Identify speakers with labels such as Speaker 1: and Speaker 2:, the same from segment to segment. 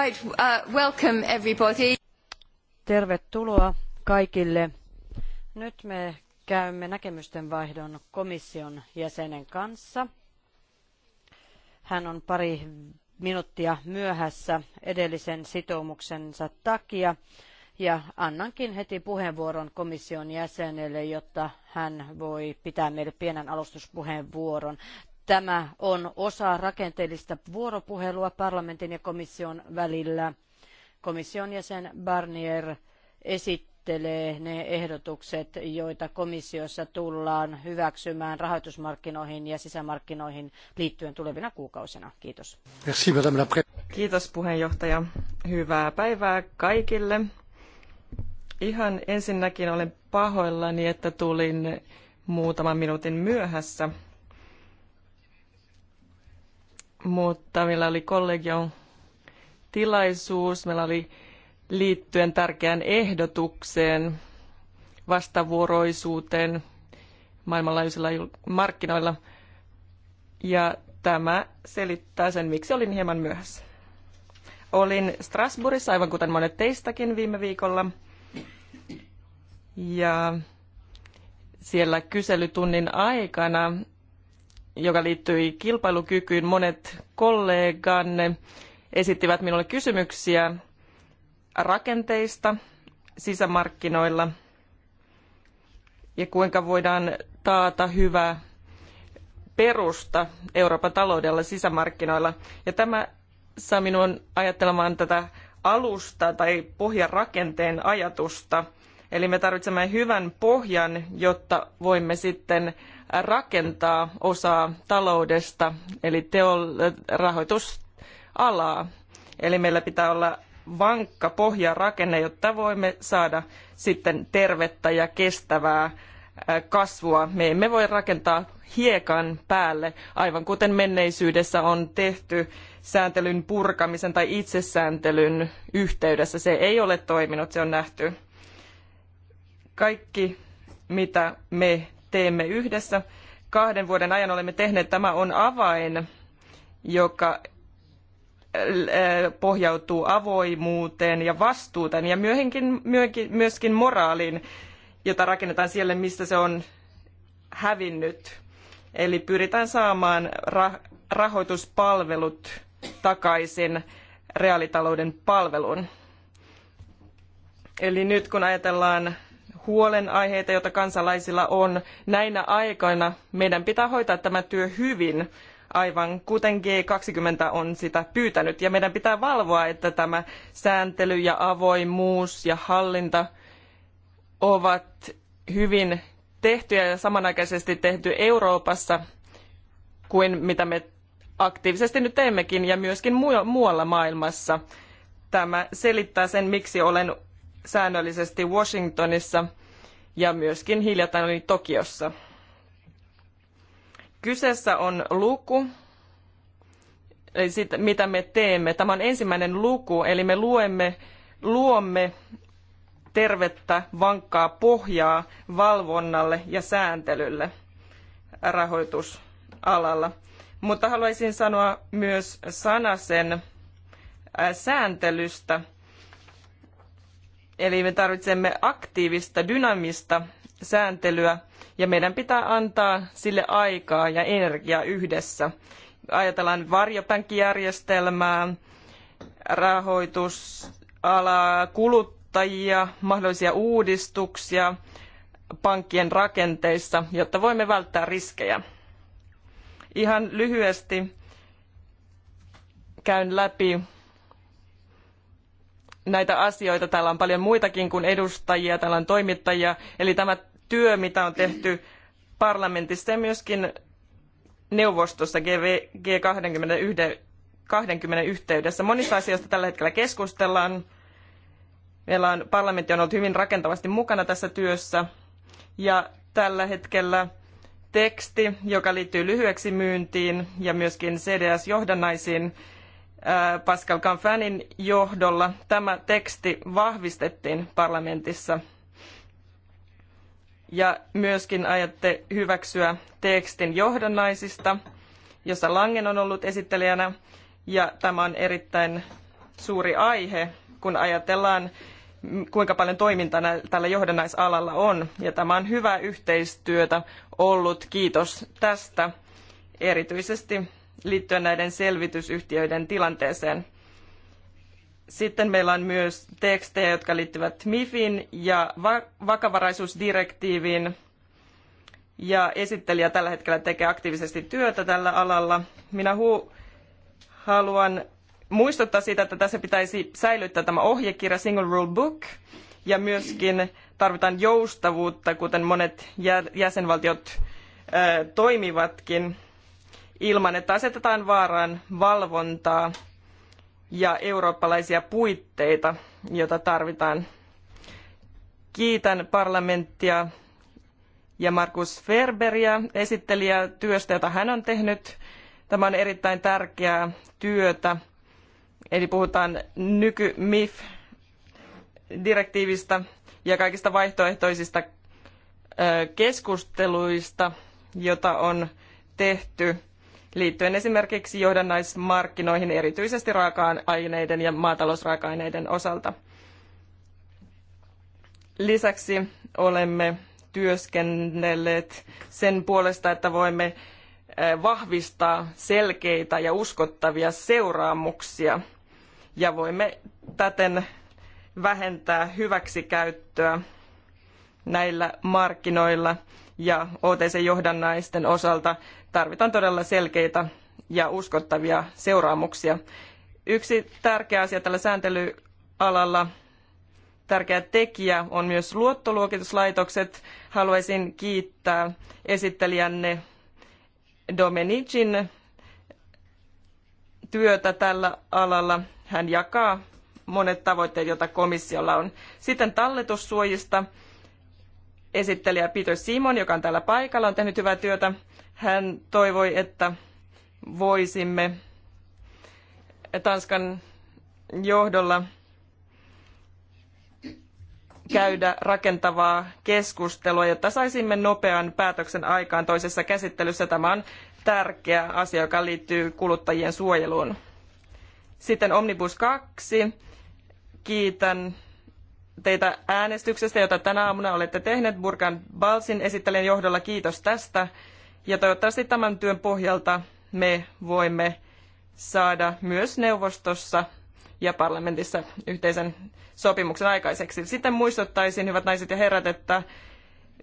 Speaker 1: Right, uh, welcome everybody. Tervetuloa kaikille. Nyt me käymme näkemysten vaihdon komission jäsenen kanssa. Hän on pari minuuttia myöhässä edellisen sitoumuksensa takia ja annankin heti puheenvuoron komission jäsenelle, jotta hän voi pitää meille pienen alustuspuheenvuoron. Tämä on osa rakenteellista vuoropuhelua parlamentin ja komission välillä. Komission jäsen Barnier esittelee ne ehdotukset, joita komissiossa tullaan hyväksymään rahoitusmarkkinoihin ja sisämarkkinoihin
Speaker 2: liittyen tulevina kuukausina. Kiitos. Merci, madame la Kiitos puheenjohtaja. Hyvää päivää kaikille. Ihan ensinnäkin olen pahoillani, että tulin muutaman minuutin myöhässä mutta meillä oli kollegion tilaisuus, meillä oli liittyen tärkeään ehdotukseen, vastavuoroisuuteen maailmanlaajuisilla markkinoilla. Ja tämä selittää sen, miksi olin hieman myöhässä. Olin Strasbourgissa, aivan kuten monet teistäkin viime viikolla. Ja siellä kyselytunnin aikana joka liittyi kilpailukykyyn. Monet kolleganne esittivät minulle kysymyksiä rakenteista sisämarkkinoilla ja kuinka voidaan taata hyvä perusta Euroopan taloudella sisämarkkinoilla. Ja tämä saa minun ajattelemaan tätä alusta tai pohjarakenteen ajatusta. Eli me tarvitsemme hyvän pohjan, jotta voimme sitten rakentaa osaa taloudesta, eli teol- rahoitusalaa. Eli meillä pitää olla vankka pohjarakenne, jotta voimme saada sitten tervettä ja kestävää kasvua. Me emme voi rakentaa hiekan päälle, aivan kuten menneisyydessä on tehty sääntelyn purkamisen tai itsesääntelyn yhteydessä. Se ei ole toiminut, se on nähty. Kaikki, mitä me teemme yhdessä. Kahden vuoden ajan olemme tehneet, tämä on avain, joka äh, äh, pohjautuu avoimuuteen ja vastuuteen ja myöhemmin, myöskin moraaliin, jota rakennetaan siellä, mistä se on hävinnyt. Eli pyritään saamaan rahoituspalvelut takaisin reaalitalouden palveluun. Eli nyt kun ajatellaan huolenaiheita, joita kansalaisilla on. Näinä aikoina meidän pitää hoitaa tämä työ hyvin, aivan kuten G20 on sitä pyytänyt. Ja meidän pitää valvoa, että tämä sääntely ja avoimuus ja hallinta ovat hyvin tehtyjä ja samanaikaisesti tehty Euroopassa kuin mitä me aktiivisesti nyt teemmekin ja myöskin muualla maailmassa. Tämä selittää sen, miksi olen säännöllisesti Washingtonissa ja myöskin hiljattain oli Tokiossa. Kyseessä on luku, eli sit, mitä me teemme. Tämä on ensimmäinen luku, eli me luemme, luomme tervettä, vankkaa pohjaa valvonnalle ja sääntelylle rahoitusalalla. Mutta haluaisin sanoa myös sanasen sääntelystä – Eli me tarvitsemme aktiivista, dynaamista sääntelyä ja meidän pitää antaa sille aikaa ja energiaa yhdessä. Ajatellaan varjopankkijärjestelmää, rahoitusalaa, kuluttajia, mahdollisia uudistuksia pankkien rakenteissa, jotta voimme välttää riskejä. Ihan lyhyesti käyn läpi näitä asioita. Täällä on paljon muitakin kuin edustajia, täällä on toimittajia. Eli tämä työ, mitä on tehty parlamentissa ja myöskin neuvostossa G20 yhteydessä. Monista asioista tällä hetkellä keskustellaan. Meillä on, parlamentti on ollut hyvin rakentavasti mukana tässä työssä. Ja tällä hetkellä teksti, joka liittyy lyhyeksi myyntiin ja myöskin CDS-johdannaisiin, Pascal Canfanin johdolla tämä teksti vahvistettiin parlamentissa. Ja myöskin ajatte hyväksyä tekstin johdannaisista, jossa Langen on ollut esittelijänä. Ja tämä on erittäin suuri aihe, kun ajatellaan, kuinka paljon toimintaa tällä johdannaisalalla on. Ja tämä on hyvää yhteistyötä ollut. Kiitos tästä erityisesti liittyen näiden selvitysyhtiöiden tilanteeseen. Sitten meillä on myös tekstejä, jotka liittyvät MIFin ja vakavaraisuusdirektiiviin. Ja esittelijä tällä hetkellä tekee aktiivisesti työtä tällä alalla. Minä hu- haluan muistuttaa siitä, että tässä pitäisi säilyttää tämä ohjekirja Single Rule Book ja myöskin tarvitaan joustavuutta, kuten monet jäsenvaltiot toimivatkin ilman, että asetetaan vaaraan valvontaa ja eurooppalaisia puitteita, joita tarvitaan. Kiitän parlamenttia ja Markus Ferberia esittelijä työstä, jota hän on tehnyt. Tämä on erittäin tärkeää työtä. Eli puhutaan nyky-MIF-direktiivistä ja kaikista vaihtoehtoisista keskusteluista, jota on tehty liittyen esimerkiksi johdannaismarkkinoihin erityisesti raaka-aineiden ja maatalousraaka-aineiden osalta. Lisäksi olemme työskennelleet sen puolesta, että voimme eh, vahvistaa selkeitä ja uskottavia seuraamuksia ja voimme täten vähentää hyväksikäyttöä näillä markkinoilla ja OTC-johdannaisten osalta tarvitaan todella selkeitä ja uskottavia seuraamuksia. Yksi tärkeä asia tällä sääntelyalalla, tärkeä tekijä on myös luottoluokituslaitokset. Haluaisin kiittää esittelijänne Domenicin työtä tällä alalla. Hän jakaa monet tavoitteet, joita komissiolla on. Sitten talletussuojista esittelijä Peter Simon, joka on täällä paikalla, on tehnyt hyvää työtä. Hän toivoi, että voisimme Tanskan johdolla käydä rakentavaa keskustelua, jotta saisimme nopean päätöksen aikaan toisessa käsittelyssä. Tämä on tärkeä asia, joka liittyy kuluttajien suojeluun. Sitten Omnibus 2. Kiitän teitä äänestyksestä, jota tänä aamuna olette tehneet Burkan Balsin esittelijän johdolla. Kiitos tästä. Ja toivottavasti tämän työn pohjalta me voimme saada myös neuvostossa ja parlamentissa yhteisen sopimuksen aikaiseksi. Sitten muistuttaisin, hyvät naiset ja herrat, että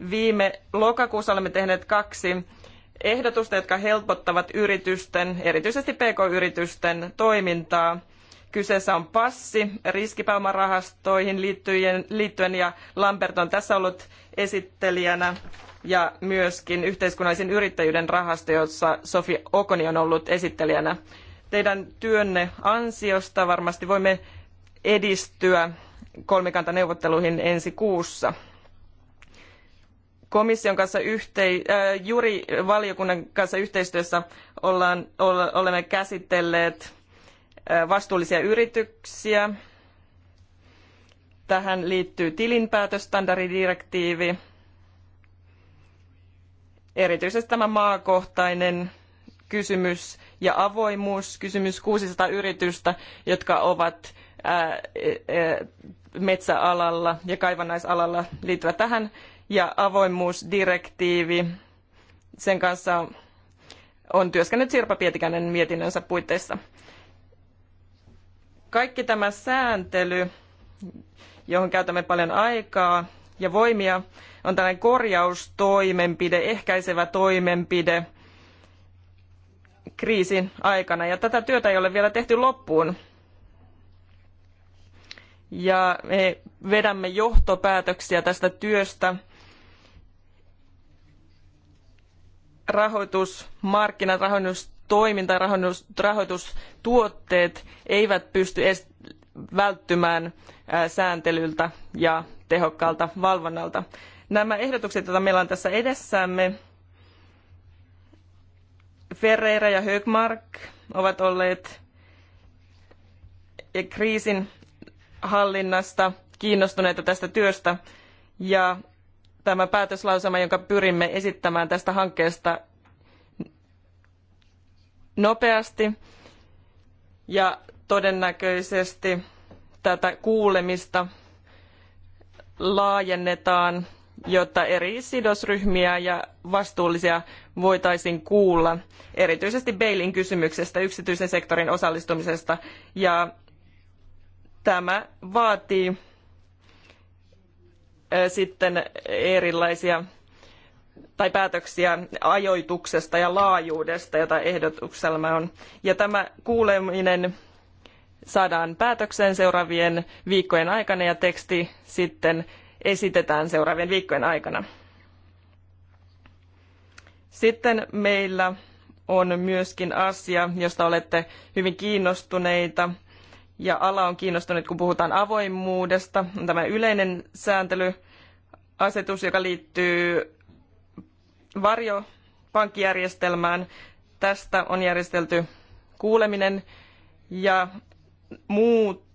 Speaker 2: viime lokakuussa olemme tehneet kaksi ehdotusta, jotka helpottavat yritysten, erityisesti pk-yritysten toimintaa – Kyseessä on passi riskipääomarahastoihin liittyen, liittyen ja Lambert on tässä ollut esittelijänä ja myöskin yhteiskunnallisen yrittäjyyden rahasto, jossa Sofi Okoni on ollut esittelijänä. Teidän työnne ansiosta varmasti voimme edistyä kolmikantaneuvotteluihin ensi kuussa. Komission kanssa yhtei, äh, juri valiokunnan kanssa yhteistyössä ollaan, olemme käsitelleet vastuullisia yrityksiä. Tähän liittyy tilinpäätöstandardidirektiivi, erityisesti tämä maakohtainen kysymys ja avoimuus, kysymys 600 yritystä, jotka ovat metsäalalla ja kaivannaisalalla liittyvät tähän, ja avoimuusdirektiivi, sen kanssa on työskennellyt Sirpa Pietikäinen mietinnönsä puitteissa. Kaikki tämä sääntely, johon käytämme paljon aikaa ja voimia, on tällainen korjaustoimenpide, ehkäisevä toimenpide kriisin aikana. Ja tätä työtä ei ole vielä tehty loppuun. Ja me vedämme johtopäätöksiä tästä työstä rahoitusmarkkinat, rahoitus toiminta ja rahoitustuotteet eivät pysty välttymään sääntelyltä ja tehokkaalta valvonnalta. Nämä ehdotukset, joita meillä on tässä edessämme, Ferreira ja Högmark ovat olleet kriisin hallinnasta kiinnostuneita tästä työstä ja tämä päätöslauselma, jonka pyrimme esittämään tästä hankkeesta, nopeasti ja todennäköisesti tätä kuulemista laajennetaan, jotta eri sidosryhmiä ja vastuullisia voitaisiin kuulla, erityisesti Beilin kysymyksestä, yksityisen sektorin osallistumisesta. Ja tämä vaatii sitten erilaisia tai päätöksiä ajoituksesta ja laajuudesta, jota ehdotuksella on. Ja tämä kuuleminen saadaan päätökseen seuraavien viikkojen aikana ja teksti sitten esitetään seuraavien viikkojen aikana. Sitten meillä on myöskin asia, josta olette hyvin kiinnostuneita ja ala on kiinnostunut, kun puhutaan avoimuudesta. Tämä yleinen sääntelyasetus, joka liittyy varjopankkijärjestelmään. Tästä on järjestelty kuuleminen ja muu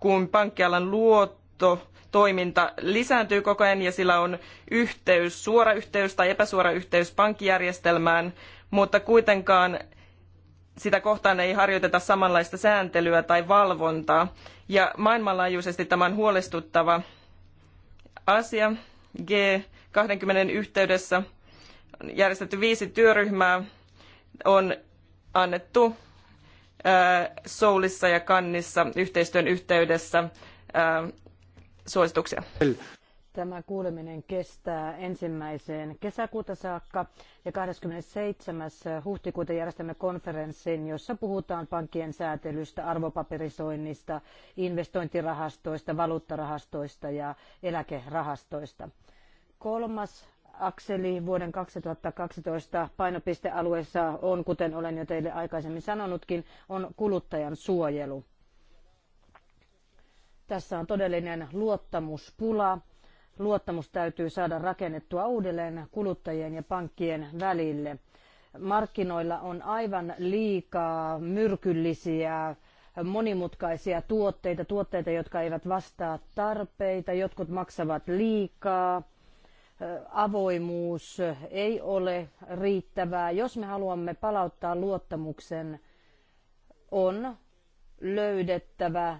Speaker 2: kuin pankkialan luottotoiminta lisääntyy koko ajan ja sillä on yhteys, suora yhteys tai epäsuora yhteys pankkijärjestelmään, mutta kuitenkaan sitä kohtaan ei harjoiteta samanlaista sääntelyä tai valvontaa. Ja maailmanlaajuisesti tämä on huolestuttava asia G20 yhteydessä – järjestetty viisi työryhmää, on annettu Soulissa ja Kannissa yhteistyön yhteydessä suosituksia.
Speaker 1: Tämä kuuleminen kestää ensimmäiseen kesäkuuta saakka ja 27. huhtikuuta järjestämme konferenssin, jossa puhutaan pankkien säätelystä, arvopaperisoinnista, investointirahastoista, valuuttarahastoista ja eläkerahastoista. Kolmas akseli vuoden 2012 painopistealueessa on, kuten olen jo teille aikaisemmin sanonutkin, on kuluttajan suojelu. Tässä on todellinen luottamuspula. Luottamus täytyy saada rakennettua uudelleen kuluttajien ja pankkien välille. Markkinoilla on aivan liikaa myrkyllisiä monimutkaisia tuotteita, tuotteita, jotka eivät vastaa tarpeita, jotkut maksavat liikaa, avoimuus ei ole riittävää. Jos me haluamme palauttaa luottamuksen, on löydettävä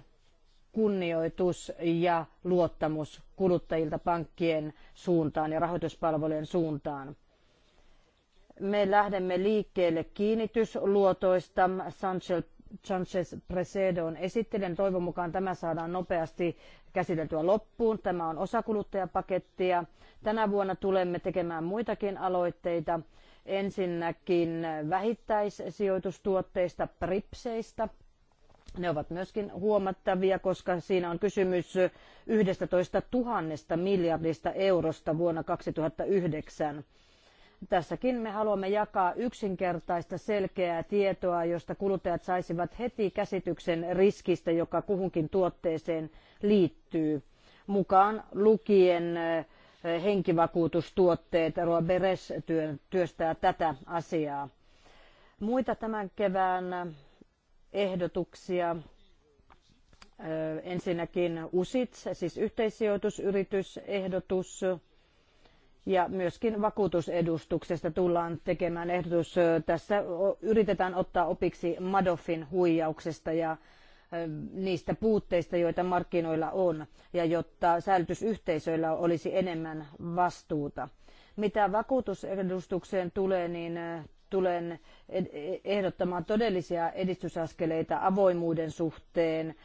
Speaker 1: kunnioitus ja luottamus kuluttajilta pankkien suuntaan ja rahoituspalvelujen suuntaan. Me lähdemme liikkeelle kiinnitysluotoista. Sanchel Sanchez Presedo on esittelen. Toivon mukaan tämä saadaan nopeasti käsiteltyä loppuun. Tämä on osakuluttajapakettia. Tänä vuonna tulemme tekemään muitakin aloitteita. Ensinnäkin vähittäissijoitustuotteista, pripseistä. Ne ovat myöskin huomattavia, koska siinä on kysymys 11 000 miljardista eurosta vuonna 2009 Tässäkin me haluamme jakaa yksinkertaista selkeää tietoa, josta kuluttajat saisivat heti käsityksen riskistä, joka kuhunkin tuotteeseen liittyy, mukaan lukien eh, henkivakuutustuotteet. Roa Beres työstää tätä asiaa. Muita tämän kevään ehdotuksia eh, ensinnäkin USITS, siis yhteissijoitusyritysehdotus, ehdotus ja myöskin vakuutusedustuksesta tullaan tekemään ehdotus. Tässä yritetään ottaa opiksi Madoffin huijauksesta ja niistä puutteista, joita markkinoilla on, ja jotta säilytysyhteisöillä olisi enemmän vastuuta. Mitä vakuutusedustukseen tulee, niin tulen e- ehdottamaan todellisia edistysaskeleita avoimuuden suhteen,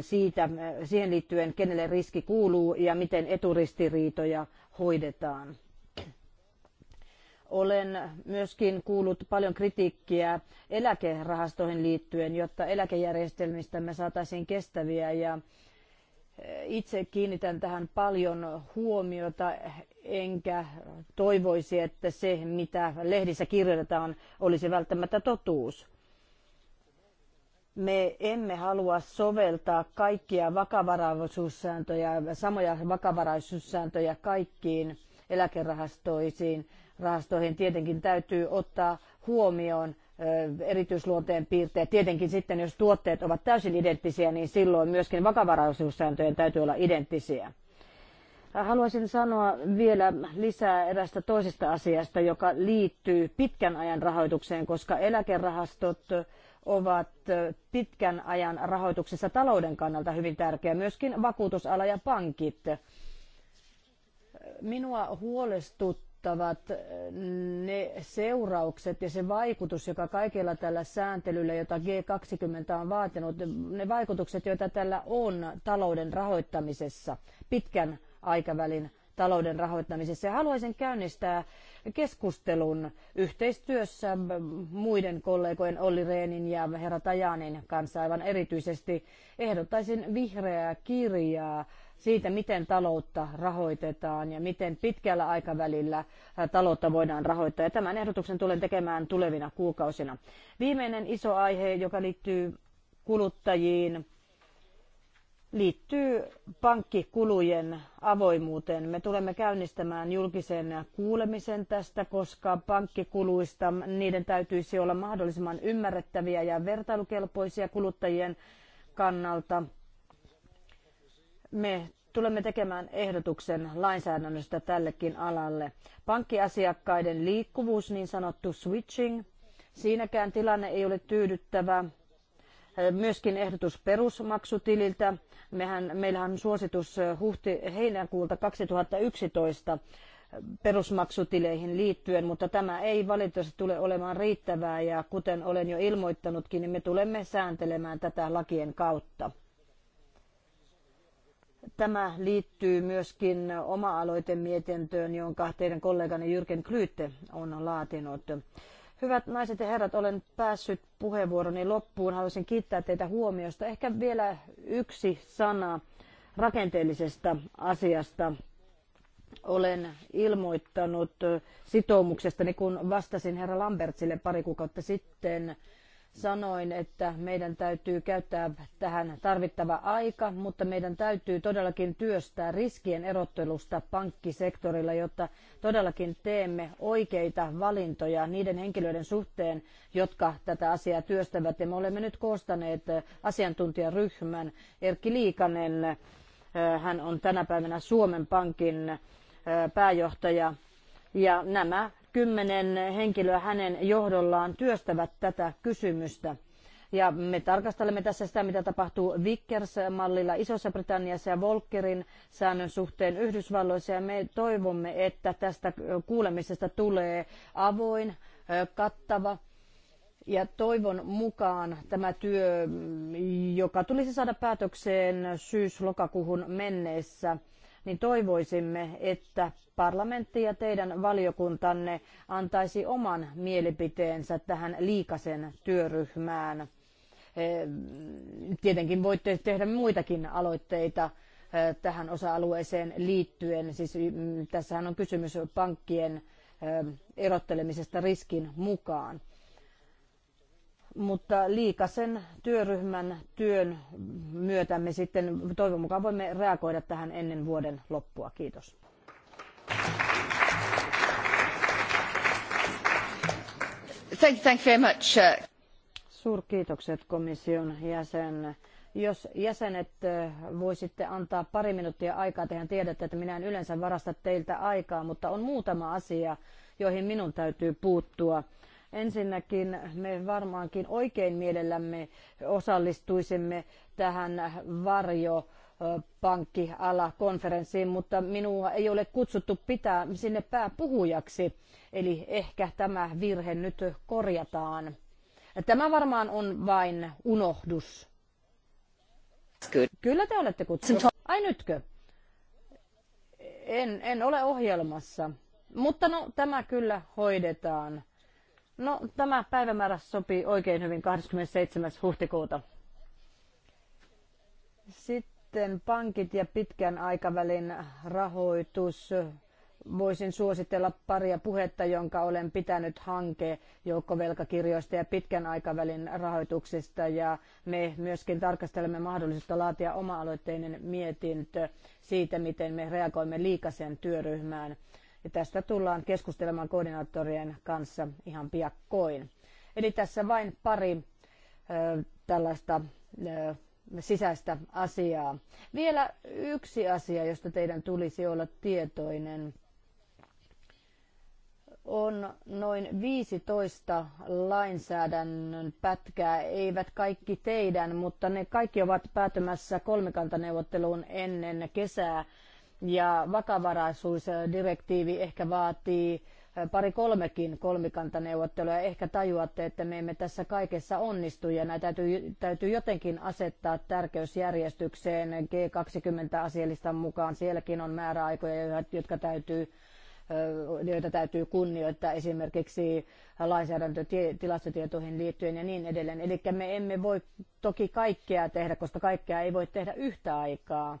Speaker 1: siitä, siihen liittyen, kenelle riski kuuluu ja miten eturistiriitoja hoidetaan. Olen myöskin kuullut paljon kritiikkiä eläkerahastoihin liittyen, jotta eläkejärjestelmistä me saataisiin kestäviä ja eh, itse kiinnitän tähän paljon huomiota, enkä toivoisi, että se, mitä lehdissä kirjoitetaan, olisi välttämättä totuus me emme halua soveltaa kaikkia vakavaraisuussääntöjä, samoja vakavaraisuussääntöjä kaikkiin eläkerahastoisiin. Rahastoihin tietenkin täytyy ottaa huomioon erityisluonteen piirteet. Tietenkin sitten, jos tuotteet ovat täysin identtisiä, niin silloin myöskin vakavaraisuussääntöjen täytyy olla identtisiä. Haluaisin sanoa vielä lisää erästä toisesta asiasta, joka liittyy pitkän ajan rahoitukseen, koska eläkerahastot ovat pitkän ajan rahoituksessa talouden kannalta hyvin tärkeä, myöskin vakuutusala ja pankit. Minua huolestuttavat ne seuraukset ja se vaikutus, joka kaikella tällä sääntelyllä, jota G20 on vaatinut, ne vaikutukset, joita tällä on talouden rahoittamisessa, pitkän aikavälin talouden rahoittamisessa. Ja haluaisin käynnistää keskustelun yhteistyössä muiden kollegojen Olli Reenin ja herra Tajanin kanssa aivan erityisesti. Ehdottaisin vihreää kirjaa siitä, miten taloutta rahoitetaan ja miten pitkällä aikavälillä taloutta voidaan rahoittaa. Ja tämän ehdotuksen tulen tekemään tulevina kuukausina. Viimeinen iso aihe, joka liittyy kuluttajiin, liittyy pankkikulujen avoimuuteen. Me tulemme käynnistämään julkisen kuulemisen tästä, koska pankkikuluista niiden täytyisi olla mahdollisimman ymmärrettäviä ja vertailukelpoisia kuluttajien kannalta. Me tulemme tekemään ehdotuksen lainsäädännöstä tällekin alalle. Pankkiasiakkaiden liikkuvuus, niin sanottu switching, siinäkään tilanne ei ole tyydyttävä Myöskin ehdotus perusmaksutililtä. Mehän, meillähän on suositus huhti, heinäkuulta 2011 perusmaksutileihin liittyen, mutta tämä ei valitettavasti tule olemaan riittävää ja kuten olen jo ilmoittanutkin, niin me tulemme sääntelemään tätä lakien kautta. Tämä liittyy myöskin oma-aloitemietintöön, jonka teidän kolleganne Jyrken Klyytte on laatinut. Hyvät naiset ja herrat, olen päässyt puheenvuoroni loppuun. Haluaisin kiittää teitä huomiosta. Ehkä vielä yksi sana rakenteellisesta asiasta. Olen ilmoittanut sitoumuksestani, kun vastasin herra Lambertsille pari kuukautta sitten sanoin, että meidän täytyy käyttää tähän tarvittava aika, mutta meidän täytyy todellakin työstää riskien erottelusta pankkisektorilla, jotta todellakin teemme oikeita valintoja niiden henkilöiden suhteen, jotka tätä asiaa työstävät. Ja me olemme nyt koostaneet asiantuntijaryhmän Erkki Liikanen, äh, hän on tänä päivänä Suomen Pankin äh, pääjohtaja, ja nämä kymmenen henkilöä hänen johdollaan työstävät tätä kysymystä. Ja me tarkastelemme tässä sitä, mitä tapahtuu Vickers-mallilla Isossa Britanniassa ja Volkerin säännön suhteen Yhdysvalloissa. Ja me toivomme, että tästä kuulemisesta tulee avoin, kattava ja toivon mukaan tämä työ, joka tulisi saada päätökseen syys-lokakuuhun mennessä, niin toivoisimme, että parlamentti ja teidän valiokuntanne antaisi oman mielipiteensä tähän liikasen työryhmään. Eh, tietenkin voitte tehdä muitakin aloitteita eh, tähän osa-alueeseen liittyen. Siis mm, tässähän on kysymys pankkien eh, erottelemisesta riskin mukaan mutta Liikasen työryhmän työn myötä me sitten toivon mukaan voimme reagoida tähän ennen vuoden loppua. Kiitos. Thank, you, thank you very much. Uh, Suurkiitokset komission jäsen. Jos jäsenet uh, voisitte antaa pari minuuttia aikaa, tehän tiedätte, että minä en yleensä varasta teiltä aikaa, mutta on muutama asia, joihin minun täytyy puuttua Ensinnäkin me varmaankin oikein mielellämme osallistuisimme tähän varjo konferenssiin, mutta minua ei ole kutsuttu pitää sinne pääpuhujaksi, eli ehkä tämä virhe nyt korjataan. Tämä varmaan on vain unohdus. Kyllä te olette kutsuttu. Ai nytkö? En, en ole ohjelmassa. Mutta no, tämä kyllä hoidetaan. No, tämä päivämäärä sopii oikein hyvin 27. huhtikuuta. Sitten pankit ja pitkän aikavälin rahoitus. Voisin suositella paria puhetta, jonka olen pitänyt hanke joukkovelkakirjoista ja pitkän aikavälin rahoituksista. Ja me myöskin tarkastelemme mahdollisuutta laatia oma-aloitteinen mietintö siitä, miten me reagoimme liikasen työryhmään ja tästä tullaan keskustelemaan koordinaattorien kanssa ihan piakkoin. Eli tässä vain pari ö, tällaista ö, sisäistä asiaa. Vielä yksi asia, josta teidän tulisi olla tietoinen on noin 15 lainsäädännön pätkää, eivät kaikki teidän, mutta ne kaikki ovat päätymässä kolmikantaneuvotteluun ennen kesää. Ja vakavaraisuusdirektiivi ehkä vaatii eh, pari kolmekin kolmikantaneuvotteluja. Ehkä tajuatte, että me emme tässä kaikessa onnistu ja näitä täytyy, täytyy jotenkin asettaa tärkeysjärjestykseen g 20 asiallista mukaan. Sielläkin on määräaikoja, jotka täytyy eh, joita täytyy kunnioittaa esimerkiksi lainsäädäntötilastotietoihin liittyen ja niin edelleen. Eli me emme voi toki kaikkea tehdä, koska kaikkea ei voi tehdä yhtä aikaa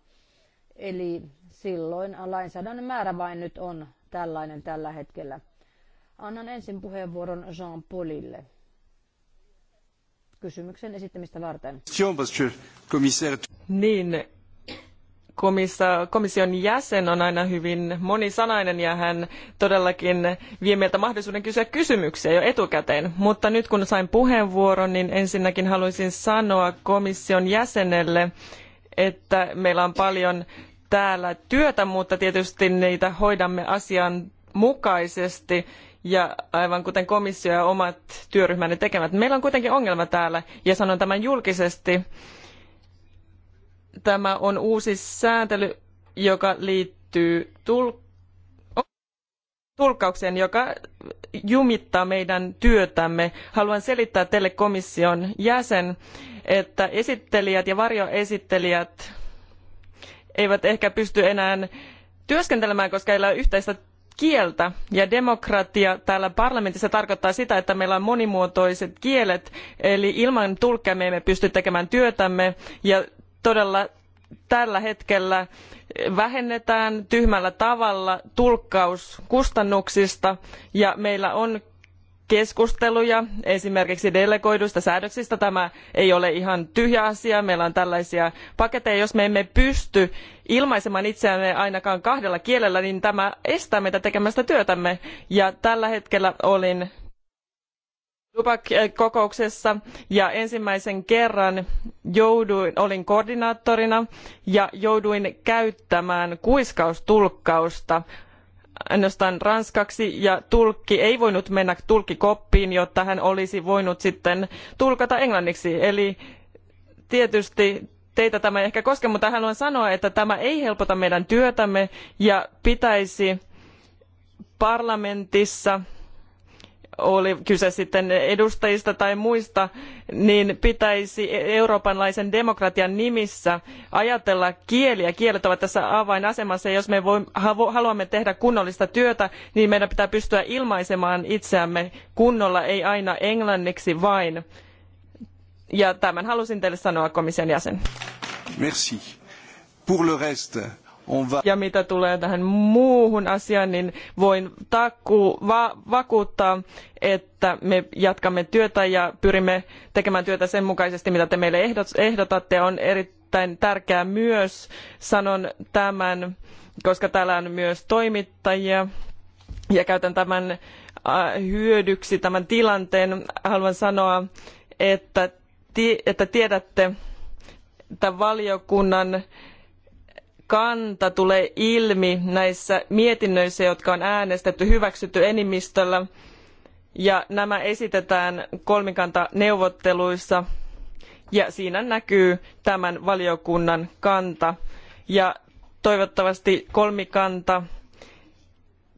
Speaker 1: Eli silloin lainsäädännön määrä vain nyt on tällainen tällä hetkellä. Annan ensin puheenvuoron Jean Paulille kysymyksen esittämistä varten.
Speaker 2: Niin, komission jäsen on aina hyvin monisanainen ja hän todellakin vie meiltä mahdollisuuden kysyä kysymyksiä jo etukäteen. Mutta nyt kun sain puheenvuoron, niin ensinnäkin haluaisin sanoa komission jäsenelle, että meillä on paljon täällä työtä, mutta tietysti niitä hoidamme asianmukaisesti ja aivan kuten komissio ja omat työryhmänne tekevät. Meillä on kuitenkin ongelma täällä ja sanon tämän julkisesti. Tämä on uusi sääntely, joka liittyy tulkkaukseen tulkauksen, joka jumittaa meidän työtämme. Haluan selittää teille komission jäsen, että esittelijät ja varjoesittelijät eivät ehkä pysty enää työskentelemään, koska ei ole yhteistä kieltä ja demokratia täällä parlamentissa tarkoittaa sitä, että meillä on monimuotoiset kielet, eli ilman tulkkeja me emme pysty tekemään työtämme ja todella tällä hetkellä vähennetään tyhmällä tavalla tulkkauskustannuksista ja meillä on keskusteluja esimerkiksi delegoiduista säädöksistä. Tämä ei ole ihan tyhjä asia. Meillä on tällaisia paketteja. Jos me emme pysty ilmaisemaan itseämme ainakaan kahdella kielellä, niin tämä estää meitä tekemästä työtämme. Ja tällä hetkellä olin Dubac-kokouksessa ja ensimmäisen kerran jouduin, olin koordinaattorina ja jouduin käyttämään kuiskaustulkkausta ainoastaan ranskaksi ja tulkki ei voinut mennä tulkkikoppiin, jotta hän olisi voinut sitten tulkata englanniksi. Eli tietysti teitä tämä ei ehkä koske, mutta haluan sanoa, että tämä ei helpota meidän työtämme ja pitäisi parlamentissa – oli kyse sitten edustajista tai muista, niin pitäisi e- euroopanlaisen demokratian nimissä ajatella kieliä. Kielet ovat tässä avainasemassa ja jos me voi, haluamme tehdä kunnollista työtä, niin meidän pitää pystyä ilmaisemaan itseämme kunnolla, ei aina englanniksi vain. Ja tämän halusin teille sanoa komission jäsen.
Speaker 3: Merci. Pour le reste,
Speaker 2: ja mitä tulee tähän muuhun asiaan, niin voin takuu, va, vakuuttaa, että me jatkamme työtä ja pyrimme tekemään työtä sen mukaisesti, mitä te meille ehdot, ehdotatte. On erittäin tärkeää myös, sanon tämän, koska täällä on myös toimittajia ja käytän tämän äh, hyödyksi tämän tilanteen. Haluan sanoa, että, että tiedätte, tämän valiokunnan kanta tulee ilmi näissä mietinnöissä, jotka on äänestetty hyväksytty enemmistöllä. Ja nämä esitetään kolmikantaneuvotteluissa ja siinä näkyy tämän valiokunnan kanta. Ja toivottavasti kolmikanta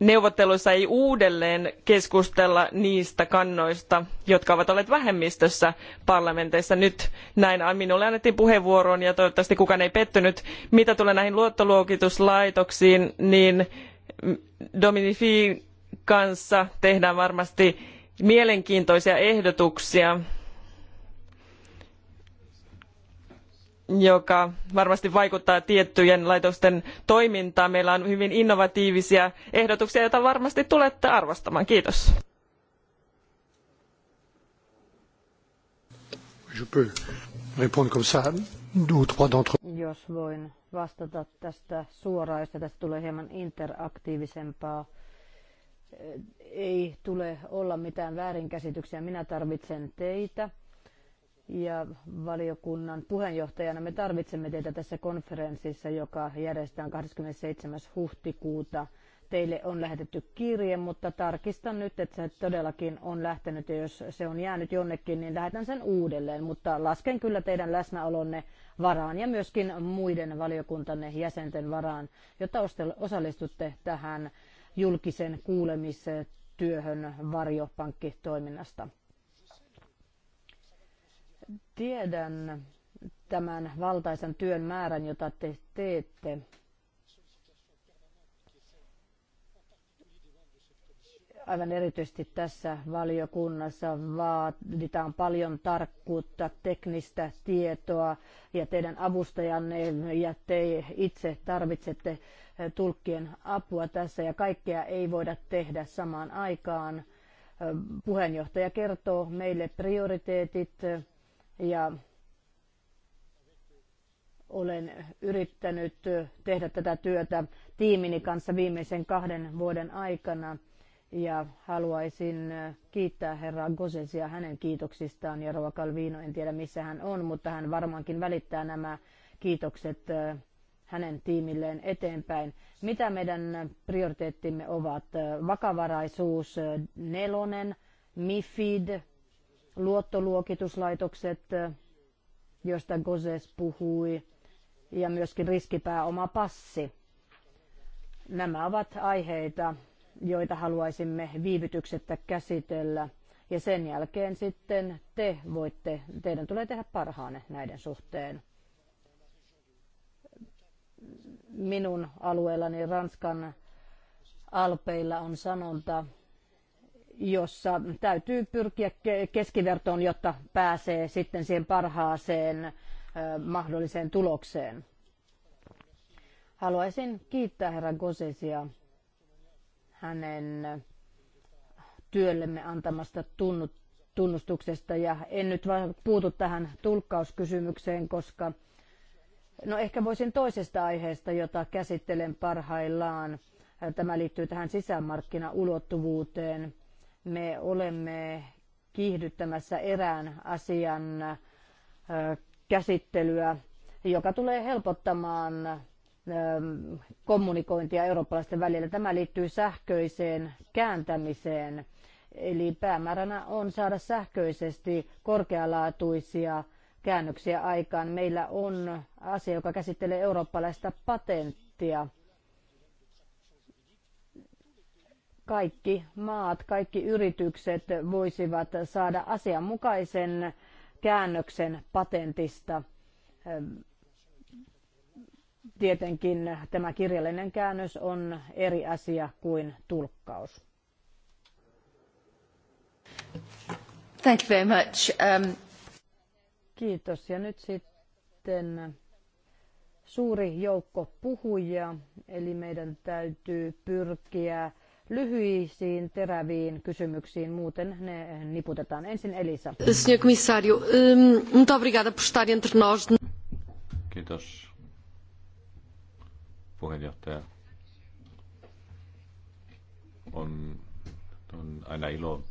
Speaker 2: neuvotteluissa ei uudelleen keskustella niistä kannoista, jotka ovat olleet vähemmistössä parlamenteissa nyt. Näin minulle annettiin puheenvuoro ja toivottavasti kukaan ei pettynyt. Mitä tulee näihin luottoluokituslaitoksiin, niin Dominifin kanssa tehdään varmasti mielenkiintoisia ehdotuksia joka varmasti vaikuttaa tiettyjen laitosten toimintaan. Meillä on hyvin innovatiivisia ehdotuksia, joita varmasti tulette arvostamaan. Kiitos. Jos voin
Speaker 1: vastata tästä suoraan, josta tästä tulee hieman interaktiivisempaa. Ei tule olla mitään väärinkäsityksiä. Minä tarvitsen teitä ja valiokunnan puheenjohtajana me tarvitsemme teitä tässä konferenssissa, joka järjestetään 27. huhtikuuta. Teille on lähetetty kirje, mutta tarkistan nyt, että se todellakin on lähtenyt ja jos se on jäänyt jonnekin, niin lähetän sen uudelleen. Mutta lasken kyllä teidän läsnäolonne varaan ja myöskin muiden valiokuntanne jäsenten varaan, jotta osallistutte tähän julkisen kuulemistyöhön varjopankkitoiminnasta. Tiedän tämän valtaisen työn määrän, jota te teette. Aivan erityisesti tässä valiokunnassa vaaditaan paljon tarkkuutta, teknistä tietoa ja teidän avustajanne ja te itse tarvitsette eh, tulkkien apua tässä ja kaikkea ei voida tehdä samaan aikaan. Eh, puheenjohtaja kertoo meille prioriteetit, eh, ja olen yrittänyt tehdä tätä työtä tiimini kanssa viimeisen kahden vuoden aikana ja haluaisin kiittää herra Gosesia hänen kiitoksistaan ja Rova Calvino, en tiedä missä hän on, mutta hän varmaankin välittää nämä kiitokset hänen tiimilleen eteenpäin. Mitä meidän prioriteettimme ovat? Vakavaraisuus nelonen, MIFID, luottoluokituslaitokset, joista Gozes puhui, ja myöskin riskipääoma passi. Nämä ovat aiheita, joita haluaisimme viivytyksettä käsitellä. Ja sen jälkeen sitten te voitte, teidän tulee tehdä parhaanne näiden suhteen. Minun alueellani Ranskan alpeilla on sanonta, jossa täytyy pyrkiä keskivertoon, jotta pääsee sitten siihen parhaaseen mahdolliseen tulokseen. Haluaisin kiittää herra Gosesia hänen työllemme antamasta tunnustuksesta ja en nyt vaan puutu tähän tulkkauskysymykseen, koska no ehkä voisin toisesta aiheesta, jota käsittelen parhaillaan. Tämä liittyy tähän sisämarkkinaulottuvuuteen me olemme kiihdyttämässä erään asian käsittelyä, joka tulee helpottamaan kommunikointia eurooppalaisten välillä. Tämä liittyy sähköiseen kääntämiseen. Eli päämääränä on saada sähköisesti korkealaatuisia käännöksiä aikaan. Meillä on asia, joka käsittelee eurooppalaista patenttia kaikki maat, kaikki yritykset voisivat saada asianmukaisen käännöksen patentista. Ehm, tietenkin tämä kirjallinen käännös on eri asia kuin tulkkaus. Thank you very much. Um... Kiitos. Ja nyt sitten suuri joukko puhujia, eli meidän täytyy pyrkiä lyhyisiin, teräviin kysymyksiin, muuten ne niputetaan. Ensin Elisa. Senhor
Speaker 4: Comissário,
Speaker 1: muito obrigada por estar entre nós.
Speaker 5: Kiitos, puheenjohtaja. On, on aina ilo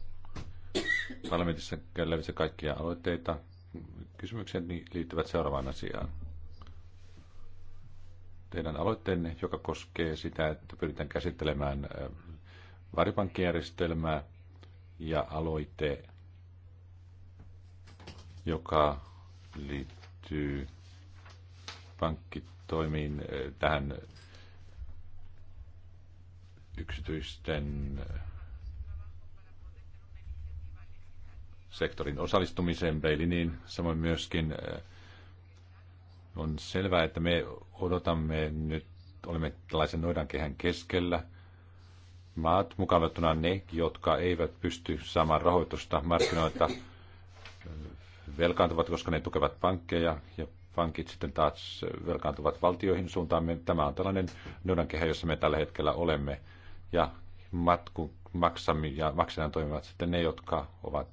Speaker 5: parlamentissa käydä lävitse kaikkia aloitteita. Kysymykset liittyvät seuraavaan asiaan teidän aloitteenne, joka koskee sitä, että pyritään käsittelemään äh, varipankkijärjestelmää ja aloite, joka liittyy pankkitoimiin eh, tähän yksityisten eh, sektorin osallistumiseen peiliniin. Samoin myöskin eh, on selvää, että me odotamme nyt, olemme tällaisen noidankehän keskellä maat, mukavattuna ne, jotka eivät pysty saamaan rahoitusta markkinoilta, velkaantuvat, koska ne tukevat pankkeja ja pankit sitten taas velkaantuvat valtioihin suuntaan. Tämä on tällainen noidankehä, jossa me tällä hetkellä olemme. Ja matku, maksamme ja maksajan toimivat sitten ne, jotka ovat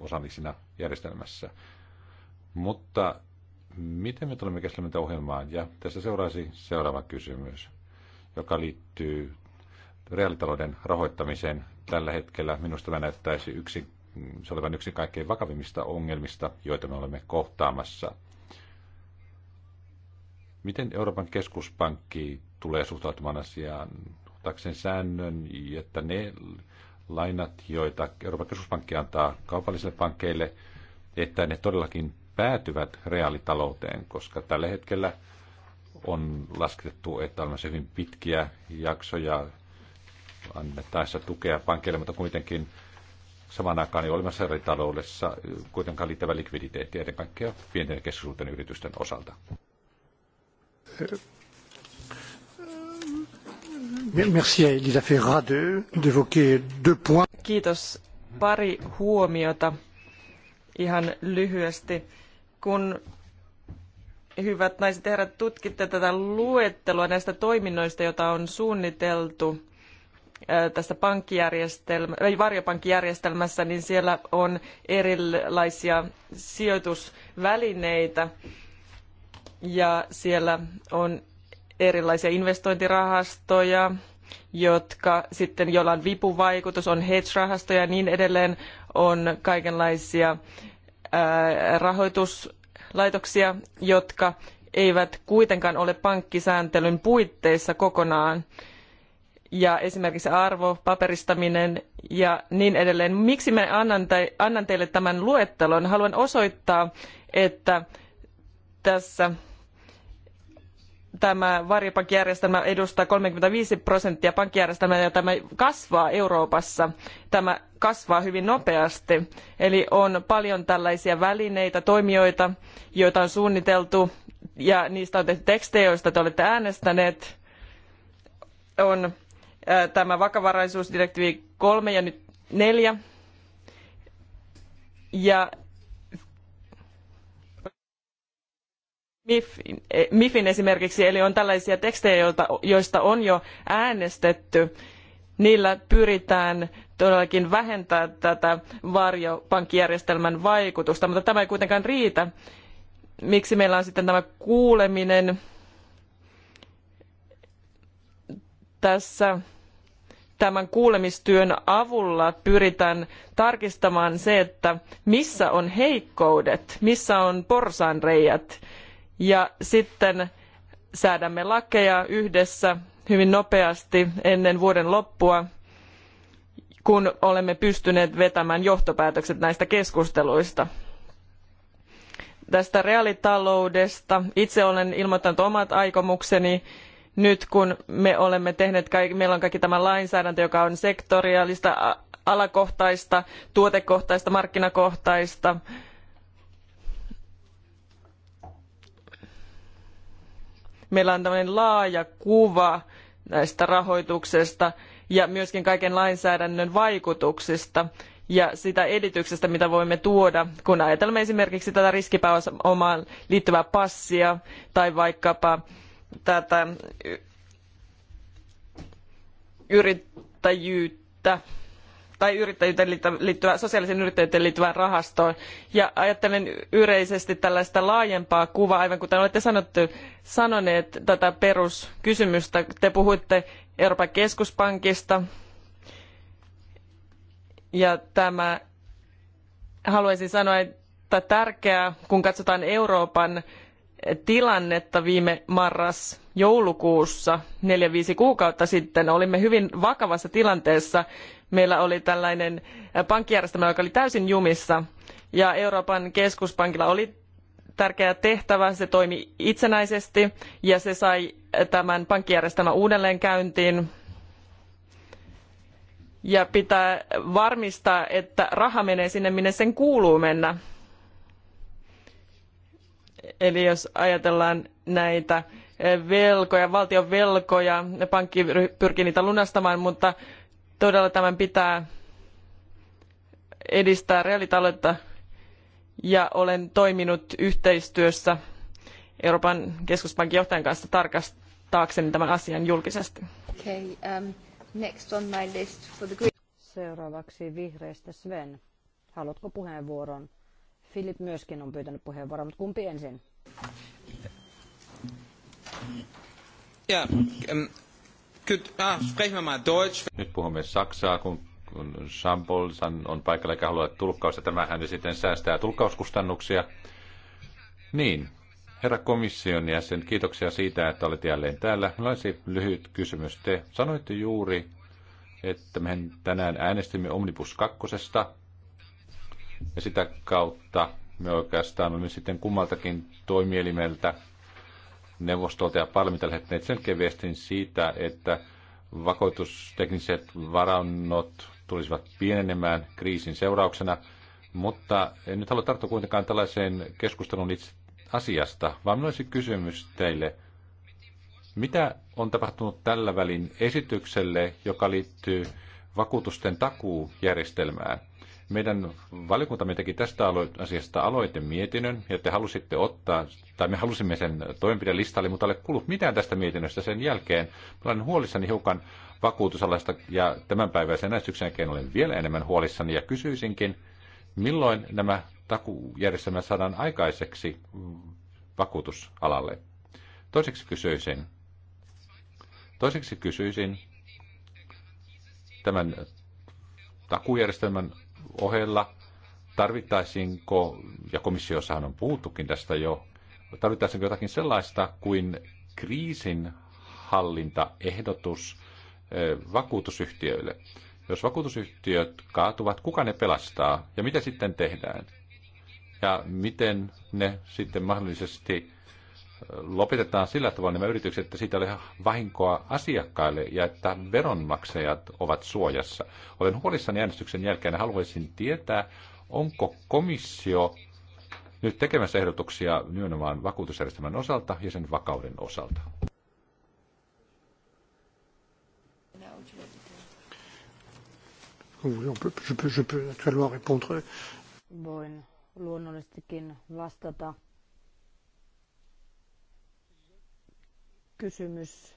Speaker 5: osallisina järjestelmässä. Mutta miten me tulemme tätä ohjelmaa Ja tässä seuraisi seuraava kysymys, joka liittyy reaalitalouden rahoittamiseen tällä hetkellä minusta tämä näyttäisi yksi, se olevan yksi kaikkein vakavimmista ongelmista, joita me olemme kohtaamassa. Miten Euroopan keskuspankki tulee suhtautumaan asiaan? Otakseen säännön, että ne lainat, joita Euroopan keskuspankki antaa kaupallisille pankkeille, että ne todellakin päätyvät reaalitalouteen, koska tällä hetkellä on laskettu, että on hyvin pitkiä jaksoja annettaessa tukea pankille, mutta kuitenkin samaan aikaan ei olemassa eri taloudessa kuitenkaan liittävä likviditeetti ennen kaikkea pienten ja keskisuuden yritysten osalta.
Speaker 3: Merci Elisa Ferra d'évoquer
Speaker 2: deux points. Kiitos. Pari huomiota ihan lyhyesti. Kun hyvät naiset ja herrat, tutkitte tätä luettelua näistä toiminnoista, joita on suunniteltu tässä pankkijärjestelmä, varjopankkijärjestelmässä, niin siellä on erilaisia sijoitusvälineitä ja siellä on erilaisia investointirahastoja, jotka sitten, joilla on vipuvaikutus, on hedge-rahastoja ja niin edelleen, on kaikenlaisia ää, rahoituslaitoksia, jotka eivät kuitenkaan ole pankkisääntelyn puitteissa kokonaan ja esimerkiksi arvopaperistaminen ja niin edelleen. Miksi me annan, teille tämän luettelon? Haluan osoittaa, että tässä tämä varjopankkijärjestelmä edustaa 35 prosenttia pankkijärjestelmää ja tämä kasvaa Euroopassa. Tämä kasvaa hyvin nopeasti. Eli on paljon tällaisia välineitä, toimijoita, joita on suunniteltu ja niistä on tehty tekstejä, joista te olette äänestäneet. On tämä vakavaraisuusdirektiivi kolme ja nyt neljä. Ja MIFin, e, MIFin esimerkiksi, eli on tällaisia tekstejä, joista on jo äänestetty. Niillä pyritään todellakin vähentää tätä varjopankkijärjestelmän vaikutusta, mutta tämä ei kuitenkaan riitä. Miksi meillä on sitten tämä kuuleminen? tässä tämän kuulemistyön avulla pyritään tarkistamaan se, että missä on heikkoudet, missä on porsaanreiät Ja sitten säädämme lakeja yhdessä hyvin nopeasti ennen vuoden loppua, kun olemme pystyneet vetämään johtopäätökset näistä keskusteluista. Tästä reaalitaloudesta itse olen ilmoittanut omat aikomukseni nyt kun me olemme tehneet kaikki, meillä on kaikki tämä lainsäädäntö, joka on sektoriaalista, alakohtaista, tuotekohtaista, markkinakohtaista, meillä on tämmöinen laaja kuva näistä rahoituksesta ja myöskin kaiken lainsäädännön vaikutuksista ja sitä edityksestä, mitä voimme tuoda, kun ajatellaan esimerkiksi tätä riskipääomaan liittyvää passia tai vaikkapa tätä yrittäjyyttä tai yrittäjyyteen liittyvää sosiaalisen yrittäjyyteen liittyvään rahastoon. Ja ajattelen yleisesti tällaista laajempaa kuvaa, aivan kuten olette sanottu, sanoneet tätä peruskysymystä. Te puhuitte Euroopan keskuspankista ja tämä, haluaisin sanoa, että tärkeää, kun katsotaan Euroopan tilannetta viime marras joulukuussa neljä viisi kuukautta sitten olimme hyvin vakavassa tilanteessa meillä oli tällainen äh, pankkijärjestelmä joka oli täysin jumissa ja euroopan keskuspankilla oli tärkeä tehtävä se toimi itsenäisesti ja se sai äh, tämän pankkijärjestelmän uudelleen käyntiin ja pitää varmistaa että raha menee sinne minne sen kuuluu mennä Eli jos ajatellaan näitä eh, velkoja, valtion velkoja, pankki pyrkii niitä lunastamaan, mutta todella tämän pitää edistää reaalitaloutta ja olen toiminut yhteistyössä Euroopan keskuspankin johtajan kanssa tarkastaakseni tämän asian julkisesti.
Speaker 4: Okay, um, next on my list
Speaker 1: for the... Seuraavaksi vihreistä Sven. Haluatko puheenvuoron? Filip myöskin on pyytänyt puheenvuoron, mutta kumpi ensin?
Speaker 5: Ja, ähm, kyt, ah, sprechen wir Deutsch. Nyt puhumme Saksaa, kun, kun Sambol on paikalla eikä halua tulkkausta. Tämähän sitten säästää tulkkauskustannuksia. Niin, herra komission jäsen, kiitoksia siitä, että olet jälleen täällä. Minulla olisi lyhyt kysymys. Te sanoitte juuri, että me tänään äänestimme Omnibus 2. Ja sitä kautta me oikeastaan olemme sitten kummaltakin toimielimeltä neuvostolta ja parlamentilta lähettäneet selkeä viestin siitä, että vakoitustekniset varannot tulisivat pienenemään kriisin seurauksena, mutta en nyt halua tarttua kuitenkaan tällaiseen keskusteluun itse asiasta, vaan minulla olisi kysymys teille. Mitä on tapahtunut tällä välin esitykselle, joka liittyy vakuutusten takuujärjestelmään? Meidän valiokuntamme teki tästä asiasta aloitemietinnön, ja te halusitte ottaa, tai me halusimme sen toimenpidelistalle, mutta ei ole kuullut mitään tästä mietinnöstä sen jälkeen. olen huolissani hiukan vakuutusalasta ja tämän päiväisen äänestyksen jälkeen olen vielä enemmän huolissani, ja kysyisinkin, milloin nämä takujärjestelmät saadaan aikaiseksi vakuutusalalle? Toiseksi kysyisin, toiseksi kysyisin tämän takujärjestelmän ohella, tarvittaisiinko, ja komissiossahan on puhuttukin tästä jo, tarvittaisiinko jotakin sellaista kuin kriisin hallintaehdotus eh, vakuutusyhtiöille. Jos vakuutusyhtiöt kaatuvat, kuka ne pelastaa ja mitä sitten tehdään? Ja miten ne sitten mahdollisesti lopetetaan sillä tavalla nämä yritykset, että siitä ei ole vahinkoa asiakkaille ja että veronmaksajat ovat suojassa. Olen huolissani äänestyksen jälkeen ja haluaisin tietää, onko komissio nyt tekemässä ehdotuksia nimenomaan vakuutusjärjestelmän osalta ja sen vakauden osalta.
Speaker 1: Voin luonnollisestikin vastata kysymys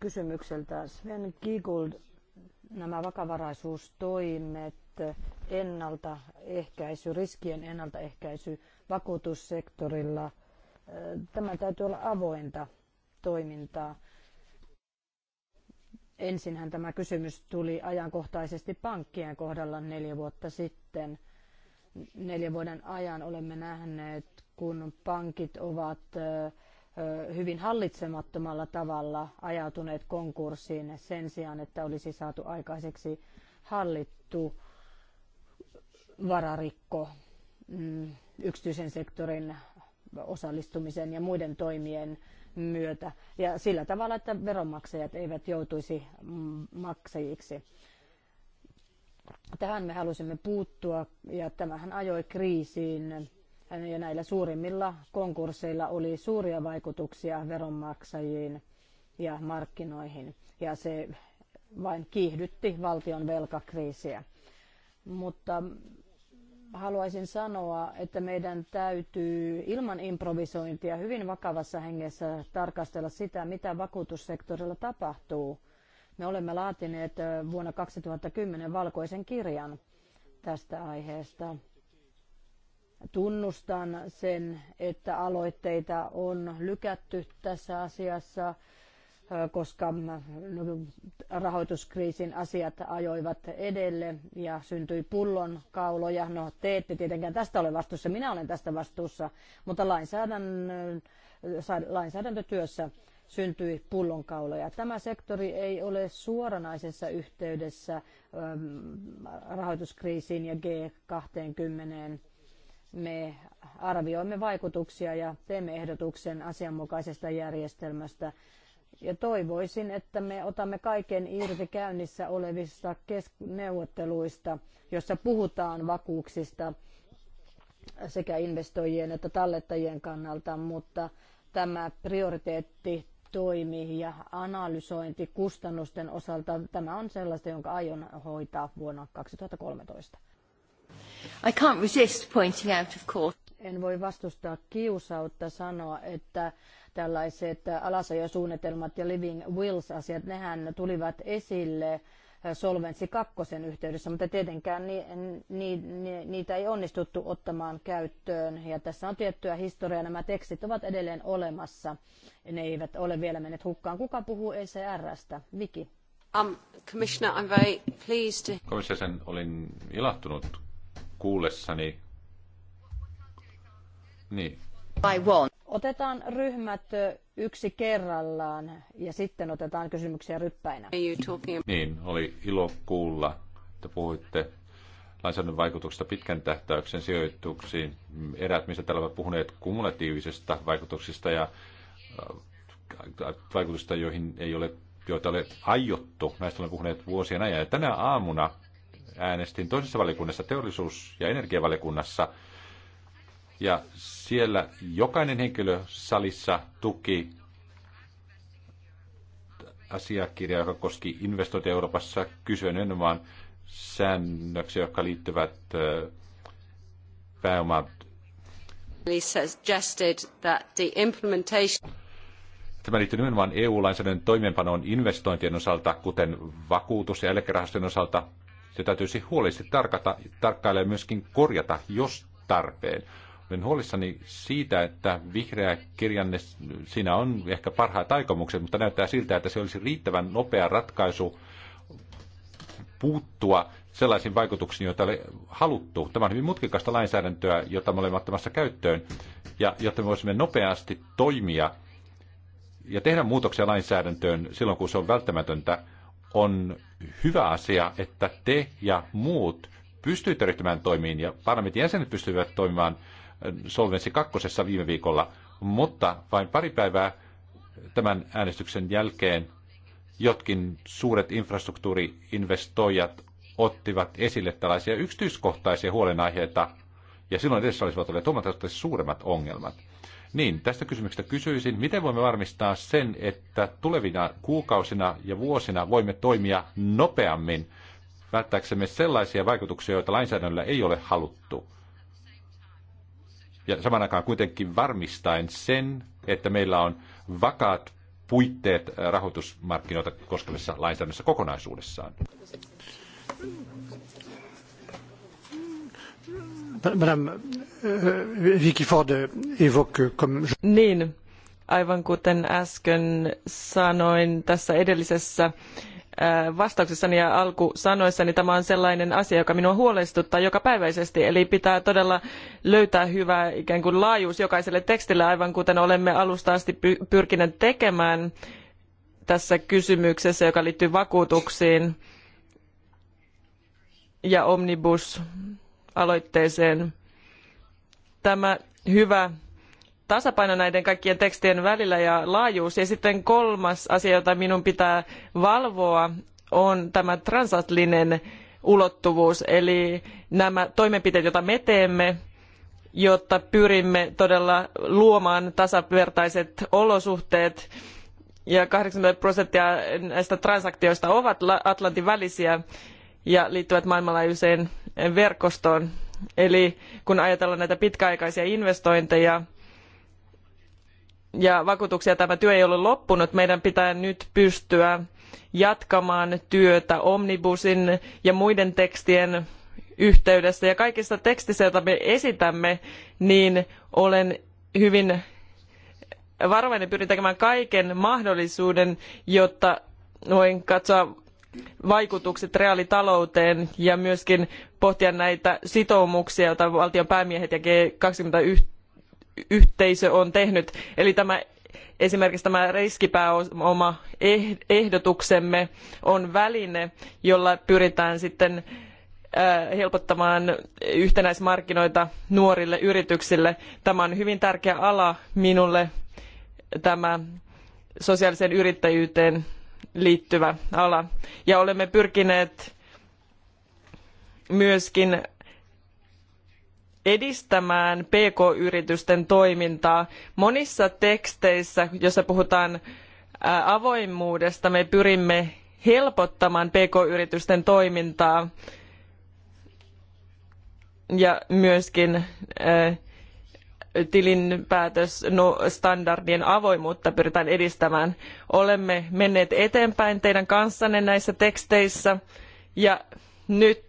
Speaker 1: kysymykseltä Sven Kigold. nämä vakavaraisuustoimet, ennaltaehkäisy, riskien ennaltaehkäisy vakuutussektorilla, tämä täytyy olla avointa toimintaa. Ensinhän tämä kysymys tuli ajankohtaisesti pankkien kohdalla neljä vuotta sitten. Neljän vuoden ajan olemme nähneet, kun pankit ovat hyvin hallitsemattomalla tavalla ajautuneet konkurssiin sen sijaan, että olisi saatu aikaiseksi hallittu vararikko mm, yksityisen sektorin osallistumisen ja muiden toimien myötä. Ja sillä tavalla, että veronmaksajat eivät joutuisi mm, maksajiksi. Tähän me halusimme puuttua ja tämähän ajoi kriisiin ja näillä suurimmilla konkursseilla oli suuria vaikutuksia veronmaksajiin ja markkinoihin, ja se vain kiihdytti valtion velkakriisiä. Mutta haluaisin sanoa, että meidän täytyy ilman improvisointia hyvin vakavassa hengessä tarkastella sitä, mitä vakuutussektorilla tapahtuu. Me olemme laatineet vuonna 2010 valkoisen kirjan tästä aiheesta tunnustan sen, että aloitteita on lykätty tässä asiassa, koska rahoituskriisin asiat ajoivat edelle ja syntyi pullon kauloja. No te ette tietenkään tästä ole vastuussa, minä olen tästä vastuussa, mutta lainsäädäntötyössä syntyi pullonkauloja. Tämä sektori ei ole suoranaisessa yhteydessä rahoituskriisiin ja G20 me arvioimme vaikutuksia ja teemme ehdotuksen asianmukaisesta järjestelmästä. Ja toivoisin, että me otamme kaiken irti käynnissä olevista neuvotteluista, jossa puhutaan vakuuksista sekä investoijien että tallettajien kannalta, mutta tämä prioriteetti toimi ja analysointi kustannusten osalta, tämä on sellaista, jonka aion hoitaa vuonna 2013.
Speaker 4: I can't resist pointing out, of
Speaker 1: course. En voi vastustaa kiusautta sanoa, että tällaiset alasajosuunnitelmat ja Living Wills-asiat, nehän tulivat esille eh, Solvensi kakkosen yhteydessä, mutta tietenkään ni, ni, ni, niitä ei onnistuttu ottamaan käyttöön. Ja tässä on tiettyä historiaa, nämä tekstit ovat edelleen olemassa. Ne eivät ole vielä menneet hukkaan. Kuka puhuu ECRstä? Viki. Um, commissioner, I'm very pleased
Speaker 5: to... olin ilahtunut kuullessani. Niin.
Speaker 1: Otetaan ryhmät yksi kerrallaan ja sitten otetaan kysymyksiä ryppäinä.
Speaker 5: Niin, oli ilo kuulla, että puhuitte lainsäädännön vaikutuksesta pitkän tähtäyksen sijoituksiin. Erät, mistä täällä ovat puhuneet kumulatiivisista vaikutuksista ja vaikutusta, joihin ei ole, joita ei ole aiottu. Näistä olen puhuneet vuosien ajan. Ja tänä aamuna äänestin toisessa valiokunnassa, teollisuus- ja energiavaliokunnassa, ja siellä jokainen henkilö salissa tuki asiakirjaa, joka koski investointeja Euroopassa, kysyen enemmän säännöksiä, jotka liittyvät pääomaan. Tämä liittyy nimenomaan EU-lainsäädännön toimeenpanoon investointien osalta, kuten vakuutus- ja eläkerahastojen osalta, se täytyisi siis huolellisesti tarkata, tarkkailla ja myöskin korjata, jos tarpeen. Olen huolissani siitä, että vihreä kirjanne, siinä on ehkä parhaat aikomukset, mutta näyttää siltä, että se olisi riittävän nopea ratkaisu puuttua sellaisiin vaikutuksiin, joita ei haluttu. Tämä on hyvin mutkikasta lainsäädäntöä, jota me olemme ottamassa käyttöön, ja jotta me voisimme nopeasti toimia ja tehdä muutoksia lainsäädäntöön silloin, kun se on välttämätöntä, on hyvä asia, että te ja muut pystyitte ryhtymään toimiin ja parlamentin jäsenet pystyivät toimimaan äh, Solvenssi kakkosessa viime viikolla, mutta vain pari päivää tämän äänestyksen jälkeen jotkin suuret infrastruktuuriinvestoijat ottivat esille tällaisia yksityiskohtaisia huolenaiheita, ja silloin edessä olisivat olleet huomattavasti suuremmat ongelmat. Niin, tästä kysymyksestä kysyisin, miten voimme varmistaa sen, että tulevina kuukausina ja vuosina voimme toimia nopeammin välttääksemme sellaisia vaikutuksia, joita lainsäädännöllä ei ole haluttu. Ja saman aikaan kuitenkin varmistaen sen, että meillä on vakaat puitteet rahoitusmarkkinoita koskevissa lainsäädännössä kokonaisuudessaan.
Speaker 3: Madame Euh, Vicky Ford evoque comme... Niin,
Speaker 2: aivan kuten äsken sanoin tässä edellisessä äh, vastauksessani ja alkusanoissani tämä on sellainen asia, joka minua huolestuttaa jokapäiväisesti. Eli pitää todella löytää hyvä ikään kuin laajuus jokaiselle tekstille, aivan kuten olemme alusta asti pyrkineet tekemään tässä kysymyksessä, joka liittyy vakuutuksiin ja omnibus-aloitteeseen tämä hyvä tasapaino näiden kaikkien tekstien välillä ja laajuus. Ja sitten kolmas asia, jota minun pitää valvoa, on tämä transatlanttinen ulottuvuus, eli nämä toimenpiteet, joita me teemme, jotta pyrimme todella luomaan tasavertaiset olosuhteet ja 80 prosenttia näistä transaktioista ovat Atlantin välisiä ja liittyvät maailmanlaajuiseen verkostoon. Eli kun ajatellaan näitä pitkäaikaisia investointeja ja vakuutuksia, tämä työ ei ole loppunut. Meidän pitää nyt pystyä jatkamaan työtä omnibusin ja muiden tekstien yhteydessä. Ja kaikista tekstistä, joita me esitämme, niin olen hyvin varovainen, pyrin tekemään kaiken mahdollisuuden, jotta voin katsoa vaikutukset reaalitalouteen ja myöskin pohtia näitä sitoumuksia, joita valtion päämiehet ja G20-yhteisö on tehnyt. Eli tämä, esimerkiksi tämä riskipääoma eh- ehdotuksemme on väline, jolla pyritään sitten äh, helpottamaan yhtenäismarkkinoita nuorille yrityksille. Tämä on hyvin tärkeä ala minulle, tämä sosiaaliseen yrittäjyyteen liittyvä ala. Ja olemme pyrkineet myöskin edistämään PK-yritysten toimintaa. Monissa teksteissä, joissa puhutaan avoimuudesta, me pyrimme helpottamaan PK-yritysten toimintaa ja myöskin tilinpäätösstandardien no, avoimuutta pyritään edistämään. Olemme menneet eteenpäin teidän kanssanne näissä teksteissä ja nyt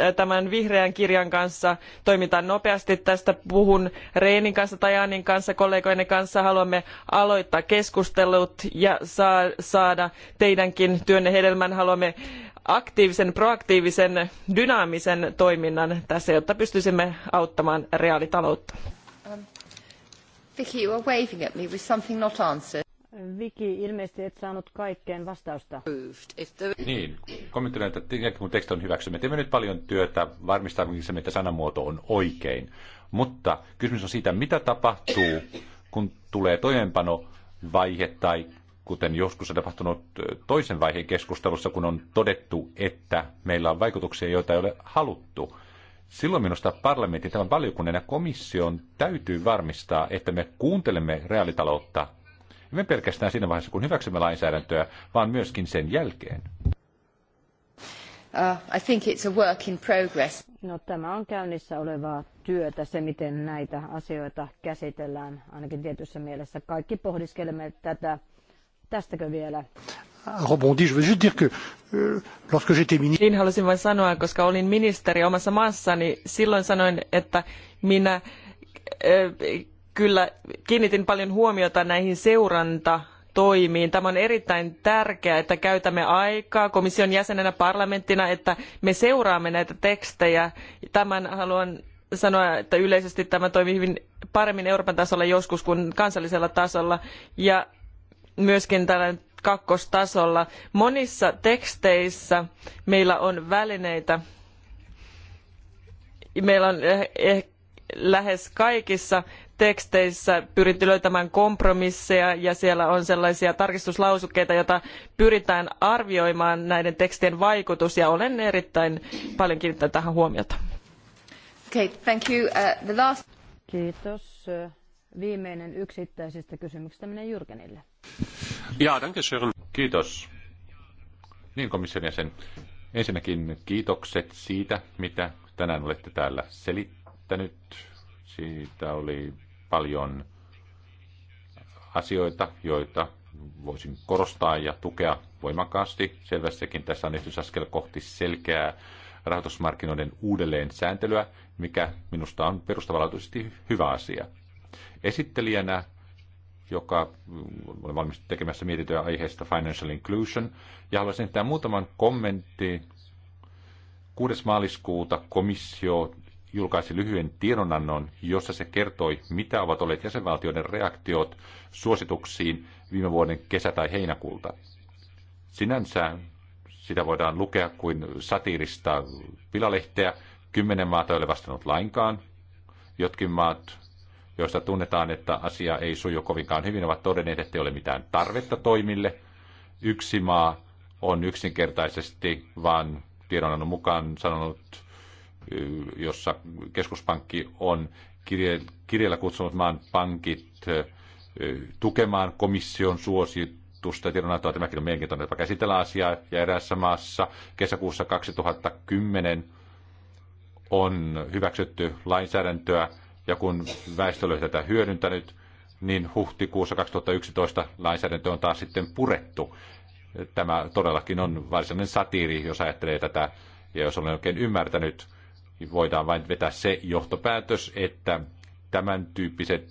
Speaker 2: äh, tämän vihreän kirjan kanssa toimitaan nopeasti. Tästä puhun Reenin kanssa, Tajanin kanssa, kollegoiden kanssa. Haluamme aloittaa keskustelut ja saada teidänkin työnne hedelmän. Haluamme aktiivisen, proaktiivisen, dynaamisen toiminnan tässä, jotta pystyisimme auttamaan reaalitaloutta.
Speaker 4: Vicky, you are waving at me with something not answered.
Speaker 1: Viki, ilmeisesti et saanut kaikkeen vastausta. Niin,
Speaker 5: kommenttina, että mun teksti on hyväksymä. teemme nyt paljon työtä varmistaaksemme, että sanamuoto on oikein. Mutta kysymys on siitä, mitä tapahtuu, kun tulee toimeenpanovaihe tai kuten joskus on tapahtunut toisen vaiheen keskustelussa, kun on todettu, että meillä on vaikutuksia, joita ei ole haluttu. Silloin minusta parlamentin, tämän valiokunnan ja komission täytyy varmistaa, että me kuuntelemme reaalitaloutta. Me pelkästään siinä vaiheessa, kun hyväksymme lainsäädäntöä, vaan myöskin sen jälkeen. Uh,
Speaker 4: I think it's a work in
Speaker 1: progress. No, tämä on käynnissä olevaa työtä, se miten näitä asioita käsitellään, ainakin tietyssä mielessä. Kaikki pohdiskelemme tätä. Tästäkö vielä?
Speaker 2: rebondi. Je veux juste dire que euh, lorsque j'étais ministre... Niin halusin vain sanoa, koska olin ministeri omassa maassani, silloin sanoin, että minä äh, kyllä kiinnitin paljon huomiota näihin seuranta toimiin. Tämä on erittäin tärkeää, että käytämme aikaa komission jäsenenä parlamenttina, että me seuraamme näitä tekstejä. Tämän haluan sanoa, että yleisesti tämä toimii hyvin paremmin Euroopan tasolla joskus kuin kansallisella tasolla. Ja myöskin tällainen kakkostasolla. Monissa teksteissä meillä on välineitä. Meillä on eh, eh, lähes kaikissa teksteissä pyritty löytämään kompromisseja ja siellä on sellaisia tarkistuslausukkeita, joita pyritään arvioimaan näiden tekstien vaikutus ja olen erittäin paljon kiinnittänyt tähän huomiota.
Speaker 4: Okay, thank you. Uh, the last...
Speaker 1: Kiitos viimeinen yksittäisistä kysymyksistä menee Jyrkenille.
Speaker 5: Ja, danke schön. Kiitos. Niin, komission jäsen. Ensinnäkin kiitokset siitä, mitä tänään olette täällä selittänyt. Siitä oli paljon asioita, joita voisin korostaa ja tukea voimakkaasti. Selvästikin tässä on askel kohti selkeää rahoitusmarkkinoiden uudelleen sääntelyä, mikä minusta on perustavanlaatuisesti hyvä asia esittelijänä, joka mm, oli valmis tekemässä mietintöä aiheesta Financial Inclusion, ja haluaisin tehdä muutaman kommentin. 6. maaliskuuta komissio julkaisi lyhyen tiedonannon, jossa se kertoi, mitä ovat olleet jäsenvaltioiden reaktiot suosituksiin viime vuoden kesä- tai heinäkuulta. Sinänsä sitä voidaan lukea kuin satiirista pilalehteä. Kymmenen maata ei ole vastannut lainkaan. Jotkin maat joista tunnetaan, että asia ei suju kovinkaan hyvin, ovat todenneet, että ei ole mitään tarvetta toimille. Yksi maa on yksinkertaisesti vaan tiedonannon mukaan sanonut, jossa keskuspankki on kirje, kirjeellä kutsunut maan pankit tukemaan komission suositusta. Tiedonantoa tämäkin on mielenkiintoinen tapa käsitellä asiaa. Ja eräässä maassa kesäkuussa 2010 on hyväksytty lainsäädäntöä, ja kun väestö ei tätä hyödyntänyt, niin huhtikuussa 2011 lainsäädäntö on taas sitten purettu. Tämä todellakin on varsinainen satiiri, jos ajattelee tätä, ja jos olen oikein ymmärtänyt, niin voidaan vain vetää se johtopäätös, että tämän tyyppiset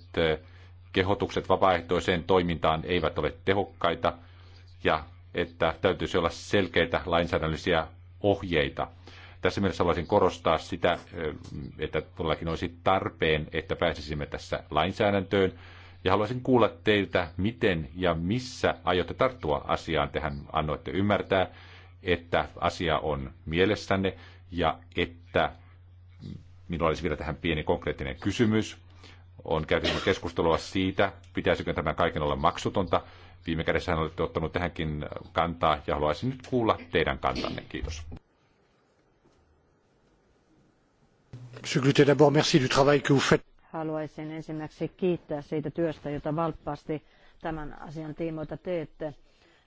Speaker 5: kehotukset vapaaehtoiseen toimintaan eivät ole tehokkaita, ja että täytyisi olla selkeitä lainsäädännöllisiä ohjeita – tässä mielessä haluaisin korostaa sitä, että todellakin olisi tarpeen, että pääsisimme tässä lainsäädäntöön. Ja haluaisin kuulla teiltä, miten ja missä aiotte tarttua asiaan. Tehän annoitte ymmärtää, että asia on mielessänne ja että minulla olisi vielä tähän pieni konkreettinen kysymys. On käyty keskustelua siitä, pitäisikö tämä kaiken olla maksutonta. Viime kädessä olette ottanut tähänkin kantaa ja haluaisin nyt kuulla teidän kantanne. Kiitos.
Speaker 3: Monsieur Glutet, d'abord merci du travail que vous faites.
Speaker 1: Haluaisin ensimmäiseksi kiittää siitä työstä, jota valppaasti tämän asian tiimoilta teette.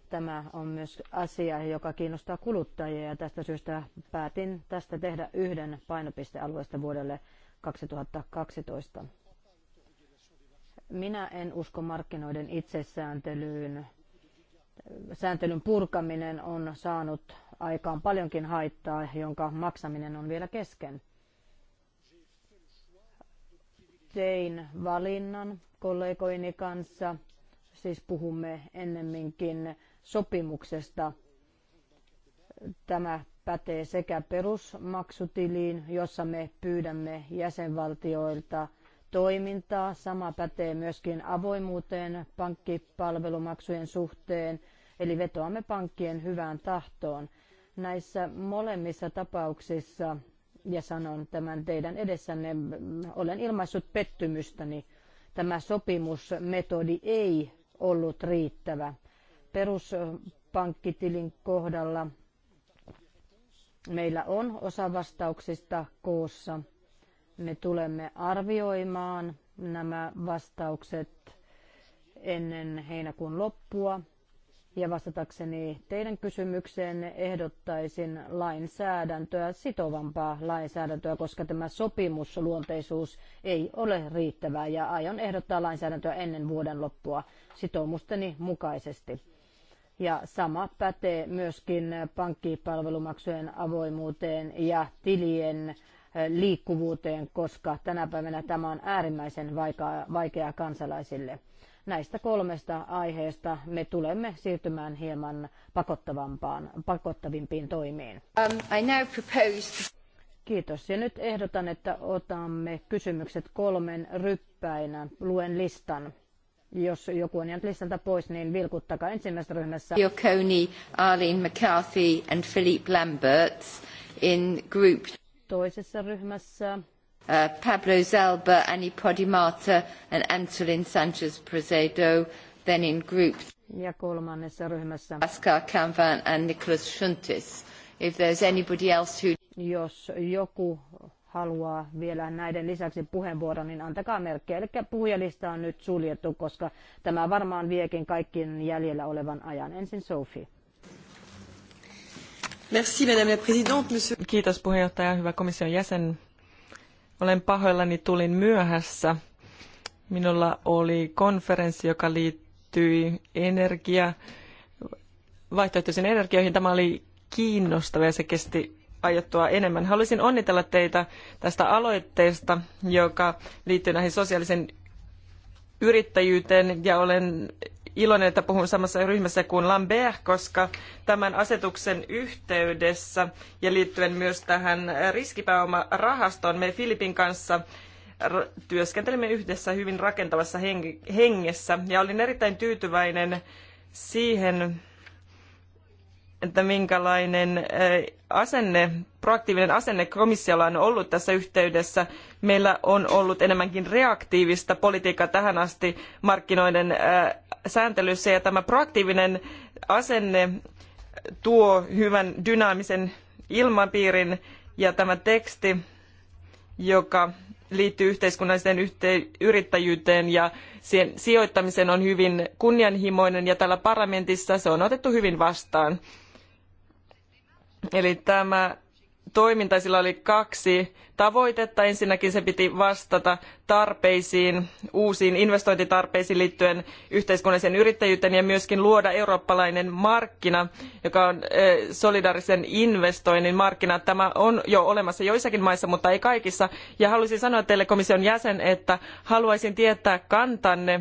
Speaker 1: Tämä on myös asia, joka kiinnostaa kuluttajia ja tästä syystä päätin tästä tehdä yhden painopistealueesta vuodelle 2012. Minä en usko markkinoiden itsesääntelyyn. Sääntelyn purkaminen on saanut aikaan paljonkin haittaa, jonka maksaminen on vielä kesken tein valinnan kollegoini kanssa, siis puhumme ennemminkin sopimuksesta. Tämä pätee sekä perusmaksutiliin, jossa me pyydämme jäsenvaltioilta toimintaa. Sama pätee myöskin avoimuuteen pankkipalvelumaksujen suhteen, eli vetoamme pankkien hyvään tahtoon. Näissä molemmissa tapauksissa ja sanon tämän teidän edessänne. Olen ilmaissut pettymystäni. Tämä sopimusmetodi ei ollut riittävä. Peruspankkitilin kohdalla meillä on osa vastauksista koossa. Me tulemme arvioimaan nämä vastaukset ennen heinäkuun loppua ja vastatakseni teidän kysymykseen ehdottaisin lainsäädäntöä, sitovampaa lainsäädäntöä, koska tämä sopimusluonteisuus ei ole riittävää ja aion ehdottaa lainsäädäntöä ennen vuoden loppua sitoumusteni mukaisesti. Ja sama pätee myöskin pankkipalvelumaksujen avoimuuteen ja tilien eh, liikkuvuuteen, koska tänä päivänä tämä on äärimmäisen vaikea, vaikeaa kansalaisille. Näistä kolmesta aiheesta me tulemme siirtymään hieman pakottavampaan, pakottavimpiin toimiin. Um, I now propose... Kiitos. Ja nyt ehdotan, että otamme kysymykset kolmen ryppäinä. Luen listan. Jos joku on jäänyt listalta pois, niin vilkuttakaa ensimmäisessä ryhmässä. Yokoni, Arlene McCarthy and Philippe Lamberts
Speaker 4: in group.
Speaker 1: Toisessa ryhmässä
Speaker 4: Uh, Pablo Zalba, Annie Podimata and Antolin Sanchez Prezedo, then in groups. Ja
Speaker 1: kolmannessa ryhmässä. Pascal Canvan and Nicholas Shuntis. If there's anybody else who... Jos joku haluaa vielä näiden lisäksi puheenvuoron, niin antakaa merkkejä. Eli puhujalista on nyt suljettu, koska tämä varmaan viekin kaikkien jäljellä olevan ajan. Ensin Sophie.
Speaker 2: Merci, Madame la Présidente, Monsieur... Kiitos puheenjohtaja, hyvä komission jäsen, olen pahoillani, tulin myöhässä. Minulla oli konferenssi, joka liittyi energia, vaihtoehtoisiin energioihin. Tämä oli kiinnostava ja se kesti aiottua enemmän. Haluaisin onnitella teitä tästä aloitteesta, joka liittyy näihin sosiaalisen yrittäjyyteen ja olen iloinen, että puhun samassa ryhmässä kuin Lambert, koska tämän asetuksen yhteydessä ja liittyen myös tähän riskipääomarahastoon me Filipin kanssa työskentelimme yhdessä hyvin rakentavassa hengessä ja olin erittäin tyytyväinen siihen, että minkälainen eh, asenne, proaktiivinen asenne komissiolla on ollut tässä yhteydessä. Meillä on ollut enemmänkin reaktiivista politiikkaa tähän asti markkinoiden eh, sääntelyssä ja tämä proaktiivinen asenne tuo hyvän dynaamisen ilmapiirin ja tämä teksti, joka liittyy yhteiskunnalliseen yhte- yrittäjyyteen ja sen sijoittamiseen on hyvin kunnianhimoinen ja täällä parlamentissa se on otettu hyvin vastaan Eli tämä toiminta, sillä oli kaksi tavoitetta. Ensinnäkin se piti vastata tarpeisiin, uusiin investointitarpeisiin liittyen yhteiskunnalliseen yrittäjyyteen ja myöskin luoda eurooppalainen markkina, joka on solidaarisen investoinnin markkina. Tämä on jo olemassa joissakin maissa, mutta ei kaikissa. Ja haluaisin sanoa teille komission jäsen, että haluaisin tietää kantanne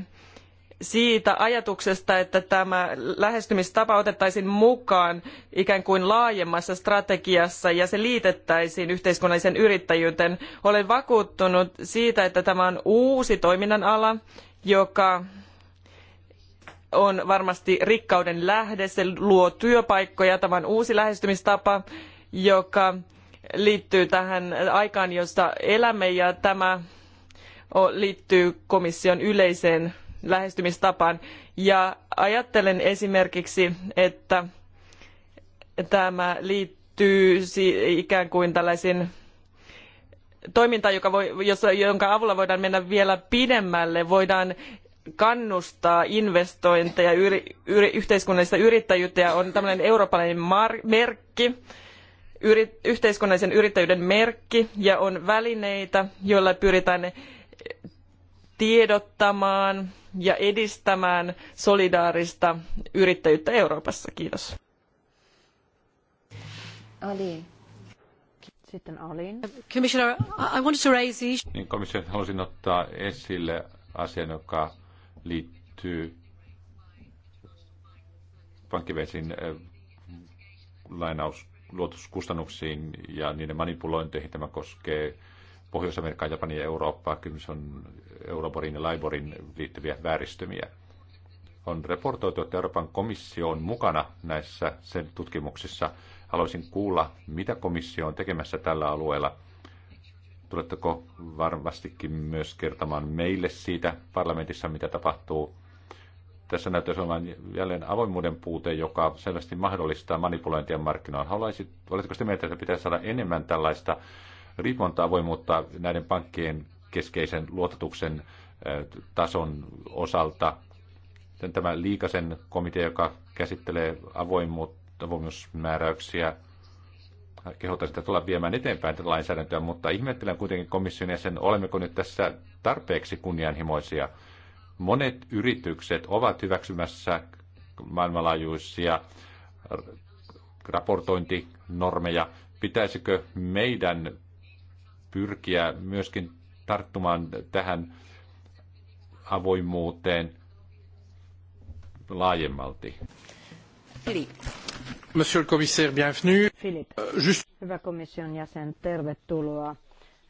Speaker 2: siitä ajatuksesta, että tämä lähestymistapa otettaisiin mukaan ikään kuin laajemmassa strategiassa ja se liitettäisiin yhteiskunnalliseen yrittäjyyteen. Olen vakuuttunut siitä, että tämä on uusi toiminnan ala, joka on varmasti rikkauden lähde, se luo työpaikkoja, tämä on uusi lähestymistapa, joka liittyy tähän aikaan, jossa elämme ja tämä liittyy komission yleiseen lähestymistapaan. Ja ajattelen esimerkiksi, että tämä liittyy ikään kuin tällaisiin toimintaan, joka voi, jonka avulla voidaan mennä vielä pidemmälle, voidaan kannustaa investointeja, yri, yri, yhteiskunnallista yrittäjyyttä ja on tämmöinen eurooppalainen mar, merkki, yhteiskunnallisen yrittäjyyden merkki ja on välineitä, joilla pyritään tiedottamaan ja edistämään solidaarista yrittäjyyttä Euroopassa. Kiitos.
Speaker 1: Ali. Sitten Alin. Commissioner, I wanted to raise
Speaker 5: Niin, komission halusin ottaa esille asian, joka liittyy pankkivesin lainausluotuskustannuksiin ja niiden manipulointeihin. Tämä koskee Pohjois-Amerikkaan, Japanin ja Eurooppaan. Kysymys on Euroborin ja Laiborin liittyviä vääristymiä. On raportoitu, että Euroopan komissio on mukana näissä sen tutkimuksissa. Haluaisin kuulla, mitä komissio on tekemässä tällä alueella. Tuletteko varmastikin myös kertomaan meille siitä parlamentissa, mitä tapahtuu? Tässä näyttäisi olevan jälleen avoimuuden puute, joka selvästi mahdollistaa manipulointia markkinoilla. Haluaisit, oletko sitä mieltä, että pitäisi saada enemmän tällaista riipontaa voi muuttaa näiden pankkien keskeisen luototuksen äh, tason osalta. Tämä liikasen komitea, joka käsittelee avoimuutta, avoimuusmääräyksiä, kehottaa sitä tulla viemään eteenpäin tätä lainsäädäntöä, mutta ihmettelen kuitenkin komission jäsen, olemmeko nyt tässä tarpeeksi kunnianhimoisia. Monet yritykset ovat hyväksymässä maailmanlaajuisia raportointinormeja. Pitäisikö meidän pyrkiä myöskin tarttumaan tähän avoimuuteen laajemmalti. Philippe. Monsieur le commissaire, bienvenue.
Speaker 1: Philippe. Euh, Just... Hyvä komission jäsen, tervetuloa.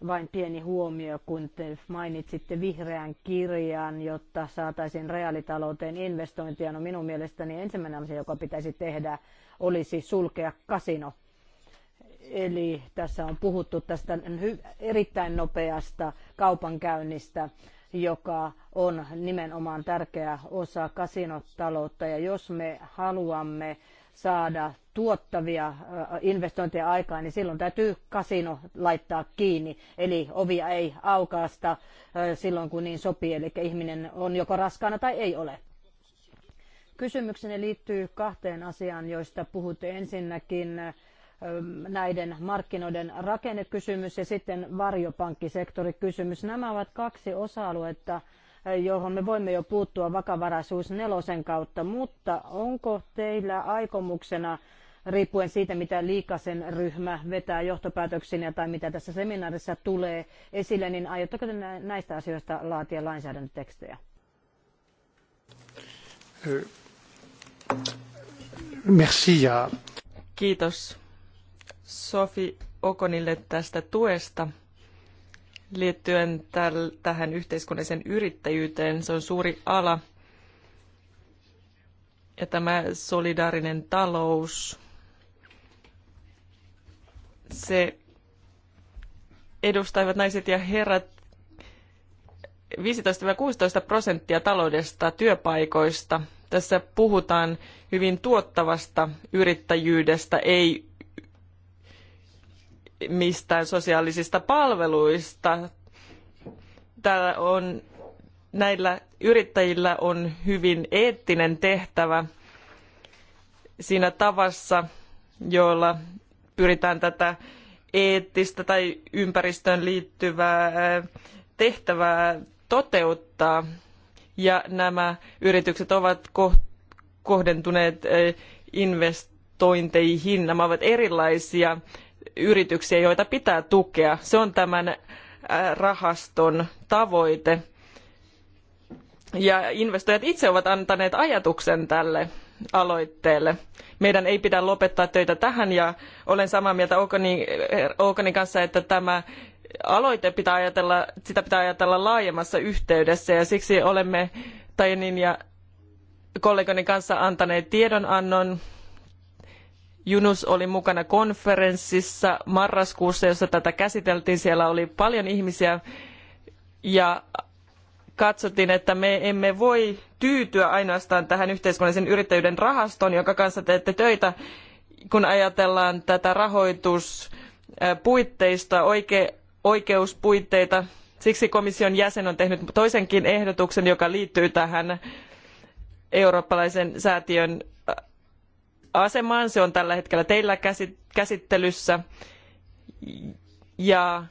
Speaker 1: Vain pieni huomio, kun te mainitsitte vihreän kirjan, jotta saataisiin reaalitalouteen investointia. No minun mielestäni ensimmäinen asia, joka pitäisi tehdä, olisi sulkea kasino Eli tässä on puhuttu tästä erittäin nopeasta kaupankäynnistä, joka on nimenomaan tärkeä osa kasinotaloutta. Ja jos me haluamme saada tuottavia äh, investointeja aikaa, niin silloin täytyy kasino laittaa kiinni. Eli ovia ei aukaasta äh, silloin, kun niin sopii. Eli ihminen on joko raskaana tai ei ole. Kysymykseni liittyy kahteen asiaan, joista puhutte ensinnäkin näiden markkinoiden rakennekysymys ja sitten varjopankkisektorikysymys. Nämä ovat kaksi osa-aluetta, johon me voimme jo puuttua vakavaraisuus nelosen kautta, mutta onko teillä aikomuksena riippuen siitä, mitä Liikasen ryhmä vetää johtopäätöksinä tai mitä tässä seminaarissa tulee esille, niin aiotteko te näistä asioista laatia lainsäädäntötekstejä?
Speaker 3: Merci ja...
Speaker 2: Kiitos. Sofi Okonille tästä tuesta liittyen täl, tähän yhteiskunnallisen yrittäjyyteen. Se on suuri ala. Ja tämä solidaarinen talous, se edustavat naiset ja herrat 15-16 prosenttia taloudesta työpaikoista. Tässä puhutaan hyvin tuottavasta yrittäjyydestä, ei mistään sosiaalisista palveluista. Täällä on, näillä yrittäjillä on hyvin eettinen tehtävä siinä tavassa, jolla pyritään tätä eettistä tai ympäristöön liittyvää eh, tehtävää toteuttaa. Ja nämä yritykset ovat kohdentuneet eh, investointeihin. Nämä ovat erilaisia yrityksiä, joita pitää tukea. Se on tämän äh, rahaston tavoite. Ja investoijat itse ovat antaneet ajatuksen tälle aloitteelle. Meidän ei pidä lopettaa töitä tähän ja olen samaa mieltä Oukonin, äh, kanssa, että tämä aloite pitää ajatella, sitä pitää ajatella laajemmassa yhteydessä ja siksi olemme Tajanin ja kollegoni kanssa antaneet tiedonannon Yunus oli mukana konferenssissa marraskuussa, jossa tätä käsiteltiin. Siellä oli paljon ihmisiä ja katsottiin, että me emme voi tyytyä ainoastaan tähän yhteiskunnallisen yrittäjyyden rahastoon, jonka kanssa teette töitä, kun ajatellaan tätä rahoituspuitteista, oike, oikeuspuitteita. Siksi komission jäsen on tehnyt toisenkin ehdotuksen, joka liittyy tähän eurooppalaisen säätiön asemaan. Se on tällä hetkellä teillä käsittelyssä. Ja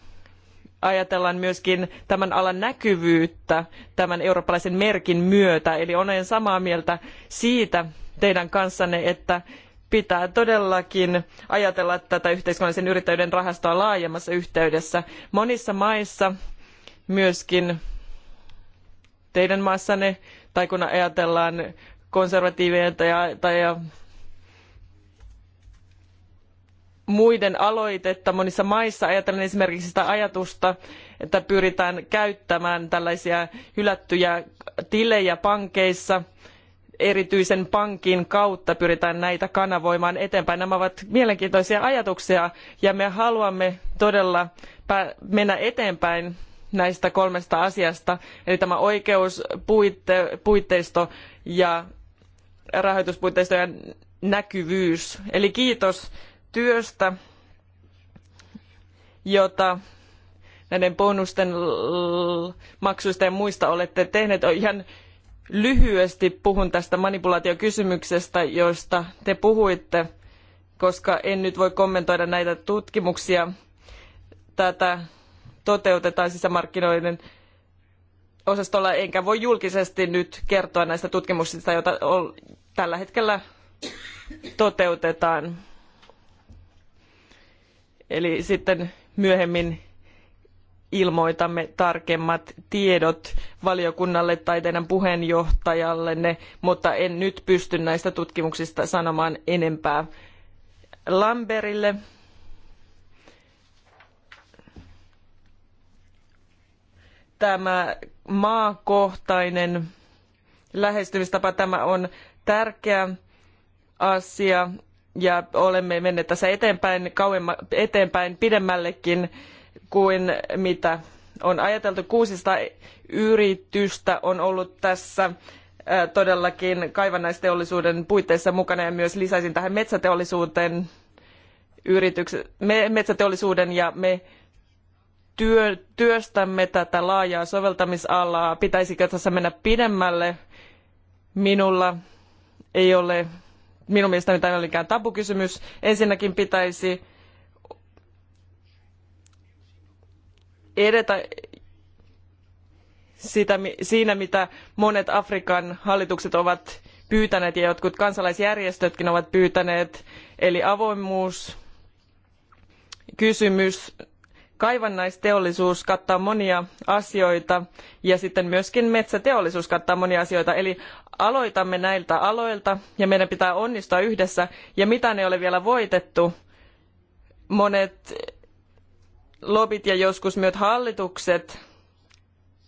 Speaker 2: ajatellaan myöskin tämän alan näkyvyyttä tämän eurooppalaisen merkin myötä. Eli olen samaa mieltä siitä teidän kanssanne, että pitää todellakin ajatella tätä yhteiskunnallisen yrittäjyyden rahastoa laajemmassa yhteydessä. Monissa maissa myöskin teidän maassanne, tai kun ajatellaan konservatiiveja tai, tai muiden aloitetta monissa maissa. Ajatellen esimerkiksi sitä ajatusta, että pyritään käyttämään tällaisia hylättyjä tilejä pankeissa erityisen pankin kautta pyritään näitä kanavoimaan eteenpäin. Nämä ovat mielenkiintoisia ajatuksia ja me haluamme todella mennä eteenpäin näistä kolmesta asiasta, eli tämä oikeuspuitteisto ja rahoituspuitteisto ja näkyvyys. Eli kiitos työstä, jota näiden bonusten maksuista ja muista olette tehneet. Ihan lyhyesti puhun tästä manipulaatiokysymyksestä, josta te puhuitte, koska en nyt voi kommentoida näitä tutkimuksia. Tätä toteutetaan sisämarkkinoiden osastolla, enkä voi julkisesti nyt kertoa näistä tutkimuksista, joita tällä hetkellä toteutetaan. Eli sitten myöhemmin ilmoitamme tarkemmat tiedot valiokunnalle tai teidän puheenjohtajallenne, mutta en nyt pysty näistä tutkimuksista sanomaan enempää. Lamberille. Tämä maakohtainen lähestymistapa, tämä on tärkeä asia ja olemme menneet tässä eteenpäin, kauemma, eteenpäin pidemmällekin kuin mitä on ajateltu. 600 yritystä on ollut tässä todellakin kaivannaisteollisuuden puitteissa mukana ja myös lisäisin tähän metsäteollisuuteen yritykset, me, metsäteollisuuden ja me työ, työstämme tätä laajaa soveltamisalaa. Pitäisikö tässä mennä pidemmälle? Minulla ei ole minun mielestäni tämä ei ole mikään tabukysymys. Ensinnäkin pitäisi edetä sitä, siinä, mitä monet Afrikan hallitukset ovat pyytäneet ja jotkut kansalaisjärjestötkin ovat pyytäneet, eli avoimuus, kysymys, kaivannaisteollisuus kattaa monia asioita ja sitten myöskin metsäteollisuus kattaa monia asioita. Eli aloitamme näiltä aloilta ja meidän pitää onnistua yhdessä ja mitä ne ole vielä voitettu. Monet lobit ja joskus myös hallitukset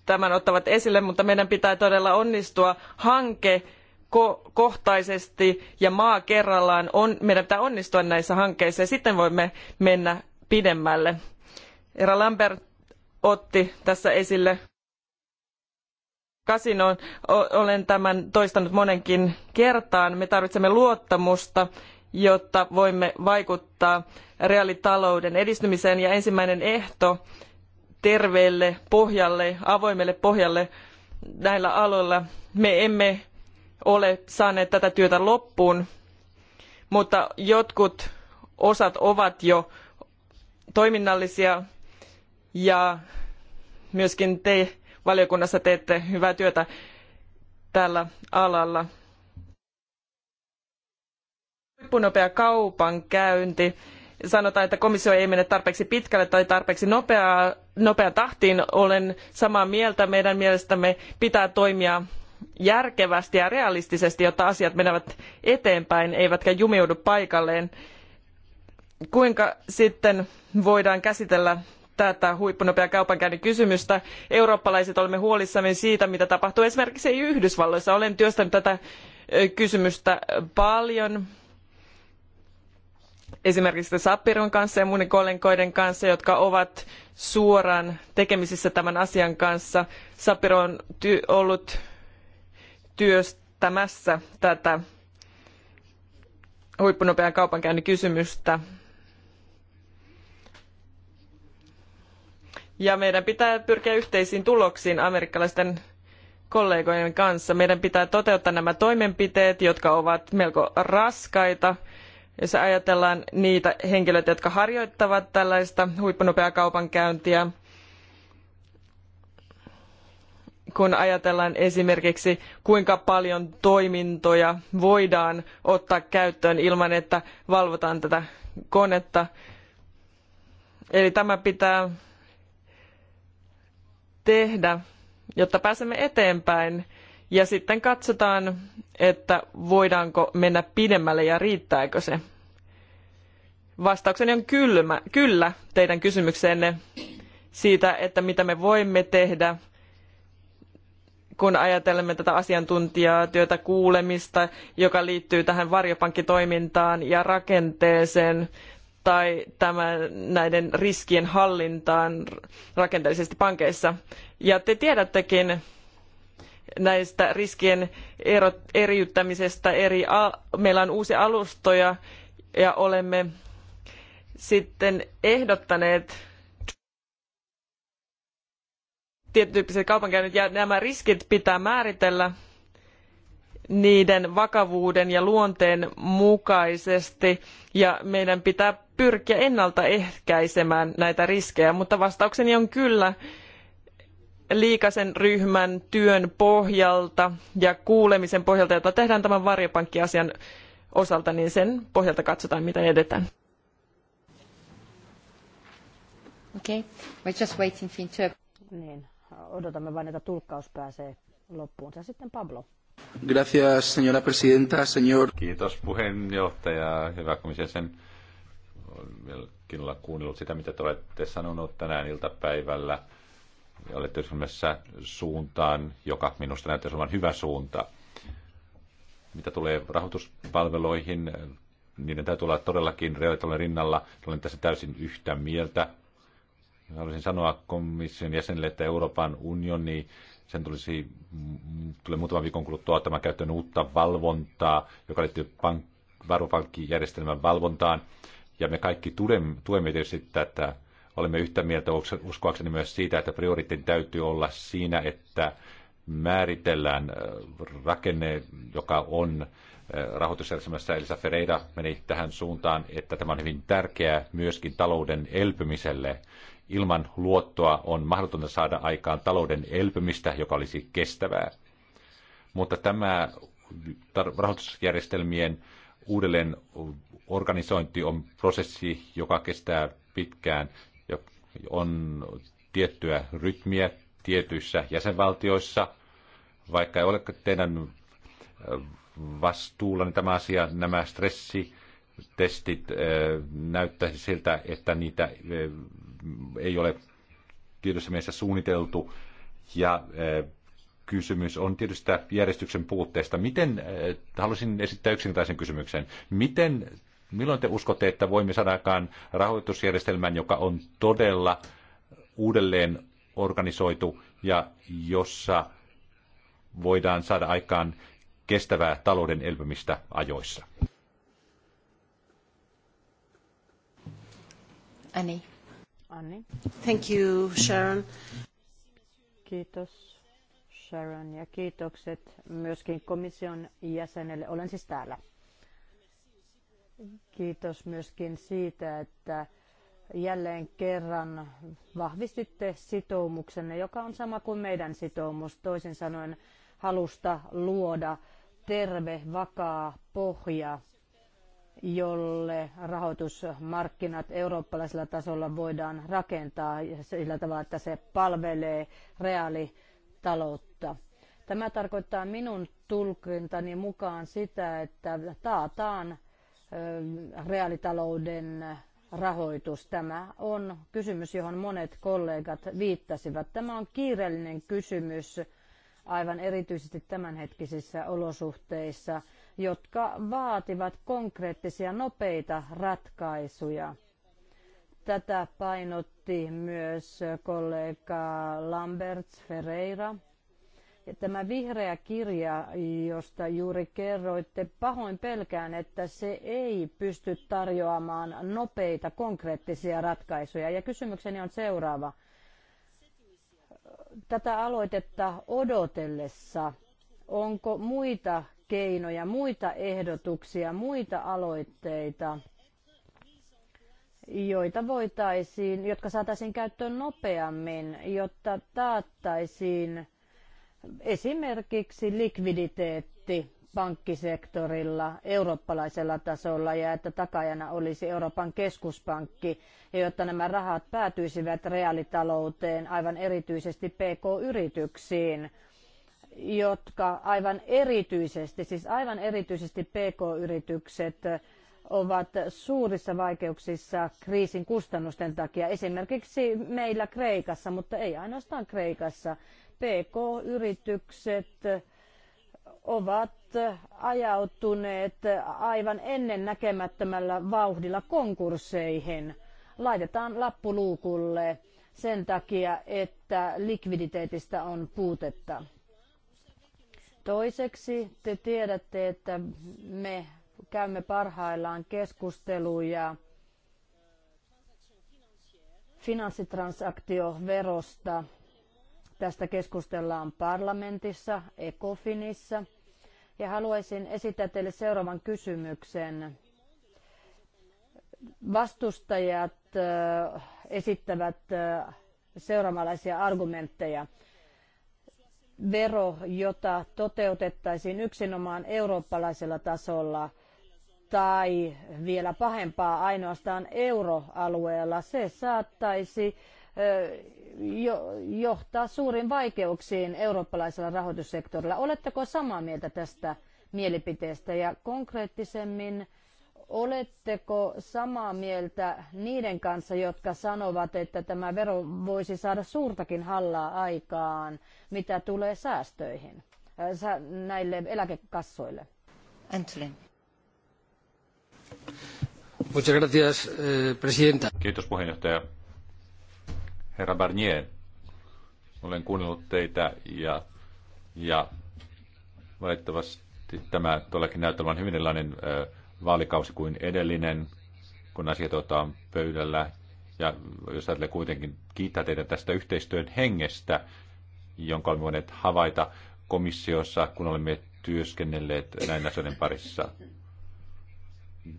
Speaker 2: tämän ottavat esille, mutta meidän pitää todella onnistua hanke kohtaisesti ja maa kerrallaan. On, meidän pitää onnistua näissä hankkeissa ja sitten voimme mennä pidemmälle. Era Lambert otti tässä esille kasinoon. Olen tämän toistanut monenkin kertaan. Me tarvitsemme luottamusta, jotta voimme vaikuttaa reaalitalouden edistymiseen. Ja ensimmäinen ehto terveelle pohjalle, avoimelle pohjalle näillä aloilla. Me emme ole saaneet tätä työtä loppuun, mutta jotkut osat ovat jo toiminnallisia ja myöskin te valiokunnassa teette hyvää työtä tällä alalla. Huippunopea kaupankäynti. Sanotaan, että komissio ei mene tarpeeksi pitkälle tai tarpeeksi nopeaa, nopea tahtiin. Olen samaa mieltä. Meidän mielestämme pitää toimia järkevästi ja realistisesti, jotta asiat menevät eteenpäin eivätkä jumiudu paikalleen. Kuinka sitten voidaan käsitellä tätä huippunopean kaupankäynnin kysymystä. Eurooppalaiset olemme huolissamme siitä, mitä tapahtuu esimerkiksi Yhdysvalloissa. Olen työstänyt tätä kysymystä paljon esimerkiksi Sappiron kanssa ja muiden kollegoiden kanssa, jotka ovat suoraan tekemisissä tämän asian kanssa. Sapiro on ty ollut työstämässä tätä huippunopean kaupankäynnin kysymystä ja meidän pitää pyrkiä yhteisiin tuloksiin amerikkalaisten kollegojen kanssa. Meidän pitää toteuttaa nämä toimenpiteet, jotka ovat melko raskaita. Jos ajatellaan niitä henkilöitä, jotka harjoittavat tällaista huippunopeaa kaupankäyntiä, kun ajatellaan esimerkiksi kuinka paljon toimintoja voidaan ottaa käyttöön ilman, että valvotaan tätä konetta. Eli tämä pitää tehdä, jotta pääsemme eteenpäin. Ja sitten katsotaan, että voidaanko mennä pidemmälle ja riittääkö se. Vastaukseni on kylmä, kyllä teidän kysymykseenne siitä, että mitä me voimme tehdä, kun ajattelemme tätä asiantuntijatyötä kuulemista, joka liittyy tähän varjopankkitoimintaan ja rakenteeseen tai tämän, näiden riskien hallintaan rakenteellisesti pankeissa. Ja te tiedättekin näistä riskien erot, eriyttämisestä eri, meillä on uusia alustoja ja olemme sitten ehdottaneet tietyn tyyppiset kaupankäynnit ja nämä riskit pitää määritellä niiden vakavuuden ja luonteen mukaisesti ja meidän pitää pyrkiä ennaltaehkäisemään näitä riskejä, mutta vastaukseni on kyllä liikasen ryhmän työn pohjalta ja kuulemisen pohjalta, jota tehdään tämän varjopankkiasian osalta, niin sen pohjalta katsotaan, miten edetään.
Speaker 1: Okay. We're just waiting for inter- niin, odotamme vain, että tulkkaus pääsee loppuun. sitten Pablo.
Speaker 5: Gracias, señora presidenta, señor. Kiitos puheenjohtaja, hyvä komission sen mielenkiinnolla kuunnellut sitä, mitä te olette sanonut tänään iltapäivällä. Ja olette esimerkiksi suuntaan, joka minusta näyttäisi olevan hyvä suunta. Mitä tulee rahoituspalveluihin, niiden täytyy olla todellakin reaalitoimen rinnalla. Olen tässä täysin yhtä mieltä. Haluaisin sanoa komission jäsenille, että Euroopan unioni sen tulisi tulee muutaman viikon kuluttua ottamaan käyttöön uutta valvontaa, joka liittyy pank- varopankkijärjestelmän valvontaan ja me kaikki tuemme tietysti tätä. Olemme yhtä mieltä uskoakseni myös siitä, että prioriteetin täytyy olla siinä, että määritellään rakenne, joka on rahoitusjärjestelmässä. Elisa Ferreira meni tähän suuntaan, että tämä on hyvin tärkeää myöskin talouden elpymiselle. Ilman luottoa on mahdotonta saada aikaan talouden elpymistä, joka olisi kestävää. Mutta tämä rahoitusjärjestelmien uudelleen organisointi on prosessi, joka kestää pitkään ja on tiettyä rytmiä tietyissä jäsenvaltioissa. Vaikka ei ole teidän äh, vastuulla niin tämä asia, nämä testit äh, näyttäisi siltä, että niitä äh, ei ole tietyssä mielessä suunniteltu. Ja kysymys on tietystä järjestyksen puutteesta. Miten, haluaisin esittää yksinkertaisen kysymyksen, miten Milloin te uskotte, että voimme saada aikaan rahoitusjärjestelmän, joka on todella uudelleen organisoitu ja jossa voidaan saada aikaan kestävää talouden elpymistä ajoissa?
Speaker 4: Annie.
Speaker 1: Annie. Thank you, Sharon. Kiitos Sharon ja kiitokset myöskin komission jäsenelle. Olen siis täällä. Kiitos myöskin siitä, että jälleen kerran vahvistitte sitoumuksenne, joka on sama kuin meidän sitoumus, toisin sanoen halusta luoda terve, vakaa pohja, jolle rahoitusmarkkinat eurooppalaisella tasolla voidaan rakentaa sillä tavalla, että se palvelee reaalitaloutta. Tämä tarkoittaa minun tulkintani mukaan sitä, että taataan Ähm, reaalitalouden rahoitus. Tämä on kysymys, johon monet kollegat viittasivat. Tämä on kiireellinen kysymys aivan erityisesti tämänhetkisissä olosuhteissa, jotka vaativat konkreettisia nopeita ratkaisuja. Tätä painotti myös kollega Lambert Ferreira – ja tämä vihreä kirja, josta juuri kerroitte, pahoin pelkään, että se ei pysty tarjoamaan nopeita konkreettisia ratkaisuja. Ja kysymykseni on seuraava. Tätä aloitetta odotellessa, onko muita keinoja, muita ehdotuksia, muita aloitteita, joita voitaisiin, jotka saataisiin käyttöön nopeammin, jotta taattaisiin Esimerkiksi likviditeetti pankkisektorilla eurooppalaisella tasolla ja että takajana olisi Euroopan keskuspankki, ja jotta nämä rahat päätyisivät reaalitalouteen, aivan erityisesti PK-yrityksiin, jotka aivan erityisesti, siis aivan erityisesti PK-yritykset ovat suurissa vaikeuksissa kriisin kustannusten takia, esimerkiksi meillä Kreikassa, mutta ei ainoastaan Kreikassa. PK-yritykset ovat ajautuneet aivan ennen näkemättömällä vauhdilla konkursseihin. Laitetaan lappuluukulle sen takia, että likviditeetistä on puutetta. Toiseksi te tiedätte, että me käymme parhaillaan keskusteluja finanssitransaktioverosta. Tästä keskustellaan parlamentissa, ECOFINissa. Ja haluaisin esittää teille seuraavan kysymyksen. Vastustajat äh, esittävät äh, seuraavanlaisia argumentteja. Vero, jota toteutettaisiin yksinomaan eurooppalaisella tasolla – tai vielä pahempaa ainoastaan euroalueella, se saattaisi äh, johtaa suuriin vaikeuksiin eurooppalaisella rahoitussektorilla. Oletteko samaa mieltä tästä mielipiteestä ja konkreettisemmin oletteko samaa mieltä niiden kanssa, jotka sanovat, että tämä vero voisi saada suurtakin hallaa aikaan, mitä tulee säästöihin äh, näille eläkekassoille?
Speaker 4: Antolin.
Speaker 5: Muchas gracias, eh, presidenta. Kiitos puheenjohtaja. Herra Barnier, olen kuunnellut teitä ja, ja valitettavasti tämä tuollakin näyttää olevan hyvin erilainen vaalikausi kuin edellinen, kun asiat otetaan pöydällä. Ja jos ajattelee kuitenkin kiittää teitä tästä yhteistyön hengestä, jonka olemme voineet havaita komissiossa, kun olemme työskennelleet näin asioiden parissa.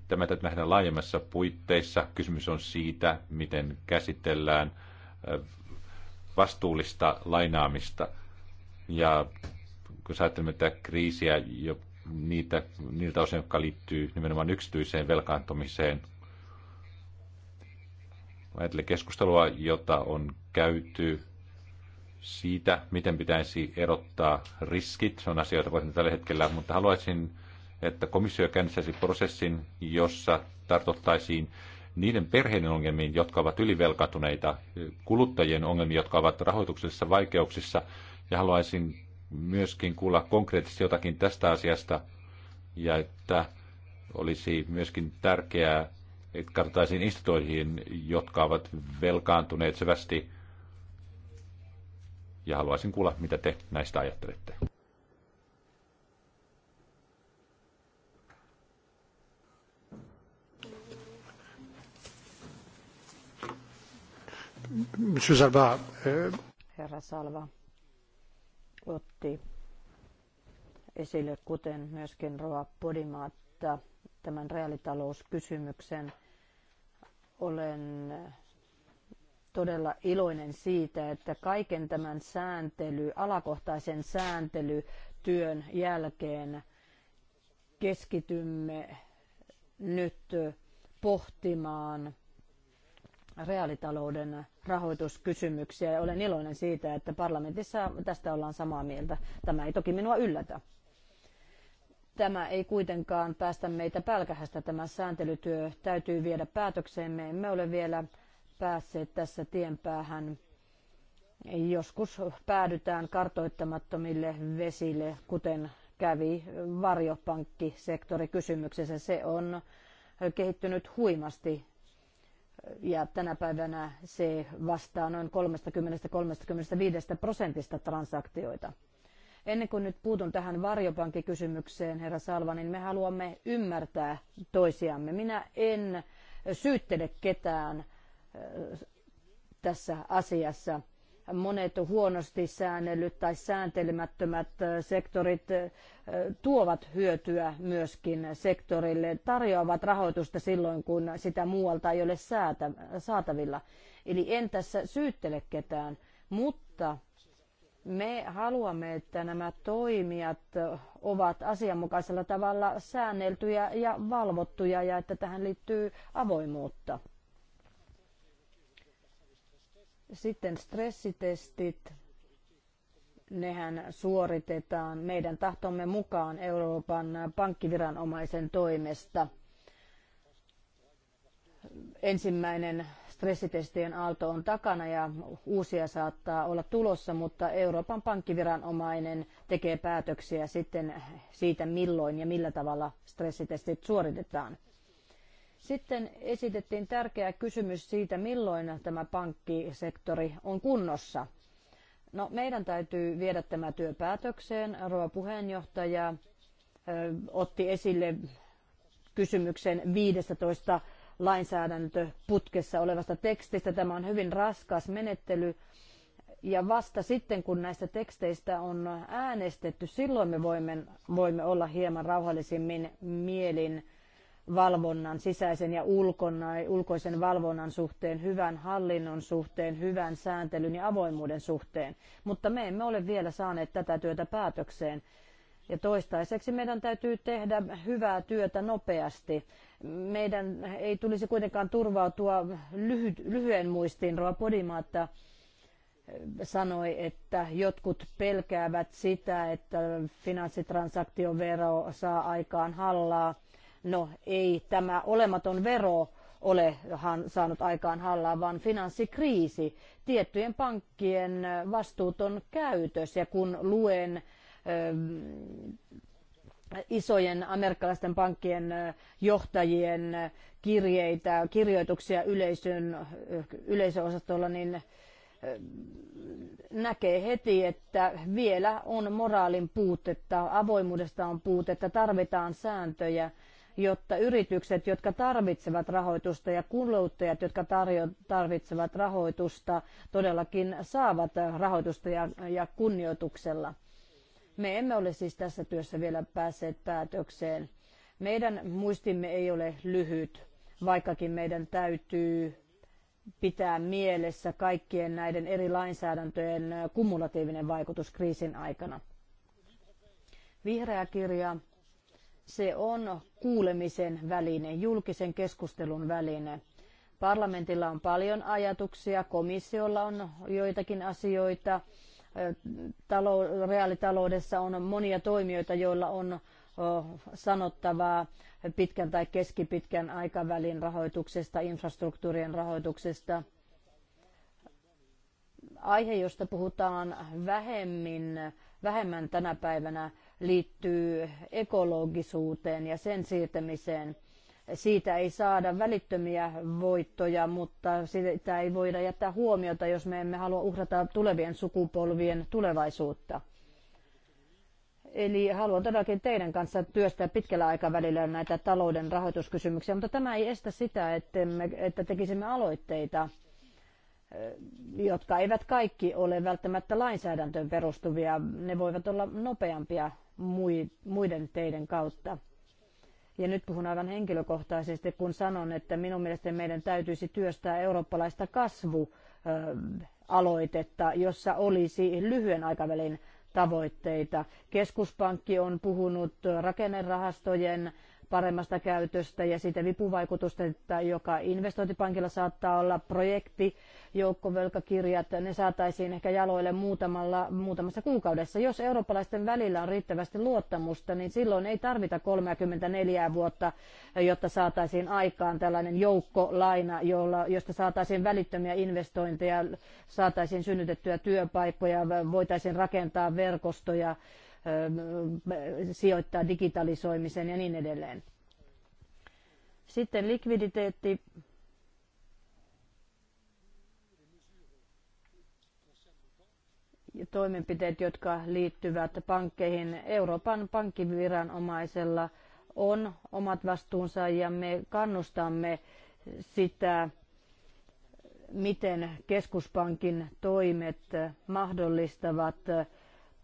Speaker 5: Tämä täytyy nähdä laajemmassa puitteissa. Kysymys on siitä, miten käsitellään – vastuullista lainaamista. Ja kun ajattelemme tätä kriisiä, jo niitä, niiltä osin, jotka liittyy nimenomaan yksityiseen velkaantumiseen, ajattelen keskustelua, jota on käyty siitä, miten pitäisi erottaa riskit. Se on asia, jota voisin tällä hetkellä, mutta haluaisin, että komissio käynnistäisi prosessin, jossa tartuttaisiin niiden perheiden ongelmiin, jotka ovat ylivelkatuneita, kuluttajien ongelmiin, jotka ovat rahoituksellisissa vaikeuksissa. Ja haluaisin myöskin kuulla konkreettisesti jotakin tästä asiasta ja että olisi myöskin tärkeää, että katsotaisiin instituutioihin, jotka ovat velkaantuneet syvästi. Ja haluaisin kuulla, mitä te näistä ajattelette.
Speaker 3: Monsieur Salva. Eh,
Speaker 1: Herra Salva otti esille, kuten myöskin Roa Podimaatta, tämän reaalitalouskysymyksen. Olen todella iloinen siitä, että kaiken tämän sääntely, alakohtaisen sääntelytyön jälkeen keskitymme nyt pohtimaan reaalitalouden rahoituskysymyksiä ja olen iloinen siitä, että parlamentissa tästä ollaan samaa mieltä. Tämä ei toki minua yllätä. Tämä ei kuitenkaan päästä meitä pälkähästä. Tämä sääntelytyö täytyy viedä päätökseen. Me emme ole vielä päässeet tässä tien päähän. Joskus päädytään kartoittamattomille vesille, kuten kävi varjopankkisektori kysymyksessä. Se on kehittynyt huimasti ja tänä päivänä se vastaa noin 30-35 prosentista transaktioita. Ennen kuin nyt puutun tähän varjopankkikysymykseen, herra Salva, niin me haluamme ymmärtää toisiamme. Minä en syyttele ketään äh, tässä asiassa monet huonosti säännellyt tai sääntelemättömät sektorit tuovat hyötyä myöskin sektorille, tarjoavat rahoitusta silloin, kun sitä muualta ei ole saatavilla. Eli en tässä syyttele ketään, mutta me haluamme, että nämä toimijat ovat asianmukaisella tavalla säänneltyjä ja valvottuja ja että tähän liittyy avoimuutta. Sitten stressitestit. Nehän suoritetaan meidän tahtomme mukaan Euroopan pankkiviranomaisen toimesta. Ensimmäinen stressitestien aalto on takana ja uusia saattaa olla tulossa, mutta Euroopan pankkiviranomainen tekee päätöksiä sitten siitä, milloin ja millä tavalla stressitestit suoritetaan. Sitten esitettiin tärkeä kysymys siitä, milloin tämä pankkisektori on kunnossa. No, meidän täytyy viedä tämä työ päätökseen. Rouva puheenjohtaja otti esille kysymyksen 15 lainsäädäntöputkessa olevasta tekstistä. Tämä on hyvin raskas menettely. Ja vasta sitten, kun näistä teksteistä on äänestetty, silloin me voimme, voimme olla hieman rauhallisimmin mielin valvonnan, sisäisen ja ulkoisen valvonnan suhteen, hyvän hallinnon suhteen, hyvän sääntelyn ja avoimuuden suhteen. Mutta me emme ole vielä saaneet tätä työtä päätökseen. Ja toistaiseksi meidän täytyy tehdä hyvää työtä nopeasti. Meidän ei tulisi kuitenkaan turvautua lyhy- lyhyen muistiin. Roa Podimaatta eh, sanoi, että jotkut pelkäävät sitä, että finanssitransaktiovero saa aikaan hallaa No ei tämä olematon vero ole saanut aikaan hallaa, vaan finanssikriisi, tiettyjen pankkien vastuuton käytös. Ja kun luen isojen amerikkalaisten pankkien johtajien kirjeitä, kirjoituksia yleisön, yleisöosastolla, niin näkee heti, että vielä on moraalin puutetta, avoimuudesta on puutetta, tarvitaan sääntöjä jotta yritykset, jotka tarvitsevat rahoitusta ja kuluttajat, jotka tarvitsevat rahoitusta, todellakin saavat rahoitusta ja, ja kunnioituksella. Me emme ole siis tässä työssä vielä päässeet päätökseen. Meidän muistimme ei ole lyhyt, vaikkakin meidän täytyy pitää mielessä kaikkien näiden eri lainsäädäntöjen kumulatiivinen vaikutus kriisin aikana. Vihreä kirja se on kuulemisen väline, julkisen keskustelun väline. Parlamentilla on paljon ajatuksia, komissiolla on joitakin asioita, talo, reaalitaloudessa on monia toimijoita, joilla on sanottavaa pitkän tai keskipitkän aikavälin rahoituksesta, infrastruktuurien rahoituksesta. Aihe, josta puhutaan vähemmin, vähemmän tänä päivänä, liittyy ekologisuuteen ja sen siirtämiseen. Siitä ei saada välittömiä voittoja, mutta sitä ei voida jättää huomiota, jos me emme halua uhrata tulevien sukupolvien tulevaisuutta. Eli haluan todellakin teidän kanssa työstää pitkällä aikavälillä näitä talouden rahoituskysymyksiä, mutta tämä ei estä sitä, että, me, että tekisimme aloitteita jotka eivät kaikki ole välttämättä lainsäädäntöön perustuvia. Ne voivat olla nopeampia muiden teiden kautta. Ja nyt puhun aivan henkilökohtaisesti, kun sanon, että minun mielestäni meidän täytyisi työstää eurooppalaista kasvualoitetta, jossa olisi lyhyen aikavälin tavoitteita. Keskuspankki on puhunut rakennerahastojen paremmasta käytöstä ja siitä vipuvaikutusta, joka investointipankilla saattaa olla projekti, joukkovelkakirjat, ne saataisiin ehkä jaloille muutamalla, muutamassa kuukaudessa. Jos eurooppalaisten välillä on riittävästi luottamusta, niin silloin ei tarvita 34 vuotta, jotta saataisiin aikaan tällainen joukkolaina, jolla, josta saataisiin välittömiä investointeja, saataisiin synnytettyä työpaikkoja, voitaisiin rakentaa verkostoja Ähm, sijoittaa digitalisoimisen ja niin edelleen. Sitten likviditeetti. Ja toimenpiteet, jotka liittyvät pankkeihin. Euroopan pankkiviranomaisella on omat vastuunsa ja me kannustamme sitä, miten keskuspankin toimet mahdollistavat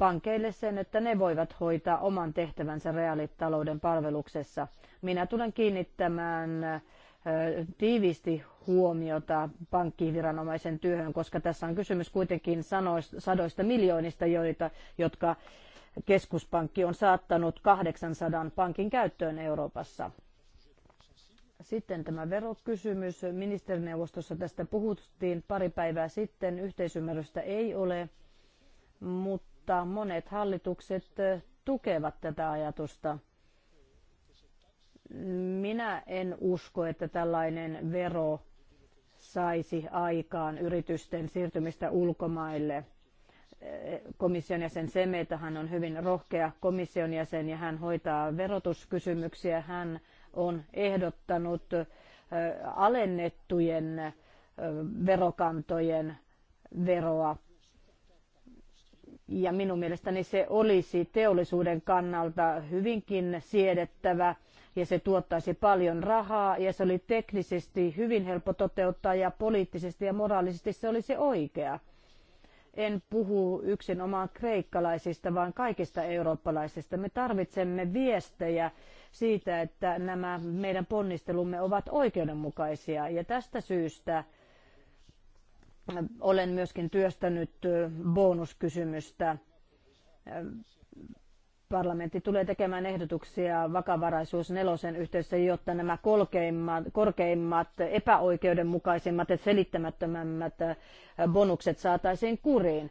Speaker 1: pankeille sen, että ne voivat hoitaa oman tehtävänsä reaalitalouden palveluksessa. Minä tulen kiinnittämään tiivisti huomiota pankkiviranomaisen työhön, koska tässä on kysymys kuitenkin sanoista, sadoista miljoonista, joita, jotka keskuspankki on saattanut 800 pankin käyttöön Euroopassa. Sitten tämä verokysymys. Ministerineuvostossa tästä puhuttiin pari päivää sitten. Yhteisymmärrystä ei ole, mutta mutta monet hallitukset tukevat tätä ajatusta. Minä en usko, että tällainen vero saisi aikaan yritysten siirtymistä ulkomaille. Komission jäsen Semetahan on hyvin rohkea komission jäsen ja hän hoitaa verotuskysymyksiä. Hän on ehdottanut alennettujen verokantojen veroa ja minun mielestäni se olisi teollisuuden kannalta hyvinkin siedettävä ja se tuottaisi paljon rahaa ja se oli teknisesti hyvin helppo toteuttaa ja poliittisesti ja moraalisesti se olisi oikea. En puhu yksin omaan kreikkalaisista, vaan kaikista eurooppalaisista. Me tarvitsemme viestejä siitä, että nämä meidän ponnistelumme ovat oikeudenmukaisia ja tästä syystä – olen myöskin työstänyt bonuskysymystä. Parlamentti tulee tekemään ehdotuksia vakavaraisuus nelosen yhteydessä, jotta nämä kolkeimmat, korkeimmat, epäoikeudenmukaisimmat ja selittämättömämmät bonukset saataisiin kuriin.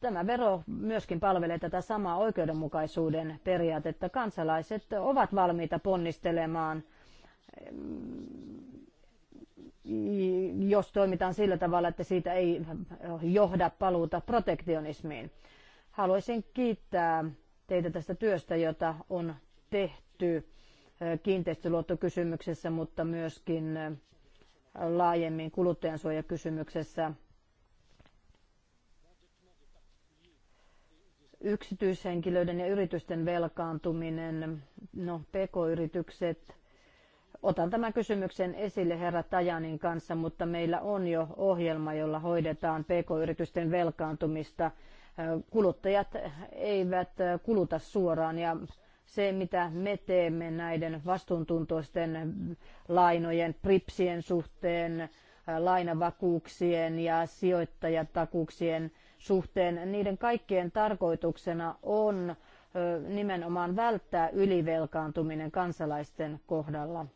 Speaker 1: Tämä vero myöskin palvelee tätä samaa oikeudenmukaisuuden periaatetta. Kansalaiset ovat valmiita ponnistelemaan jos toimitaan sillä tavalla, että siitä ei johda paluuta protektionismiin. Haluaisin kiittää teitä tästä työstä, jota on tehty kiinteistöluottokysymyksessä, mutta myöskin laajemmin kuluttajansuojakysymyksessä. Yksityishenkilöiden ja yritysten velkaantuminen, no pk-yritykset, Otan tämän kysymyksen esille herra Tajanin kanssa, mutta meillä on jo ohjelma, jolla hoidetaan pk-yritysten velkaantumista. Kuluttajat eivät kuluta suoraan ja se, mitä me teemme näiden vastuuntuntoisten lainojen, pripsien suhteen, lainavakuuksien ja sijoittajatakuuksien suhteen, niiden kaikkien tarkoituksena on nimenomaan välttää ylivelkaantuminen kansalaisten kohdalla.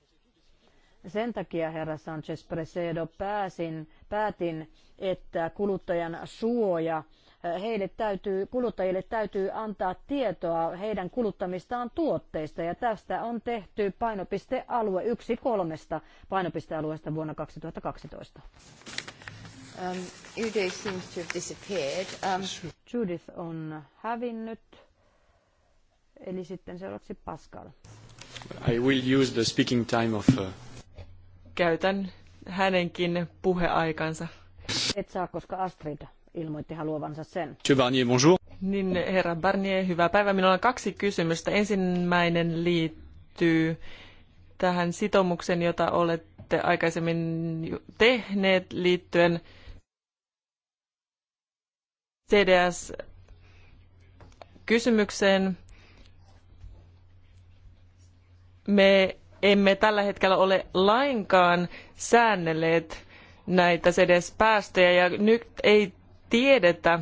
Speaker 1: Sen takia, herra Sanchez Presedo, pääsin, päätin, että kuluttajan suoja eh, heille täytyy, kuluttajille täytyy antaa tietoa heidän kuluttamistaan tuotteista ja tästä on tehty painopistealue yksi kolmesta painopistealueesta vuonna 2012. Um, Udo seems to have disappeared. Um... Judith on hävinnyt.
Speaker 2: Eli sitten seuraavaksi Pascal.
Speaker 3: I will use the speaking time of uh,
Speaker 2: käytän hänenkin puheaikansa. Et saa, koska Astrid ilmoitti haluavansa sen.
Speaker 3: Barnier, bonjour.
Speaker 2: Niin, herra Barnier, hyvää päivää. Minulla on kaksi kysymystä. Ensimmäinen liittyy tähän sitoumukseen, jota olette aikaisemmin tehneet liittyen CDS-kysymykseen. Me emme tällä hetkellä ole lainkaan säännelleet näitä CDS-päästöjä ja nyt ei tiedetä,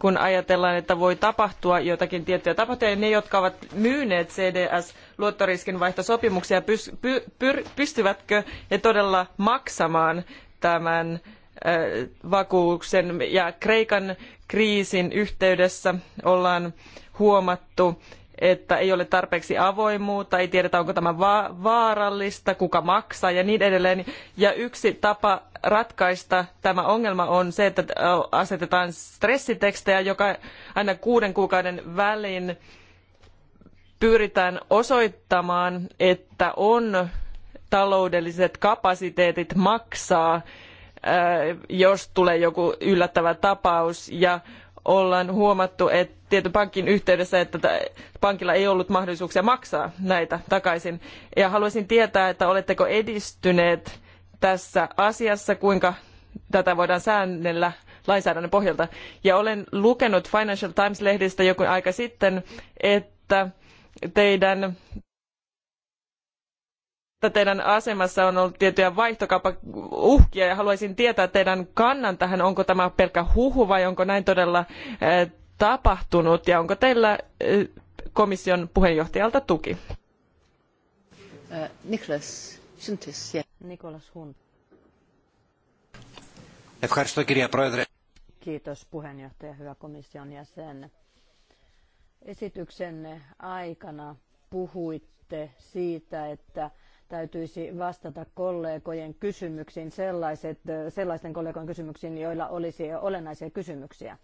Speaker 2: kun ajatellaan, että voi tapahtua jotakin tiettyjä tapahtumia, ja niin ne, jotka ovat myyneet CDS-luottoriskinvaihtosopimuksia, pystyvätkö ne todella maksamaan tämän vakuuksen. Ja Kreikan kriisin yhteydessä ollaan huomattu, että ei ole tarpeeksi avoimuutta, ei tiedetä, onko tämä vaarallista, kuka maksaa ja niin edelleen. Ja yksi tapa ratkaista tämä ongelma on se, että asetetaan stressitekstejä, joka aina kuuden kuukauden välin pyritään osoittamaan, että on taloudelliset kapasiteetit maksaa, jos tulee joku yllättävä tapaus. Ja ollaan huomattu, että tietyn pankin yhteydessä, että pankilla ei ollut mahdollisuuksia maksaa näitä takaisin. Ja haluaisin tietää, että oletteko edistyneet tässä asiassa, kuinka tätä voidaan säännellä lainsäädännön pohjalta. Ja olen lukenut Financial Times-lehdistä joku aika sitten, että teidän että teidän asemassa on ollut tiettyjä vaihtokauppauhkia ja haluaisin tietää teidän kannan tähän, onko tämä pelkkä huhu vai onko näin todella eh, tapahtunut ja onko teillä eh, komission puheenjohtajalta tuki?
Speaker 1: Eh, Niklas Huntis. Nikolas Hunt. Kiitos puheenjohtaja, hyvä komission jäsen. Esityksenne aikana puhuitte siitä, että täytyisi vastata kollegojen kysymyksiin, sellaiset, sellaisten kollegojen kysymyksiin, joilla olisi olennaisia kysymyksiä.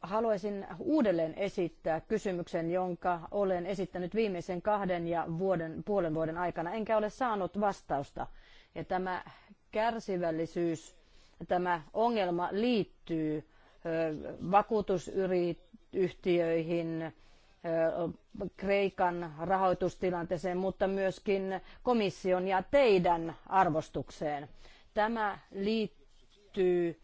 Speaker 1: Haluaisin uudelleen esittää kysymyksen, jonka olen esittänyt viimeisen kahden ja vuoden, puolen vuoden aikana, enkä ole saanut vastausta. Ja tämä kärsivällisyys, tämä ongelma liittyy vakuutusyhtiöihin, Kreikan rahoitustilanteeseen, mutta myöskin komission ja teidän arvostukseen. Tämä liittyy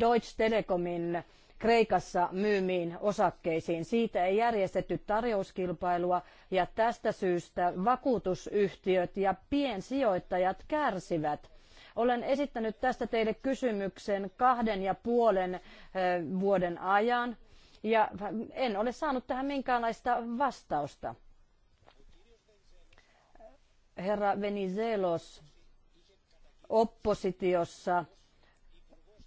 Speaker 1: Deutsche Telekomin Kreikassa myymiin osakkeisiin. Siitä ei järjestetty tarjouskilpailua ja tästä syystä vakuutusyhtiöt ja piensijoittajat kärsivät olen esittänyt tästä teille kysymyksen kahden ja puolen vuoden ajan ja en ole saanut tähän minkäänlaista vastausta. Herra Venizelos oppositiossa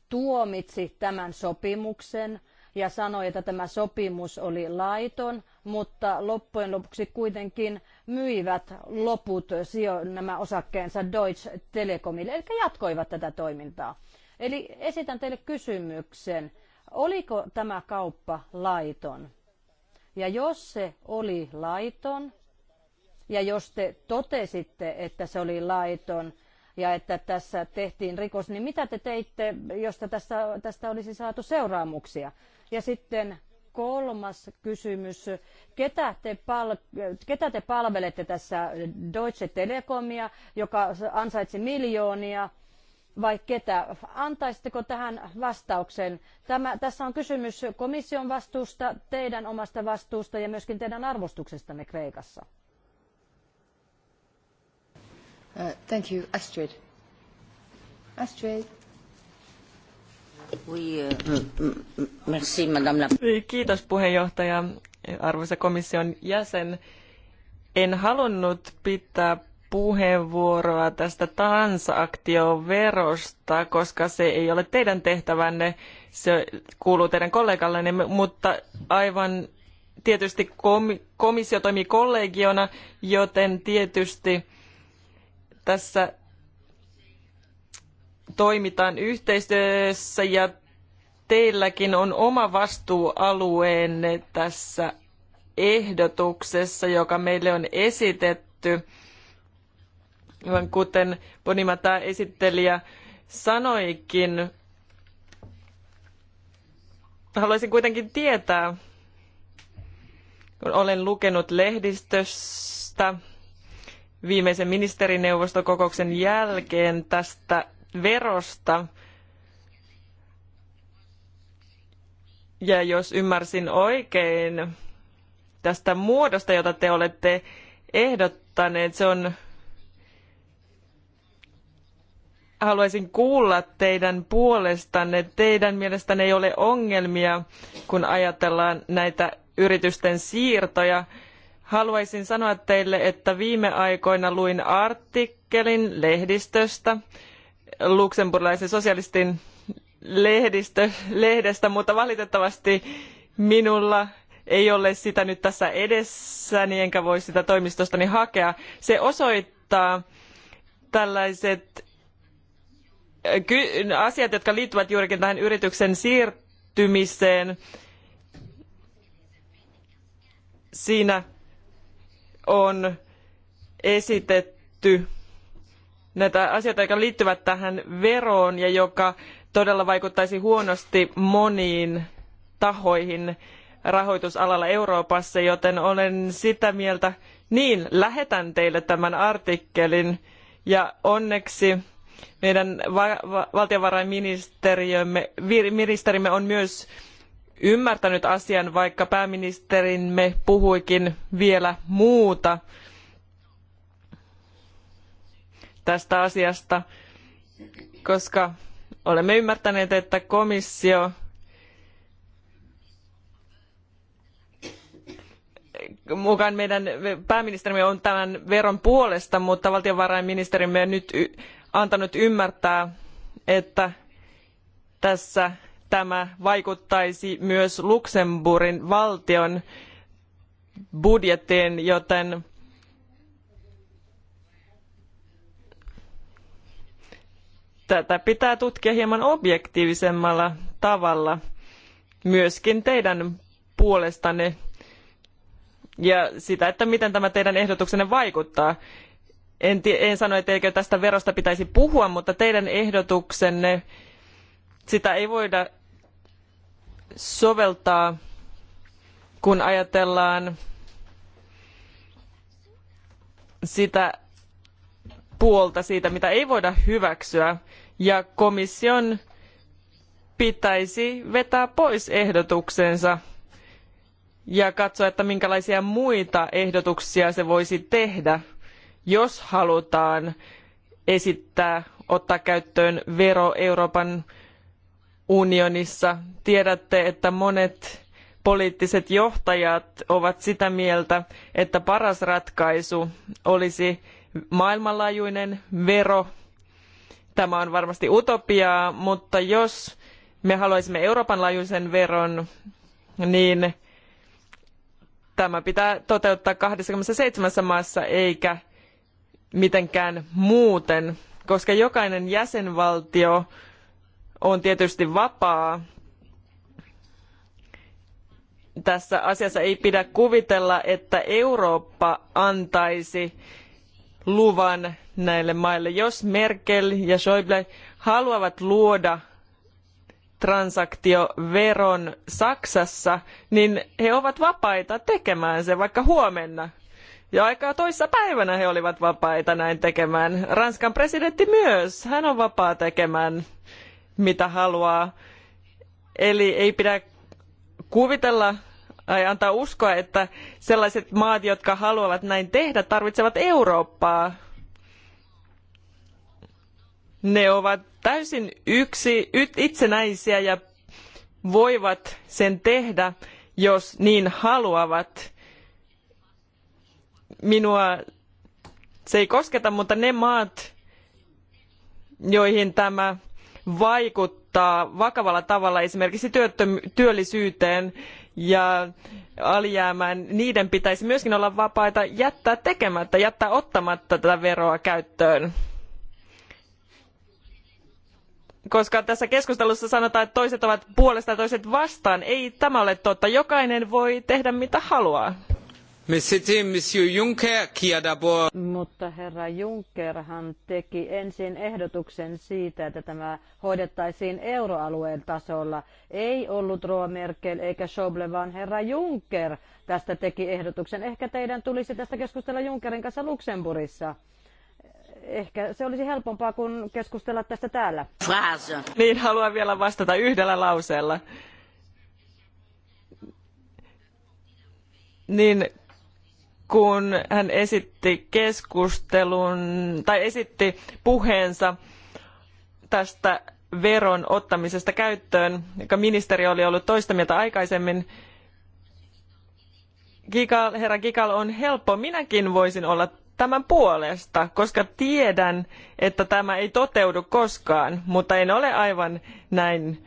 Speaker 1: tuomitsi tämän sopimuksen ja sanoi, että tämä sopimus oli laiton, mutta loppujen lopuksi kuitenkin myivät loput nämä osakkeensa Deutsche Telekomille, eli jatkoivat tätä toimintaa. Eli esitän teille kysymyksen, oliko tämä kauppa laiton? Ja jos se oli laiton, ja jos te totesitte, että se oli laiton ja että tässä tehtiin rikos, niin mitä te teitte, josta tästä, tästä olisi saatu seuraamuksia? Ja sitten kolmas kysymys. Ketä te, pal- ketä te palvelette tässä Deutsche Telekomia, joka ansaitsi miljoonia? vai ketä? Antaisitteko tähän vastauksen? Tämä, tässä on kysymys komission vastuusta, teidän omasta vastuusta ja myöskin teidän arvostuksestanne Kreikassa.
Speaker 4: Uh, thank you. Astrid. Astrid.
Speaker 2: Euh, kiitos puheenjohtaja, arvoisa komission jäsen. En halunnut pitää puheenvuoroa tästä transaktioverosta, koska se ei ole teidän tehtävänne, se kuuluu teidän kollegallenne, mutta aivan tietysti komissio toimii kollegiona, joten tietysti tässä toimitaan yhteistyössä ja teilläkin on oma vastuualueenne tässä ehdotuksessa, joka meille on esitetty. Kuten Bonimata esittelijä sanoikin, haluaisin kuitenkin tietää, kun olen lukenut lehdistöstä viimeisen ministerineuvostokokouksen jälkeen tästä verosta. Ja jos ymmärsin oikein tästä muodosta, jota te olette ehdottaneet, se on haluaisin kuulla teidän puolestanne. Teidän mielestänne ei ole ongelmia, kun ajatellaan näitä yritysten siirtoja. Haluaisin sanoa teille, että viime aikoina luin artikkelin lehdistöstä, luxemburgilaisen sosialistin lehdistö, lehdestä, mutta valitettavasti minulla ei ole sitä nyt tässä edessäni, enkä voi sitä toimistostani hakea. Se osoittaa tällaiset äh, asiat, jotka liittyvät juurikin tähän yrityksen siirtymiseen. Siinä on esitetty näitä asioita, jotka liittyvät tähän veroon ja joka todella vaikuttaisi huonosti moniin tahoihin rahoitusalalla Euroopassa, joten olen sitä mieltä, niin lähetän teille tämän artikkelin ja onneksi meidän va- va- valtiovarainministerimme on myös ymmärtänyt asian, vaikka pääministerimme puhuikin vielä muuta tästä asiasta, koska olemme ymmärtäneet, että komissio mukaan meidän pääministerimme on tämän veron puolesta, mutta valtiovarainministerimme on nyt antanut ymmärtää, että tässä tämä vaikuttaisi myös Luxemburgin valtion budjettiin, joten tätä pitää tutkia hieman objektiivisemmalla tavalla myöskin teidän puolestanne ja sitä, että miten tämä teidän ehdotuksenne vaikuttaa. En, en sano, että tästä verosta pitäisi puhua, mutta teidän ehdotuksenne, sitä ei voida soveltaa, kun ajatellaan sitä, puolta siitä, mitä ei voida hyväksyä, ja komission pitäisi vetää pois ehdotuksensa ja katsoa, että minkälaisia muita ehdotuksia se voisi tehdä, jos halutaan esittää, ottaa käyttöön vero Euroopan unionissa. Tiedätte, että monet poliittiset johtajat ovat sitä mieltä, että paras ratkaisu olisi maailmanlaajuinen vero. Tämä on varmasti utopiaa, mutta jos me haluaisimme Euroopan laajuisen veron, niin tämä pitää toteuttaa 27 maassa eikä mitenkään muuten, koska jokainen jäsenvaltio on tietysti vapaa. Tässä asiassa ei pidä kuvitella, että Eurooppa antaisi luvan näille maille. Jos Merkel ja Schäuble haluavat luoda transaktioveron Saksassa, niin he ovat vapaita tekemään se vaikka huomenna. Ja aikaa toissa päivänä he olivat vapaita näin tekemään. Ranskan presidentti myös, hän on vapaa tekemään mitä haluaa. Eli ei pidä kuvitella, tai antaa uskoa, että sellaiset maat, jotka haluavat näin tehdä, tarvitsevat Eurooppaa. Ne ovat täysin yksi, itsenäisiä ja voivat sen tehdä, jos niin haluavat. Minua se ei kosketa, mutta ne maat, joihin tämä vaikuttaa vakavalla tavalla esimerkiksi työllisyyteen ja alijäämään, niiden pitäisi myöskin olla vapaita jättää tekemättä, jättää ottamatta tätä veroa käyttöön. Koska tässä keskustelussa sanotaan, että toiset ovat puolesta ja toiset vastaan, ei tämä ole totta. Jokainen voi tehdä mitä haluaa. Mutta herra Juncker hän Mutta herra Junckerhan
Speaker 1: teki ensin ehdotuksen siitä, että tämä hoidettaisiin euroalueen tasolla. Ei ollut Roa Merkel eikä Schäuble, vaan herra Juncker tästä teki ehdotuksen. Ehkä teidän tulisi tästä keskustella Junckerin kanssa Luxemburissa ehkä se olisi helpompaa kuin keskustella tästä täällä.
Speaker 2: Frase. Niin, haluan vielä vastata yhdellä lauseella. Niin kun hän esitti keskustelun tai esitti puheensa tästä veron ottamisesta käyttöön, joka ministeri oli ollut toista mieltä aikaisemmin. herra Gikal on helppo. Minäkin voisin olla tämän puolesta, koska tiedän, että tämä ei toteudu koskaan, mutta en ole aivan näin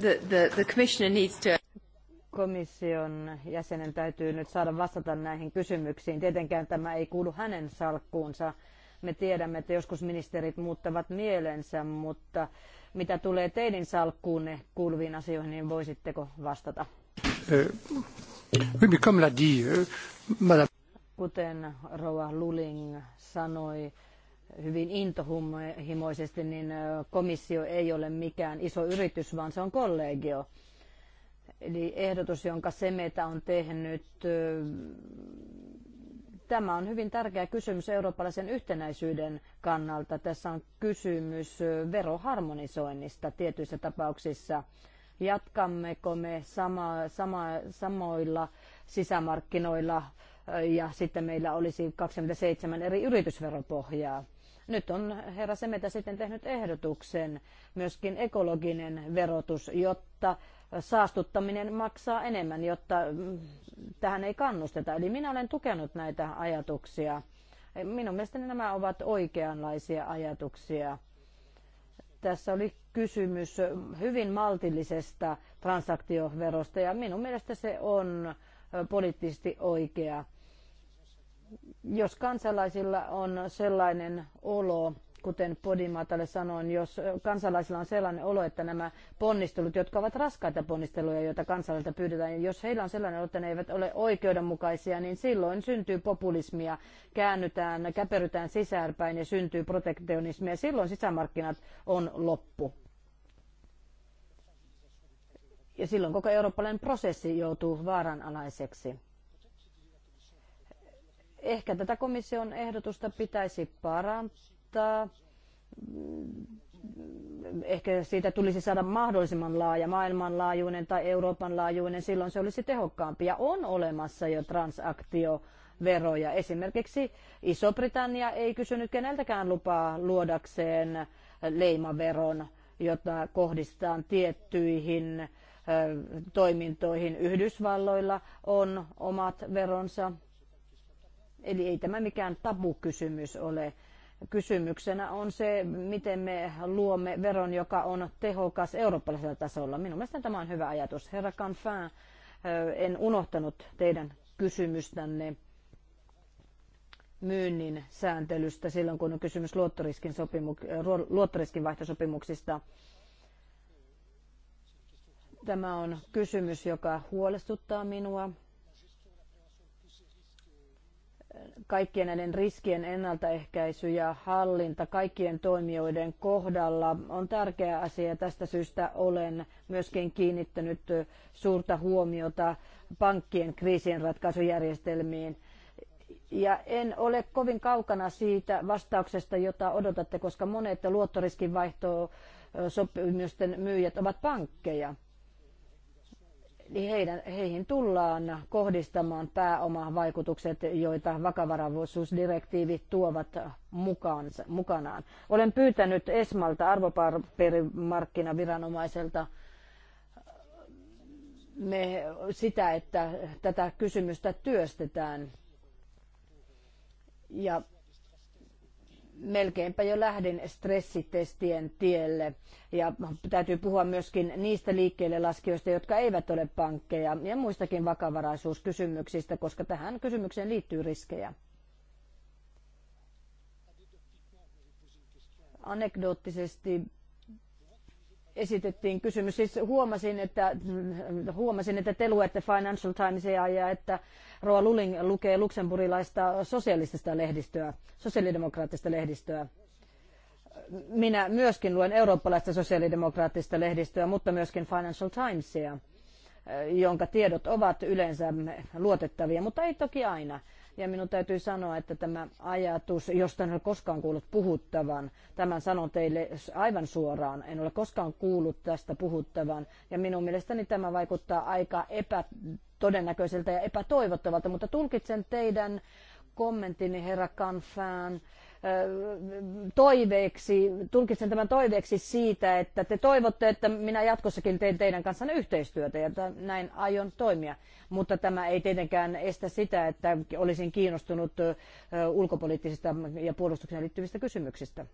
Speaker 2: The, the, the commissioner needs
Speaker 1: to komission jäsenen täytyy nyt saada vastata näihin kysymyksiin. Tietenkään tämä ei kuulu hänen salkkuunsa. Me tiedämme, että joskus ministerit muuttavat mielensä, mutta mitä tulee teidän salkkuunne kuuluviin asioihin, niin voisitteko vastata?
Speaker 3: Eh, eh,
Speaker 1: Kuten Roa Luling sanoi, hyvin intohimoisesti, niin eh, komissio ei ole mikään iso yritys, vaan se on kollegio. Eli ehdotus, jonka Semeta on tehnyt, tämä on hyvin tärkeä kysymys eurooppalaisen yhtenäisyyden kannalta. Tässä on kysymys veroharmonisoinnista tietyissä tapauksissa. Jatkammeko me sama, sama, samoilla sisämarkkinoilla ja sitten meillä olisi 27 eri yritysveropohjaa. Nyt on herra Semeta sitten tehnyt ehdotuksen myöskin ekologinen verotus, jotta saastuttaminen maksaa enemmän, jotta mm, tähän ei kannusteta. Eli minä olen tukenut näitä ajatuksia. Minun mielestäni nämä ovat oikeanlaisia ajatuksia. Tässä oli kysymys hyvin maltillisesta transaktioverosta ja minun mielestä se on poliittisesti oikea. Jos kansalaisilla on sellainen olo, kuten Podimatalle sanoin, jos kansalaisilla on sellainen olo, että nämä ponnistelut, jotka ovat raskaita ponnisteluja, joita kansalaisilta pyydetään, jos heillä on sellainen olo, että ne eivät ole oikeudenmukaisia, niin silloin syntyy populismia, käännytään, käperytään sisäänpäin ja syntyy protektionismia. Silloin sisämarkkinat on loppu ja silloin koko eurooppalainen prosessi joutuu vaaranalaiseksi. Ehkä tätä komission ehdotusta pitäisi parantaa mutta mm, ehkä siitä tulisi saada mahdollisimman laaja, maailmanlaajuinen tai Euroopan laajuinen, silloin se olisi tehokkaampi. Ja on olemassa jo transaktio veroja. Esimerkiksi Iso-Britannia ei kysynyt keneltäkään lupaa luodakseen leimaveron, jota kohdistaan tiettyihin toimintoihin. Yhdysvalloilla on omat veronsa. Eli ei tämä mikään tabukysymys ole kysymyksenä on se, miten me luomme veron, joka on tehokas eurooppalaisella tasolla. Minun mielestäni tämä on hyvä ajatus. Herra Canfin, eh, en unohtanut teidän kysymystänne myynnin sääntelystä silloin, kun on kysymys luottoriskin, sopimu- eh, luottoriskin vaihtosopimuksista. Tämä on kysymys, joka huolestuttaa minua kaikkien näiden riskien ennaltaehkäisy ja hallinta kaikkien toimijoiden kohdalla on tärkeä asia. Tästä syystä olen myöskin kiinnittänyt suurta huomiota pankkien kriisinratkaisujärjestelmiin. Ja en ole kovin kaukana siitä vastauksesta, jota odotatte, koska monet luottoriskin sopimusten myyjät ovat pankkeja niin heidän, heihin tullaan kohdistamaan pääomavaikutukset, joita vakavaraisuusdirektiivi tuovat mukaansa, mukanaan. Olen pyytänyt Esmalta arvopaperimarkkinaviranomaiselta me sitä, että tätä kysymystä työstetään. Ja melkeinpä jo lähdin stressitestien tielle. Ja täytyy puhua myöskin niistä liikkeelle laskijoista, jotka eivät ole pankkeja ja muistakin vakavaraisuuskysymyksistä, koska tähän kysymykseen liittyy riskejä. Anekdoottisesti esitettiin kysymys. Siis huomasin, että, huomasin, että te luette Financial Timesia ja että Roa Luling lukee luksemburilaista sosialistista lehdistöä, sosiaalidemokraattista lehdistöä. Minä myöskin luen eurooppalaista sosiaalidemokraattista lehdistöä, mutta myöskin Financial Timesia jonka tiedot ovat yleensä luotettavia, mutta ei toki aina. Ja minun täytyy sanoa, että tämä ajatus, josta en ole koskaan kuullut puhuttavan, tämän sanon teille aivan suoraan, en ole koskaan kuullut tästä puhuttavan. Ja minun mielestäni tämä vaikuttaa aika epätodennäköiseltä ja epätoivottavalta, mutta tulkitsen teidän kommenttini, herra Kanfään, toiveeksi, tulkitsen tämän toiveeksi siitä, että te toivotte, että minä jatkossakin teen teidän kanssanne yhteistyötä ja näin aion toimia. Mutta tämä ei tietenkään estä sitä, että olisin kiinnostunut ulkopoliittisista ja puolustukseen liittyvistä kysymyksistä.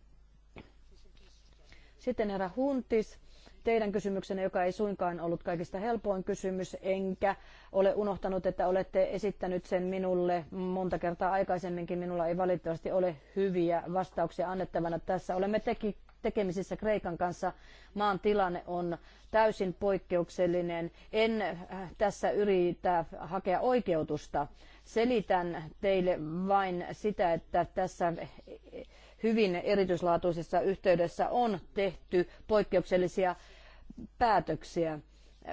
Speaker 1: Sitten herra Huntis teidän kysymyksenne, joka ei suinkaan ollut kaikista helpoin kysymys, enkä ole unohtanut, että olette esittänyt sen minulle monta kertaa aikaisemminkin. Minulla ei valitettavasti ole hyviä vastauksia annettavana tässä. Olemme teki, tekemisissä Kreikan kanssa. Maan tilanne on täysin poikkeuksellinen. En äh, tässä yritä hakea oikeutusta. Selitän teille vain sitä, että tässä hyvin erityislaatuisessa yhteydessä on tehty poikkeuksellisia päätöksiä.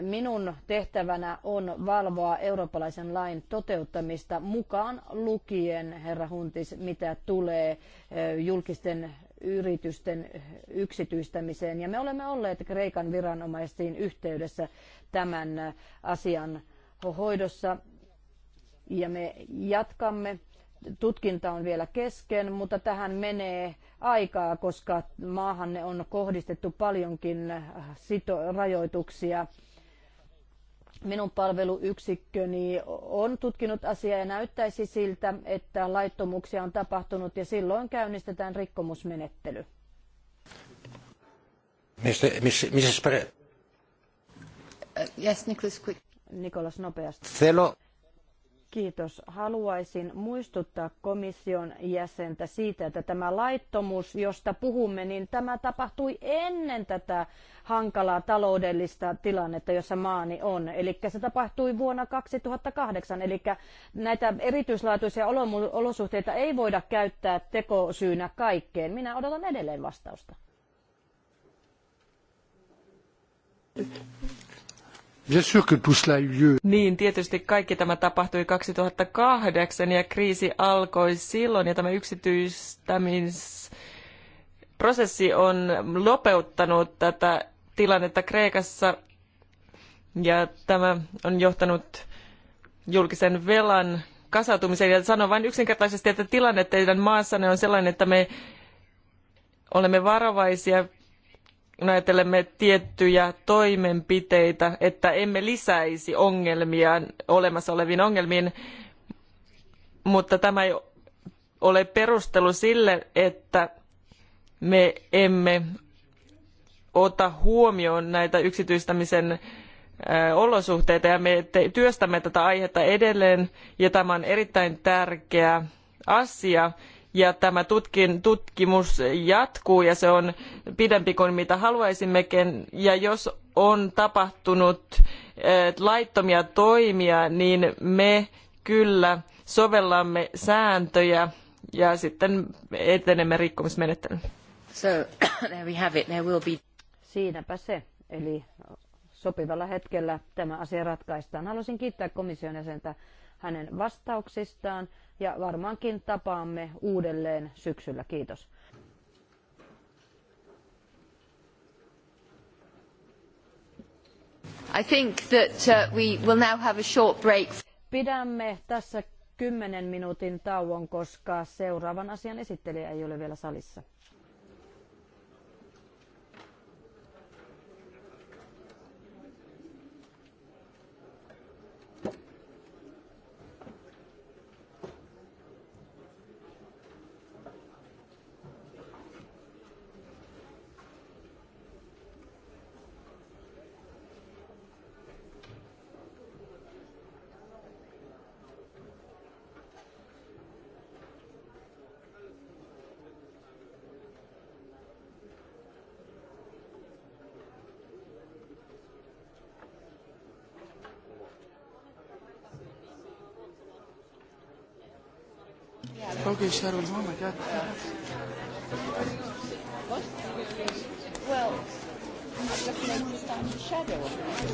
Speaker 1: Minun tehtävänä on valvoa eurooppalaisen lain toteuttamista mukaan lukien, herra Huntis, mitä tulee julkisten yritysten yksityistämiseen. Ja me olemme olleet Kreikan viranomaisiin yhteydessä tämän asian hoidossa ja me jatkamme tutkinta on vielä kesken, mutta tähän menee aikaa, koska maahanne on kohdistettu paljonkin äh, sito- rajoituksia. Minun palveluyksikköni on tutkinut asiaa ja näyttäisi siltä, että laittomuuksia on tapahtunut ja silloin käynnistetään rikkomusmenettely.
Speaker 3: Missä uh,
Speaker 1: Yes, Nicholas, quick. Nikolas, nopeasti. Thelo... Kiitos. Haluaisin muistuttaa komission jäsentä siitä, että tämä laittomuus, josta puhumme, niin tämä tapahtui ennen tätä hankalaa taloudellista tilannetta, jossa maani on. Eli se tapahtui vuonna 2008. Eli näitä erityislaatuisia olosuhteita ei voida käyttää tekosyynä kaikkeen. Minä odotan edelleen vastausta.
Speaker 2: Niin, tietysti kaikki tämä tapahtui 2008 ja kriisi alkoi silloin ja tämä yksityistämisprosessi on lopeuttanut tätä tilannetta Kreikassa ja tämä on johtanut julkisen velan kasautumiseen ja sanon vain yksinkertaisesti, että tilanne teidän maassanne on sellainen, että me olemme varovaisia kun ajattelemme tiettyjä toimenpiteitä, että emme lisäisi ongelmia olemassa oleviin ongelmiin, mutta tämä ei ole perustelu sille, että me emme ota huomioon näitä yksityistämisen olosuhteita ja me työstämme tätä aihetta edelleen ja tämä on erittäin tärkeä asia ja tämä tutkimus jatkuu ja se on pidempi kuin mitä haluaisimmekin. Ja jos on tapahtunut eh, laittomia toimia, niin me kyllä sovellamme sääntöjä ja sitten etenemme rikkomusmenettelyyn.
Speaker 4: So, there we
Speaker 1: have it. There will be... Siinäpä se. Eli sopivalla hetkellä tämä asia ratkaistaan. Haluaisin kiittää komission jäsentä hänen vastauksistaan ja varmaankin tapaamme uudelleen syksyllä. Kiitos. I think that uh, we will now have a short break. Pidämme tässä kymmenen minuutin tauon, koska seuraavan asian esittelijä ei ole vielä salissa.
Speaker 4: Turkish heroism. Oh my God. What? Well, looking at this time the shadow of um,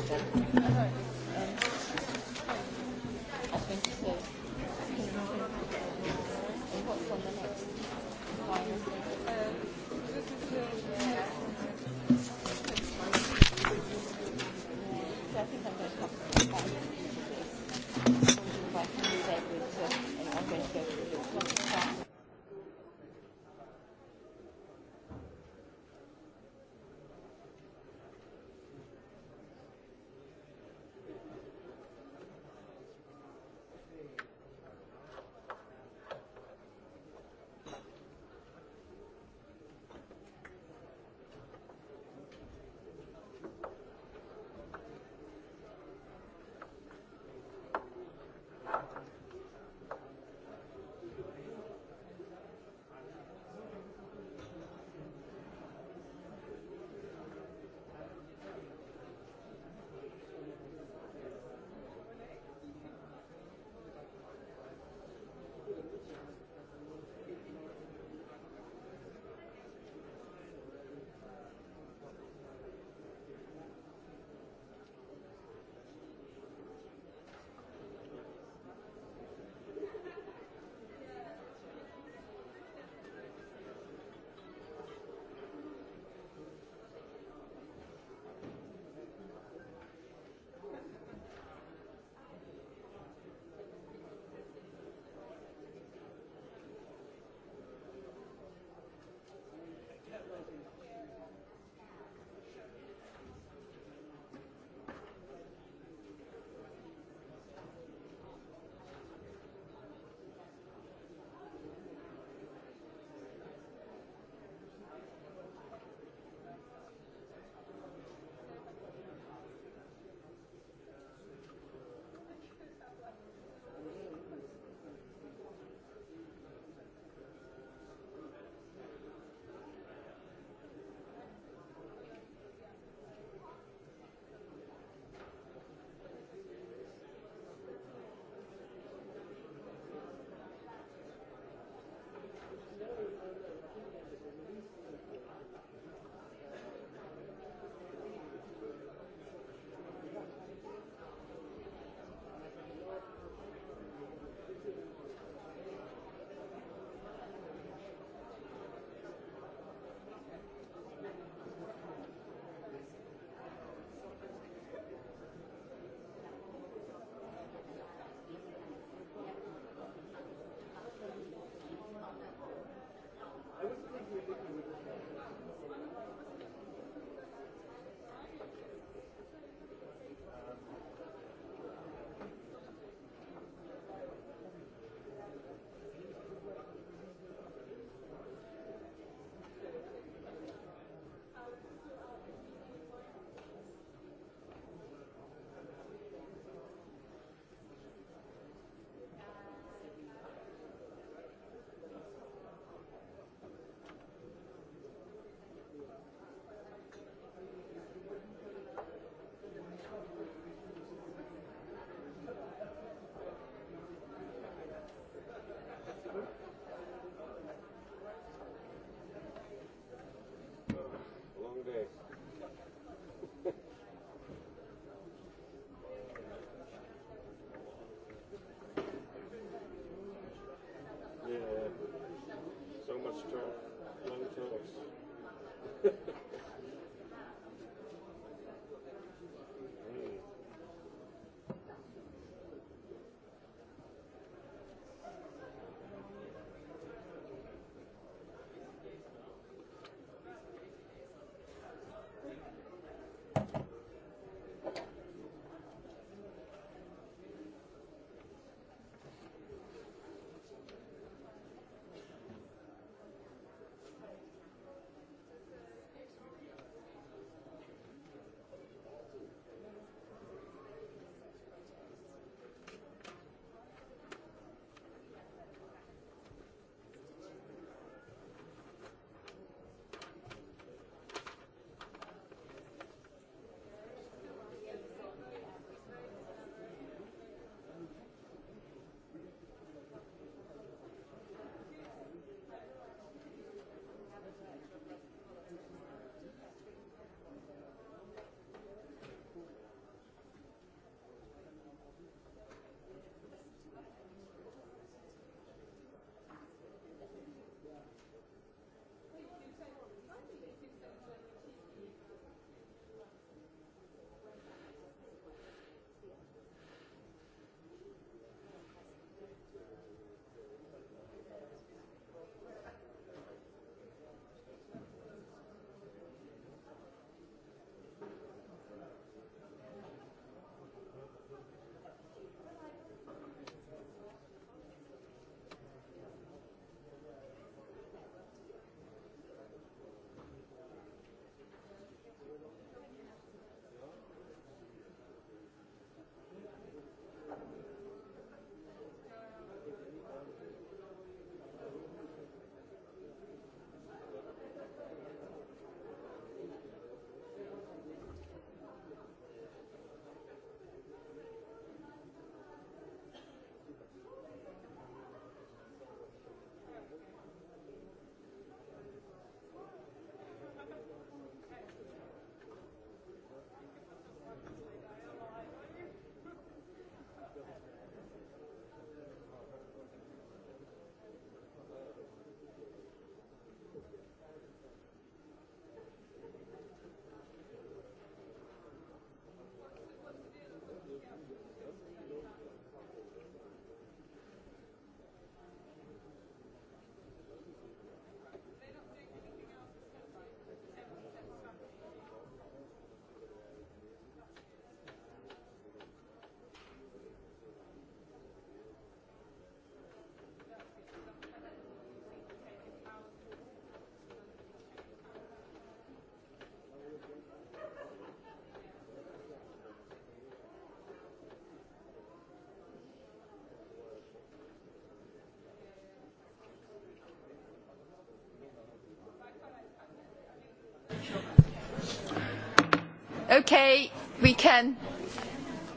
Speaker 4: Okay, we can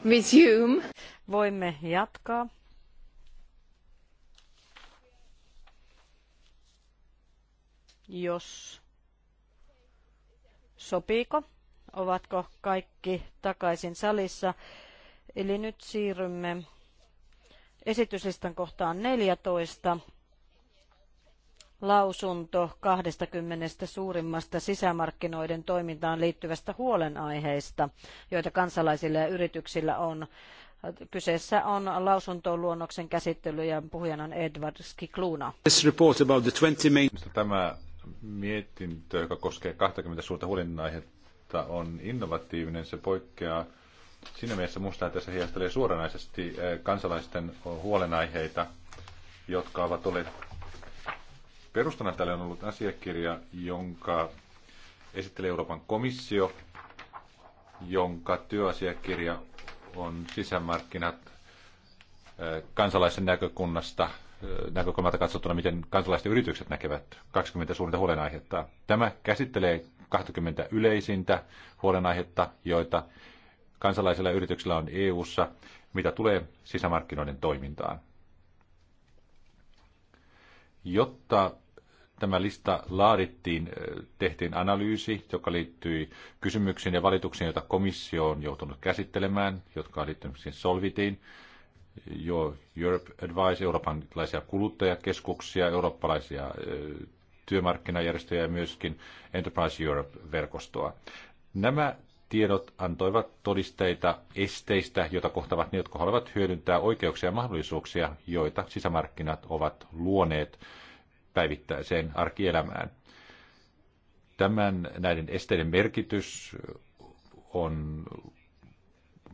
Speaker 4: resume.
Speaker 1: Voimme jatkaa. Jos sopiiko, ovatko kaikki takaisin salissa. Eli nyt siirrymme esityslistan kohtaan 14 lausunto 20 suurimmasta sisämarkkinoiden toimintaan liittyvästä huolenaiheesta, joita kansalaisilla ja yrityksillä on. Kyseessä on lausuntoluonnoksen käsittely ja puhujana on Edward Skikluna.
Speaker 5: Tämä mietintö, joka koskee 20 suurta huolenaihetta, on innovatiivinen. Se poikkeaa siinä mielessä musta, että se heijastelee suoranaisesti eh, kansalaisten huolenaiheita, jotka ovat olleet Perustana tälle on ollut asiakirja, jonka esittelee Euroopan komissio, jonka työasiakirja on sisämarkkinat eh, kansalaisen näkökunnasta, eh, näkökulmasta katsottuna, miten kansalaiset yritykset näkevät 20 suurinta huolenaihetta. Tämä käsittelee 20 yleisintä huolenaihetta, joita kansalaisilla yrityksillä on EU:ssa, mitä tulee sisämarkkinoiden toimintaan. Jotta tämä lista laadittiin, tehtiin analyysi, joka liittyi kysymyksiin ja valituksiin, joita komissio on joutunut käsittelemään, jotka on liittynyt siis Solvitiin, jo Europe Advice, eurooppalaisia kuluttajakeskuksia, eurooppalaisia työmarkkinajärjestöjä ja myöskin Enterprise Europe-verkostoa. Nämä tiedot antoivat todisteita esteistä, joita kohtavat ne, jotka haluavat hyödyntää oikeuksia ja mahdollisuuksia, joita sisämarkkinat ovat luoneet päivittäiseen arkielämään. Tämän näiden esteiden merkitys on,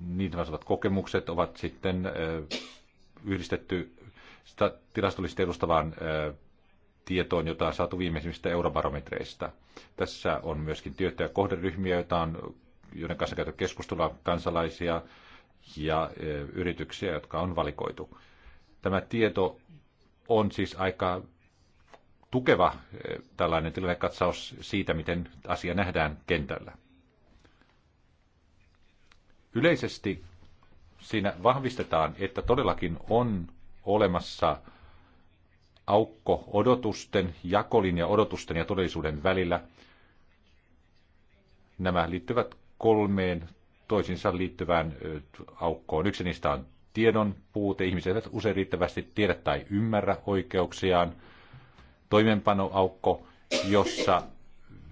Speaker 5: niin vastaavat kokemukset ovat sitten yhdistetty tilastollisesti edustavaan tietoon, jota on saatu viimeisimmistä eurobarometreista. Tässä on myöskin tiettyjä kohderyhmiä, joita on, joiden kanssa käyty keskustelua kansalaisia ja yrityksiä, jotka on valikoitu. Tämä tieto on siis aika tukeva eh, tällainen tilannekatsaus siitä, miten asia nähdään kentällä. Yleisesti siinä vahvistetaan, että todellakin on olemassa aukko odotusten, jakolinja odotusten ja todellisuuden välillä. Nämä liittyvät kolmeen toisinsa liittyvään eh, aukkoon. Yksi niistä on tiedon puute. Ihmiset eivät usein riittävästi tiedä tai ymmärrä oikeuksiaan – toimeenpanoaukko, jossa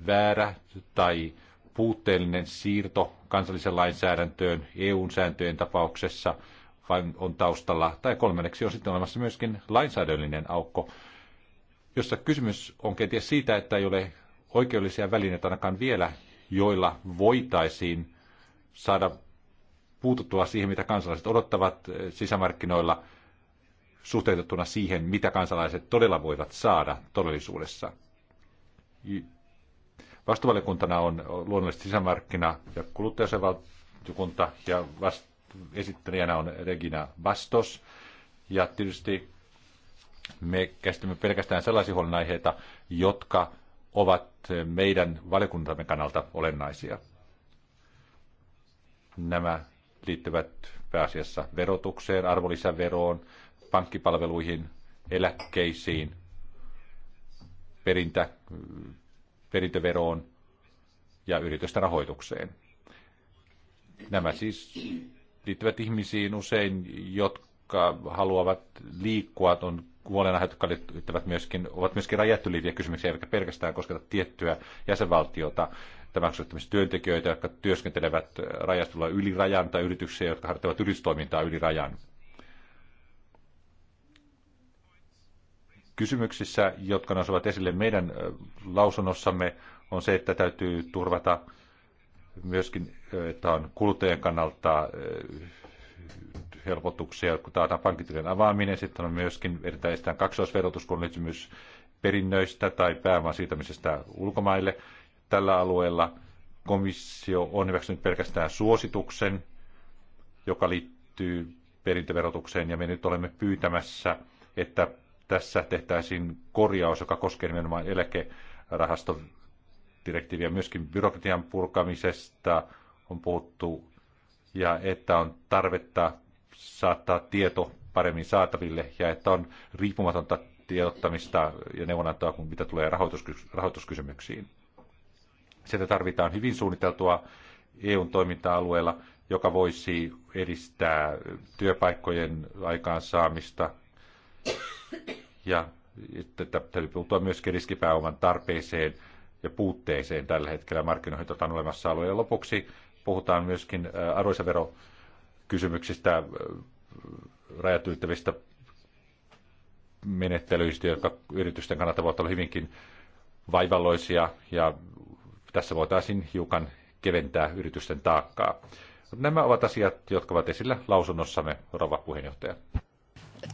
Speaker 5: väärä tai puutteellinen siirto kansalliseen lainsäädäntöön EUn sääntöjen tapauksessa on taustalla. Tai kolmanneksi on sitten olemassa myöskin lainsäädännöllinen aukko, jossa kysymys on kenties siitä, että ei ole oikeudellisia välineitä ainakaan vielä, joilla voitaisiin saada puututtua siihen, mitä kansalaiset odottavat sisämarkkinoilla – suhteutettuna siihen, mitä kansalaiset todella voivat saada todellisuudessa. Vastuvaliokuntana on luonnollisesti sisämarkkina- ja kuluttajasevaltiokunta ja vast- esittelijänä on Regina Bastos. Ja tietysti me käsitämme pelkästään sellaisia huolenaiheita, jotka ovat meidän valiokuntamme kannalta olennaisia. Nämä liittyvät pääasiassa verotukseen, arvonlisäveroon, pankkipalveluihin, eläkkeisiin, perintä, perintöveroon ja yritysten rahoitukseen. Nämä siis liittyvät ihmisiin usein, jotka haluavat liikkua, on huolenaiheet, jotka liittyvät myöskin, ovat myöskin rajattu liittyviä kysymyksiä, eivätkä pelkästään kosketa tiettyä jäsenvaltiota. Tämä työntekijöitä, jotka työskentelevät rajastulla yli rajan tai yrityksiä, jotka harjoittavat yritystoimintaa yli rajan. kysymyksissä, jotka nousevat esille meidän lausunnossamme, on se, että täytyy turvata myöskin, että on kuluttajien kannalta helpotuksia, kun taataan pankkitilien avaaminen. Sitten on myöskin erittäin kaksoisverotus, kun kysymys perinnöistä tai pääoman siirtämisestä ulkomaille. Tällä alueella komissio on hyväksynyt pelkästään suosituksen, joka liittyy perintöverotukseen, ja me nyt olemme pyytämässä, että tässä tehtäisiin korjaus, joka koskee nimenomaan eläkerahastodirektiiviä. Myöskin byrokratian purkamisesta on puhuttu ja että on tarvetta saattaa tieto paremmin saataville ja että on riippumatonta tiedottamista ja neuvonantoa, mitä tulee rahoituskysymyksiin. Sieltä tarvitaan hyvin suunniteltua eu toiminta-alueella, joka voisi edistää työpaikkojen aikaansaamista ja että täytyy puuttua myöskin riskipääoman tarpeeseen ja puutteeseen tällä hetkellä markkinoihin, olemassa alueella. Lopuksi puhutaan myöskin arvonlisäverokysymyksistä, rajatyyttävistä menettelyistä, jotka yritysten kannalta voivat olla hyvinkin vaivalloisia ja tässä voitaisiin hiukan keventää yritysten taakkaa. Nämä ovat asiat, jotka ovat esillä lausunnossamme, rouva puheenjohtaja.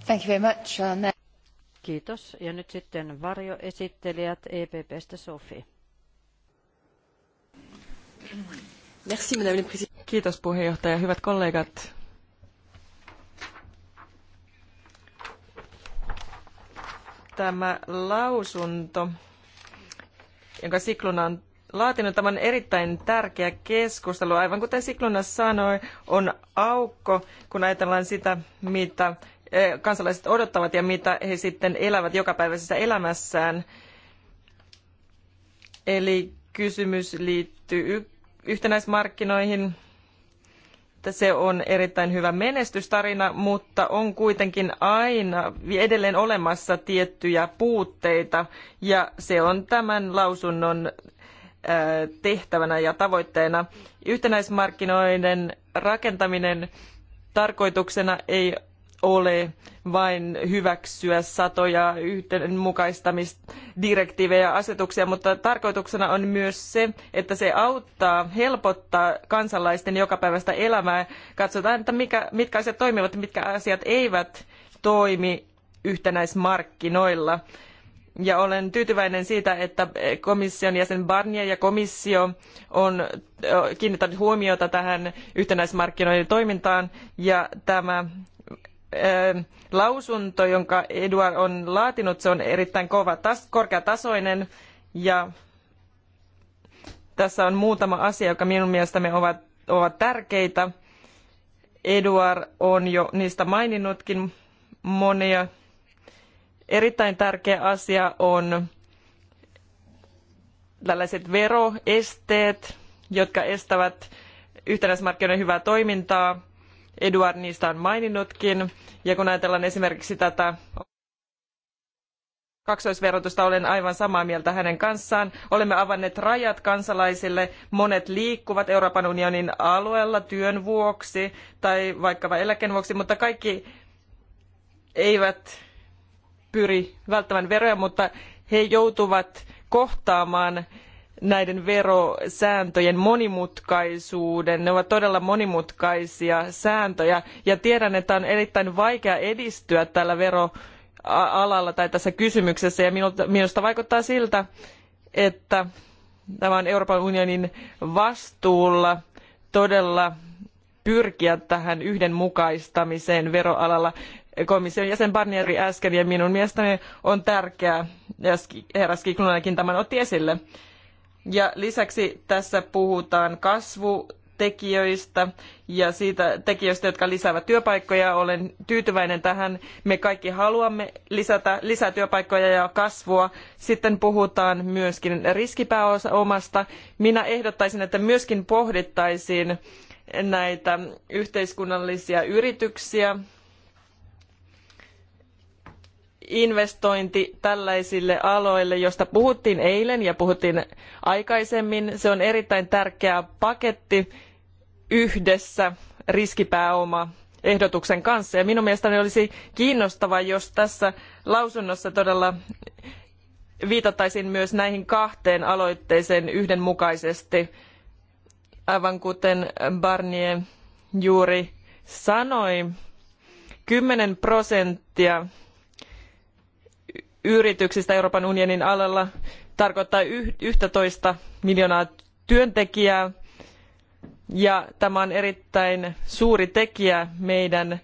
Speaker 1: Thank you very much. Uh, Kiitos. Ja nyt sitten varjoesittelijät EPPstä Sofi.
Speaker 2: Merci, madame Kiitos puheenjohtaja. Hyvät kollegat. Tämä lausunto, jonka Sikluna on laatinut tämän erittäin tärkeä keskustelu. Aivan kuten Sikluna sanoi, on aukko, kun ajatellaan sitä, mitä kansalaiset odottavat ja mitä he sitten elävät jokapäiväisessä elämässään. Eli kysymys liittyy yhtenäismarkkinoihin. Se on erittäin hyvä menestystarina, mutta on kuitenkin aina edelleen olemassa tiettyjä puutteita ja se on tämän lausunnon tehtävänä ja tavoitteena. Yhtenäismarkkinoiden rakentaminen tarkoituksena ei ole vain hyväksyä satoja yhdenmukaistamisdirektiivejä ja asetuksia, mutta tarkoituksena on myös se, että se auttaa, helpottaa kansalaisten jokapäiväistä elämää. Katsotaan, että mikä, mitkä asiat toimivat ja mitkä asiat eivät toimi yhtenäismarkkinoilla. Ja olen tyytyväinen siitä, että komission jäsen Barnier ja komissio on kiinnittänyt huomiota tähän yhtenäismarkkinoiden toimintaan ja tämä lausunto, jonka Eduard on laatinut, se on erittäin kova, tas, korkeatasoinen ja tässä on muutama asia, joka minun mielestäni ovat, ovat tärkeitä. Eduard on jo niistä maininnutkin monia. Erittäin tärkeä asia on tällaiset veroesteet, jotka estävät yhtenäismarkkinoiden hyvää toimintaa Eduard niistä on maininnutkin. Ja kun ajatellaan esimerkiksi tätä kaksoisverotusta, olen aivan samaa mieltä hänen kanssaan. Olemme avanneet rajat kansalaisille. Monet liikkuvat Euroopan unionin alueella työn vuoksi tai vaikkapa eläkkeen vuoksi, mutta kaikki eivät pyri välttämään veroja, mutta he joutuvat kohtaamaan näiden verosääntöjen monimutkaisuuden. Ne ovat todella monimutkaisia sääntöjä ja tiedän, että on erittäin vaikea edistyä tällä veroalalla tai tässä kysymyksessä ja minusta vaikuttaa siltä, että tämä on Euroopan unionin vastuulla todella pyrkiä tähän yhdenmukaistamiseen veroalalla. Komission jäsen Barnieri äsken ja minun mielestäni on tärkeää, ja herra Skiklunenkin tämän otti esille, ja lisäksi tässä puhutaan kasvutekijöistä ja siitä tekijöistä, jotka lisäävät työpaikkoja. Olen tyytyväinen tähän. Me kaikki haluamme lisätä lisää työpaikkoja ja kasvua. Sitten puhutaan myöskin riskipääomasta. Minä ehdottaisin, että myöskin pohdittaisiin näitä yhteiskunnallisia yrityksiä investointi tällaisille aloille, josta puhuttiin eilen ja puhuttiin aikaisemmin. Se on erittäin tärkeä paketti yhdessä riskipääoma ehdotuksen kanssa. Ja minun mielestäni olisi kiinnostavaa, jos tässä lausunnossa todella viitattaisiin myös näihin kahteen aloitteeseen yhdenmukaisesti, aivan kuten Barnier juuri sanoi. kymmenen prosenttia yrityksistä Euroopan unionin alalla tarkoittaa yksitoista miljoonaa työntekijää ja tämä on erittäin suuri tekijä meidän äh,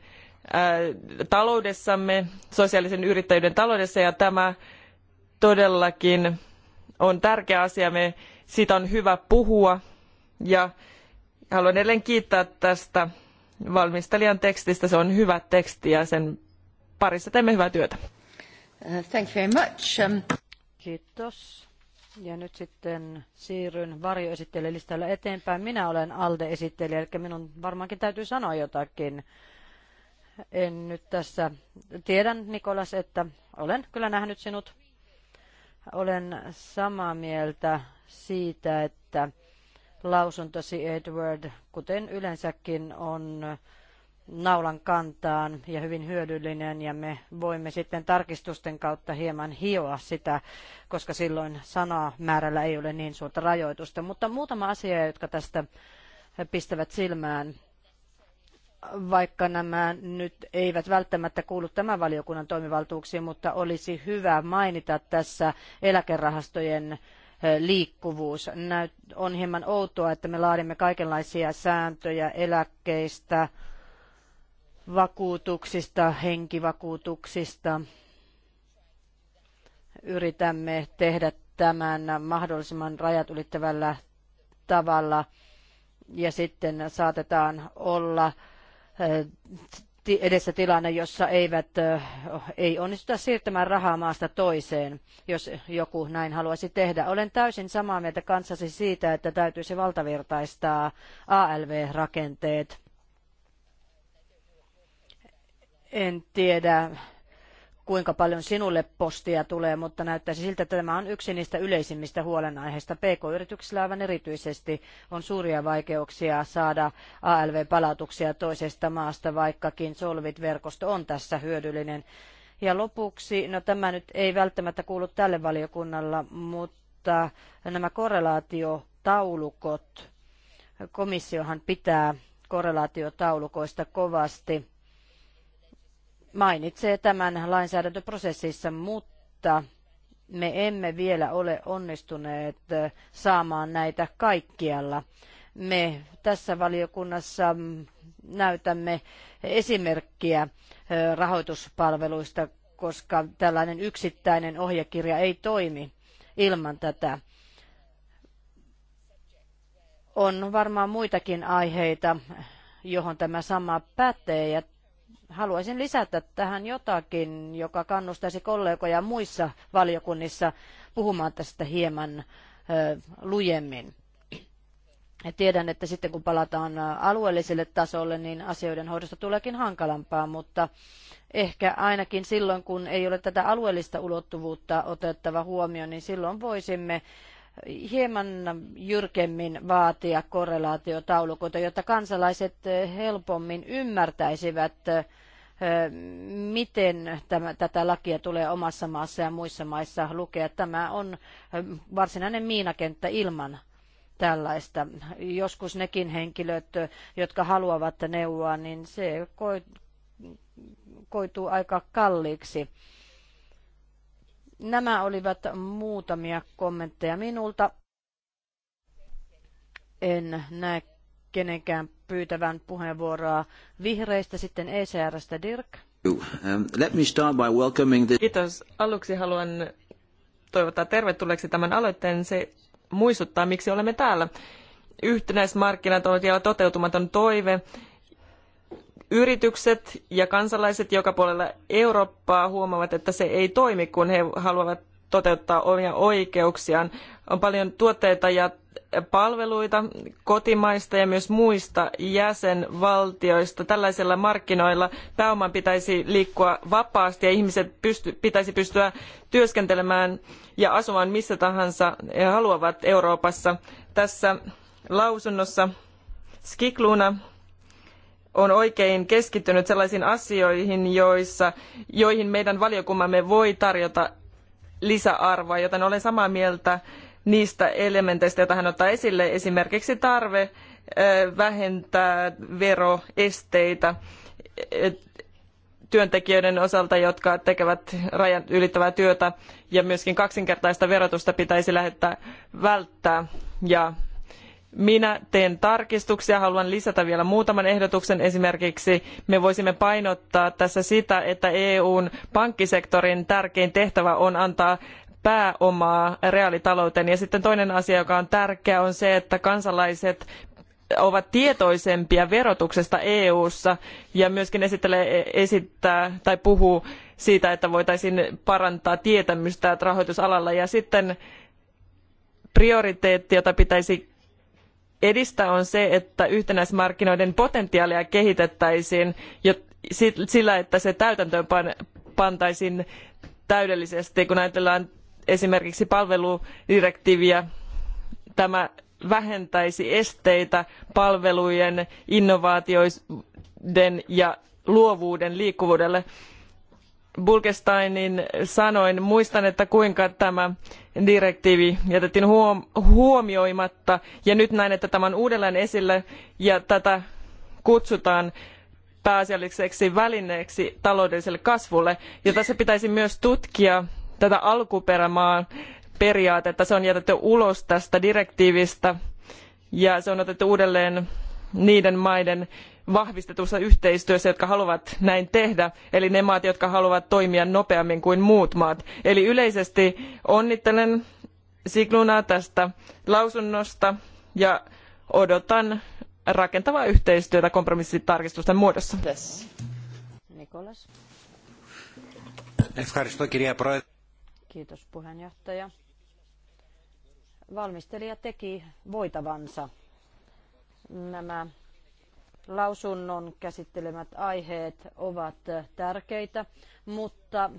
Speaker 2: taloudessamme, sosiaalisen yrittäjyyden taloudessa ja tämä todellakin on tärkeä asia. Me, siitä on hyvä puhua ja haluan edelleen kiittää tästä valmistelijan tekstistä. Se on hyvä teksti ja sen parissa teemme hyvää työtä.
Speaker 4: Uh, thank you very much.
Speaker 1: Um, Kiitos. Ja nyt sitten siirryn varjoesittelijälistalla eteenpäin. Minä olen ALDE-esittelijä, eli minun varmaankin täytyy sanoa jotakin. En nyt tässä... Tiedän, Nikolas, että olen kyllä nähnyt sinut. Olen samaa mieltä siitä, että lausuntosi Edward, kuten yleensäkin, on naulan kantaan ja hyvin hyödyllinen ja me voimme sitten tarkistusten kautta hieman hioa sitä, koska silloin sanaa määrällä ei ole niin suurta rajoitusta. Mutta muutama asia, jotka tästä pistävät silmään, vaikka nämä nyt eivät välttämättä kuulu tämän valiokunnan toimivaltuuksiin, mutta olisi hyvä mainita tässä eläkerahastojen eh, liikkuvuus. On hieman outoa, että me laadimme kaikenlaisia sääntöjä eläkkeistä, vakuutuksista, henkivakuutuksista. Yritämme tehdä tämän mahdollisimman rajat ylittävällä tavalla ja sitten saatetaan olla edessä tilanne, jossa eivät, ei onnistuta siirtämään rahaa maasta toiseen, jos joku näin haluaisi tehdä. Olen täysin samaa mieltä kanssasi siitä, että täytyisi valtavirtaistaa ALV-rakenteet. En tiedä, kuinka paljon sinulle postia tulee, mutta näyttäisi siltä, että tämä on yksi niistä yleisimmistä huolenaiheista. PK-yrityksillä aivan erityisesti on suuria vaikeuksia saada ALV-palautuksia toisesta maasta, vaikkakin Solvit-verkosto on tässä hyödyllinen. Ja lopuksi, no tämä nyt ei välttämättä kuulu tälle valiokunnalla, mutta nämä korrelaatiotaulukot, komissiohan pitää korrelaatiotaulukoista kovasti mainitsee tämän lainsäädäntöprosessissa, mutta me emme vielä ole onnistuneet saamaan näitä kaikkialla. Me tässä valiokunnassa näytämme esimerkkiä rahoituspalveluista, koska tällainen yksittäinen ohjekirja ei toimi ilman tätä. On varmaan muitakin aiheita, johon tämä sama pätee, ja haluaisin lisätä tähän jotakin, joka kannustaisi kollegoja muissa valiokunnissa puhumaan tästä hieman lujemmin. Tiedän, että sitten kun palataan alueelliselle tasolle, niin asioiden hoidosta tuleekin hankalampaa, mutta ehkä ainakin silloin, kun ei ole tätä alueellista ulottuvuutta otettava huomioon, niin silloin voisimme hieman jyrkemmin vaatia korrelaatiotaulukoita, jotta kansalaiset helpommin ymmärtäisivät miten tämä, tätä lakia tulee omassa maassa ja muissa maissa lukea. Tämä on varsinainen miinakenttä ilman tällaista. Joskus nekin henkilöt, jotka haluavat neuvoa, niin se koituu aika kalliiksi. Nämä olivat muutamia kommentteja minulta. En näe kenenkään pyytävän puheenvuoroa vihreistä, sitten
Speaker 2: ECRstä Dirk. Um, let me start by welcoming the... Kiitos. Aluksi haluan toivottaa tervetulleeksi tämän aloitteen. Se muistuttaa, miksi olemme täällä. Yhtenäismarkkinat ovat vielä toteutumaton toive. Yritykset ja kansalaiset joka puolella Eurooppaa huomaavat, että se ei toimi, kun he haluavat toteuttaa omia oikeuksiaan. On paljon tuotteita ja palveluita kotimaista ja myös muista jäsenvaltioista. Tällaisilla markkinoilla pääoman pitäisi liikkua vapaasti ja ihmiset pysty, pitäisi pystyä työskentelemään ja asumaan missä tahansa he haluavat Euroopassa. Tässä lausunnossa Skikluna on oikein keskittynyt sellaisiin asioihin, joissa, joihin meidän valiokunnamme voi tarjota lisäarvoa, joten olen samaa mieltä niistä elementeistä, joita hän ottaa esille, esimerkiksi tarve vähentää veroesteitä työntekijöiden osalta, jotka tekevät rajat ylittävää työtä, ja myöskin kaksinkertaista verotusta pitäisi lähettää välttää ja minä teen tarkistuksia, haluan lisätä vielä muutaman ehdotuksen. Esimerkiksi me voisimme painottaa tässä sitä, että EUn pankkisektorin tärkein tehtävä on antaa pääomaa reaalitalouteen. Ja sitten toinen asia, joka on tärkeä, on se, että kansalaiset ovat tietoisempia verotuksesta EU:ssa ja myöskin esittelee, esittää tai puhuu siitä, että voitaisiin parantaa tietämystä rahoitusalalla. Ja sitten prioriteetti, jota pitäisi edistää on se, että yhtenäismarkkinoiden potentiaalia kehitettäisiin jo sillä, että se täytäntöön pantaisiin täydellisesti. Kun ajatellaan esimerkiksi palveludirektiiviä, tämä vähentäisi esteitä palvelujen, innovaatioiden ja luovuuden liikkuvuudelle Bulkesteinin sanoin, muistan, että kuinka tämä direktiivi jätettiin huomioimatta ja nyt näin, että tämä on uudelleen esillä ja tätä kutsutaan pääasialliseksi välineeksi taloudelliselle kasvulle. Ja tässä pitäisi myös tutkia tätä alkuperämaa periaatetta. Se on jätetty ulos tästä direktiivistä ja se on otettu uudelleen niiden maiden vahvistetussa yhteistyössä, jotka haluavat näin tehdä, eli ne maat, jotka haluavat toimia nopeammin kuin muut maat. Eli yleisesti onnittelen Siglunaa tästä lausunnosta ja odotan rakentavaa yhteistyötä kompromissitarkistusten muodossa.
Speaker 1: Nikolas. Kiitos puheenjohtaja. Valmistelija teki voitavansa. Nämä lausunnon käsittelemät aiheet ovat tärkeitä, mutta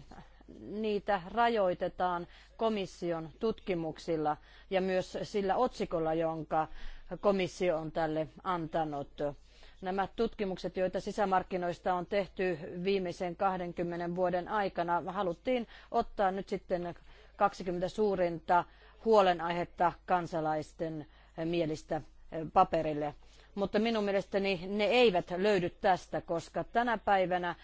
Speaker 1: niitä rajoitetaan komission tutkimuksilla ja myös sillä otsikolla, jonka komissio on tälle antanut. Nämä tutkimukset, joita sisämarkkinoista on tehty viimeisen 20 vuoden aikana, haluttiin ottaa nyt sitten 20 suurinta huolenaihetta kansalaisten mielistä paperille mutta minun mielestäni ne eivät löydy tästä, koska tänä päivänä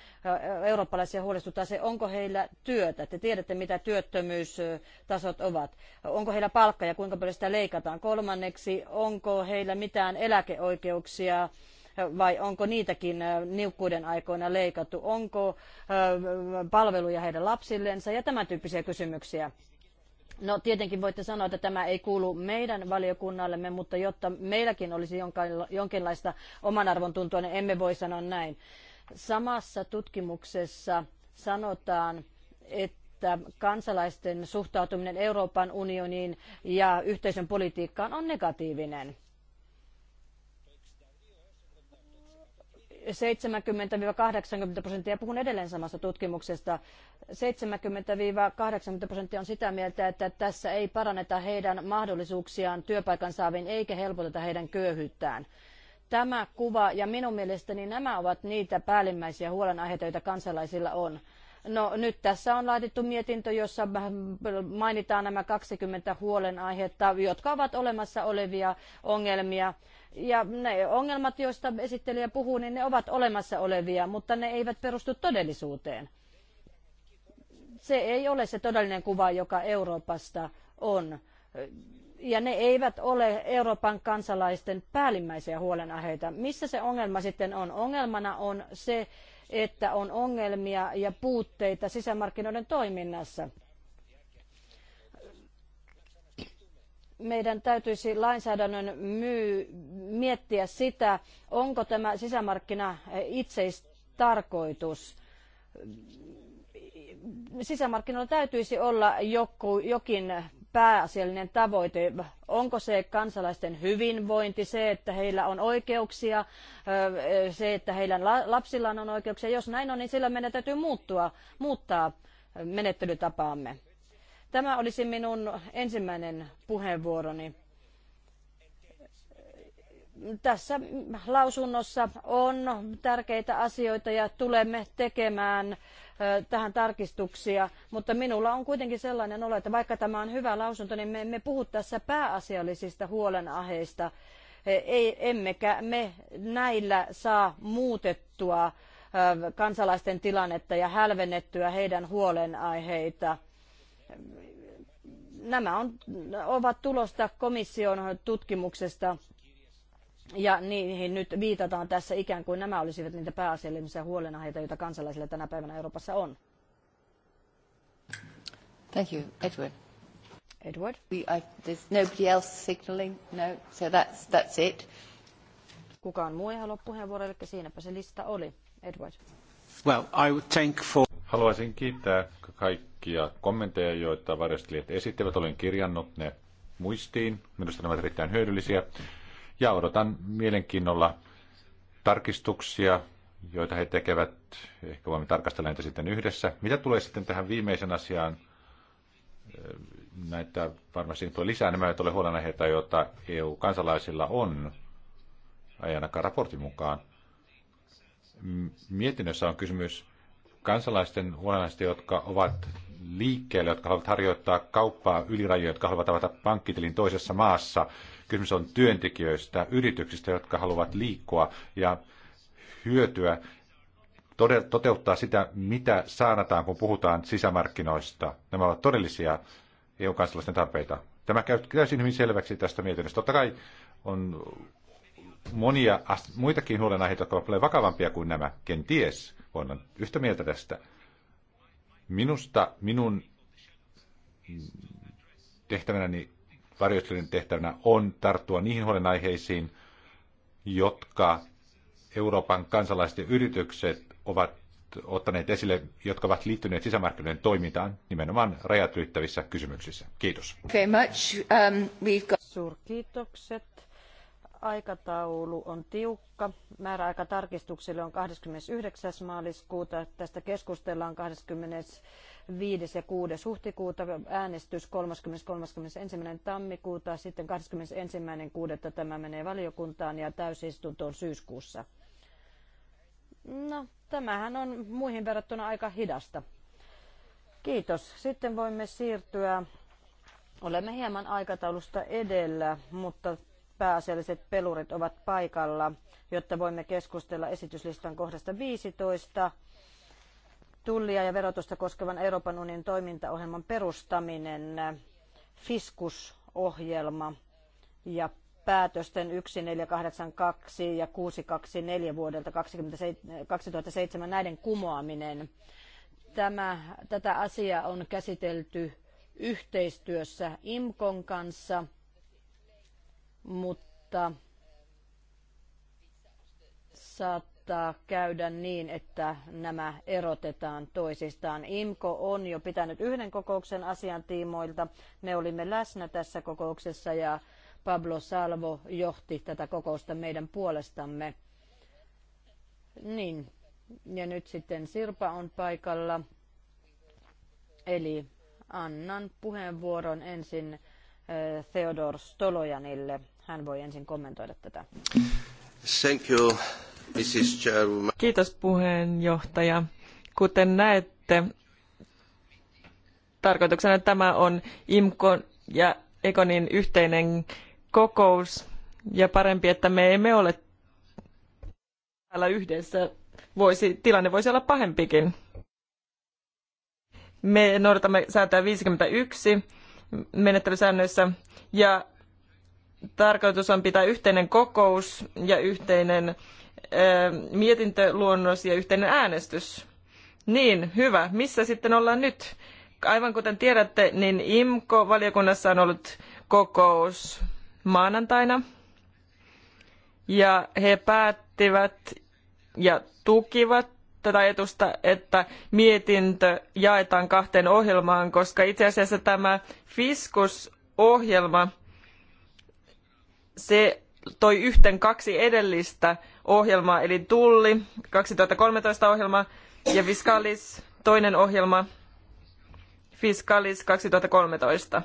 Speaker 1: eurooppalaisia huolestuttaa se, onko heillä työtä. Te tiedätte, mitä työttömyystasot ovat. Onko heillä palkka ja kuinka paljon sitä leikataan. Kolmanneksi, onko heillä mitään eläkeoikeuksia vai onko niitäkin niukkuuden aikoina leikattu, onko palveluja heidän lapsillensa ja tämän tyyppisiä kysymyksiä. No tietenkin voitte sanoa, että tämä ei kuulu meidän valiokunnallemme, mutta jotta meilläkin olisi jonkinlaista omanarvon tuntua, niin emme voi sanoa näin. Samassa tutkimuksessa sanotaan, että kansalaisten suhtautuminen Euroopan unioniin ja yhteisön politiikkaan on negatiivinen 70-80 prosenttia, puhun edelleen samasta tutkimuksesta, 70-80 prosenttia on sitä mieltä, että tässä ei paranneta heidän mahdollisuuksiaan työpaikan saaviin eikä helpoteta heidän köyhyyttään. Tämä kuva ja minun mielestäni nämä ovat niitä päällimmäisiä huolenaiheita, joita kansalaisilla on. No nyt tässä on laitettu mietintö, jossa mainitaan nämä 20 huolenaihetta, jotka ovat olemassa olevia ongelmia ja ne ongelmat, joista esittelijä puhuu, niin ne ovat olemassa olevia, mutta ne eivät perustu todellisuuteen. Se ei ole se todellinen kuva, joka Euroopasta on. Ja ne eivät ole Euroopan kansalaisten päällimmäisiä huolenaiheita. Missä se ongelma sitten on? Ongelmana on se, että on ongelmia ja puutteita sisämarkkinoiden toiminnassa meidän täytyisi lainsäädännön myy, miettiä sitä, onko tämä sisämarkkina eh, itseistarkoitus. Sisämarkkinoilla täytyisi olla joku, jokin pääasiallinen tavoite? Onko se kansalaisten hyvinvointi, se, että heillä on oikeuksia, eh, se, että heidän lapsillaan on oikeuksia? Jos näin on, niin sillä meidän täytyy muuttua, muuttaa menettelytapaamme. Tämä olisi minun ensimmäinen puheenvuoroni. Tässä lausunnossa on tärkeitä asioita ja tulemme tekemään tähän tarkistuksia, mutta minulla on kuitenkin sellainen olo, että vaikka tämä on hyvä lausunto, niin me emme puhu tässä pääasiallisista huolenaiheista, e, Ei, emmekä me näillä saa muutettua kansalaisten tilannetta ja hälvennettyä heidän huolenaiheita Nämä on, ovat tulosta komission tutkimuksesta ja niihin nyt viitataan tässä ikään kuin nämä olisivat niitä pääasiallisia huolenaiheita, joita kansalaisilla tänä päivänä Euroopassa on.
Speaker 4: Thank you. Edward. Edward. We, I, there's nobody else signaling. No, so that's, that's
Speaker 1: it. Kukaan muu ei halua puheenvuoroa, eli siinäpä se lista oli. Edward.
Speaker 5: Well, I would thank for... Haluaisin kiittää kaikkia kommentteja, joita varjostelijat esittivät. Olen kirjannut ne muistiin. Minusta ne ovat erittäin hyödyllisiä. Ja odotan mielenkiinnolla tarkistuksia, joita he tekevät. Ehkä voimme tarkastella niitä sitten yhdessä. Mitä tulee sitten tähän viimeisen asiaan, näitä varmasti tulee lisää. Nämä eivät ole huolenaiheita, joita EU-kansalaisilla on, ei ainakaan raportin mukaan mietinnössä on kysymys kansalaisten huolenaista, jotka ovat liikkeelle, jotka haluavat harjoittaa kauppaa ylirajoja, jotka haluavat avata pankkitilin toisessa maassa. Kysymys on työntekijöistä, yrityksistä, jotka haluavat liikkua ja hyötyä, toteuttaa sitä, mitä saanataan, kun puhutaan sisämarkkinoista. Nämä ovat todellisia EU-kansalaisten tarpeita. Tämä käy täysin hyvin selväksi tästä mietinnöstä. Totta kai on monia muitakin huolenaiheita, jotka ovat paljon vakavampia kuin nämä. Kenties voin olla yhtä mieltä tästä. Minusta minun tehtävänäni, varjostelijan tehtävänä on tarttua niihin huolenaiheisiin, jotka Euroopan kansalaiset ja yritykset ovat ottaneet esille, jotka ovat liittyneet sisämarkkinoiden toimintaan nimenomaan rajat ylittävissä kysymyksissä. Kiitos. Okay,
Speaker 1: much. Um, we've got... Suurkiitokset. Aikataulu on tiukka. Määräaika tarkistukselle on 29. maaliskuuta. Tästä keskustellaan 25. ja 6. huhtikuuta. Äänestys 30.31. tammikuuta. Sitten 21.6. tämä menee valiokuntaan ja täysistuntoon syyskuussa. No, tämähän on muihin verrattuna aika hidasta. Kiitos. Sitten voimme siirtyä Olemme hieman aikataulusta edellä, mutta pääasialliset pelurit ovat paikalla, jotta voimme keskustella esityslistan kohdasta 15. Tullia ja verotusta koskevan Euroopan unionin toimintaohjelman perustaminen, Fiskusohjelma ja päätösten 1482 ja 624 vuodelta 2007 näiden kumoaminen. Tämä, tätä asiaa on käsitelty yhteistyössä IMKON kanssa – mutta saattaa käydä niin, että nämä erotetaan toisistaan. IMKO on jo pitänyt yhden kokouksen asiantiimoilta. Me olimme läsnä tässä kokouksessa ja Pablo Salvo johti tätä kokousta meidän puolestamme. Niin, ja nyt sitten Sirpa on paikalla. Eli annan puheenvuoron ensin eh, Theodor Stolojanille. Hän voi ensin kommentoida
Speaker 2: tätä. Thank you, Mrs. Chairman. Kiitos puheenjohtaja. Kuten näette, tarkoituksena tämä on IMKON ja Ekonin yhteinen kokous ja parempi, että me emme ole täällä yhdessä. Voisi, tilanne voisi olla pahempikin. Me noudatamme sääntöä 51 menettelysäännöissä ja tarkoitus on pitää yhteinen kokous ja yhteinen mietintöluonnos ja yhteinen äänestys. Niin, hyvä. Missä sitten ollaan nyt? Aivan kuten tiedätte, niin IMKO-valiokunnassa on ollut kokous maanantaina. Ja he päättivät ja tukivat tätä ajatusta, että mietintö jaetaan kahteen ohjelmaan, koska itse asiassa tämä Fiskus-ohjelma – se toi yhteen kaksi edellistä ohjelmaa, eli Tulli 2013 ohjelma ja Fiskalis toinen ohjelma Fiskalis 2013.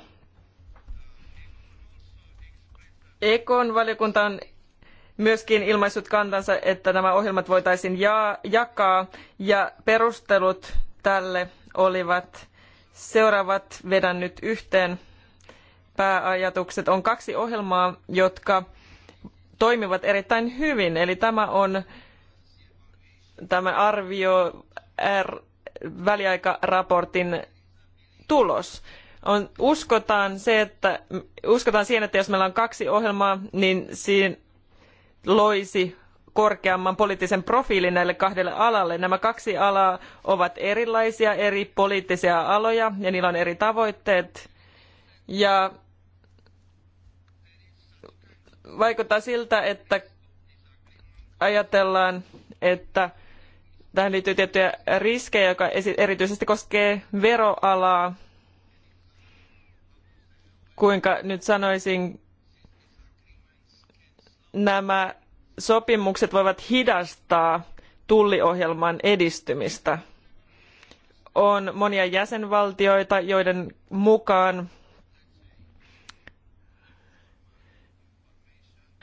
Speaker 2: Ekon valiokunta on myöskin ilmaissut kantansa, että nämä ohjelmat voitaisiin jakaa ja perustelut tälle olivat seuraavat vedän nyt yhteen pääajatukset on kaksi ohjelmaa, jotka toimivat erittäin hyvin. Eli tämä on tämä arvio R väliaikaraportin tulos. On, uskotaan, se, että, uskotaan siihen, että jos meillä on kaksi ohjelmaa, niin siinä loisi korkeamman poliittisen profiilin näille kahdelle alalle. Nämä kaksi alaa ovat erilaisia, eri poliittisia aloja ja niillä on eri tavoitteet. Ja vaikuttaa siltä, että ajatellaan, että tähän liittyy tiettyjä riskejä, joka erityisesti koskee veroalaa. Kuinka nyt sanoisin, nämä sopimukset voivat hidastaa tulliohjelman edistymistä. On monia jäsenvaltioita, joiden mukaan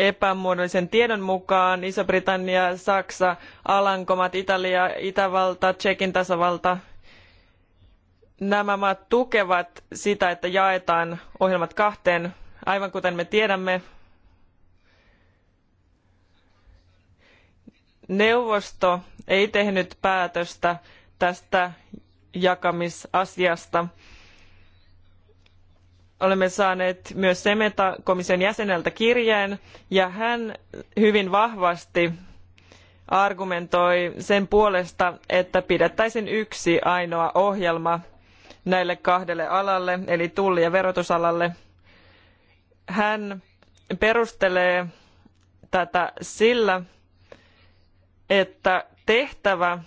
Speaker 2: epämuodollisen tiedon mukaan Iso-Britannia, Saksa, Alankomat, Italia, Itävalta, Tsekin tasavalta, nämä maat tukevat sitä, että jaetaan ohjelmat kahteen, aivan kuten me tiedämme. Neuvosto ei tehnyt päätöstä tästä jakamisasiasta olemme saaneet myös Semeta-komission jäseneltä kirjeen, ja hän hyvin vahvasti argumentoi sen puolesta, että pidettäisiin yksi ainoa ohjelma näille kahdelle alalle, eli tulli- ja verotusalalle. Hän perustelee tätä sillä, että tehtävä,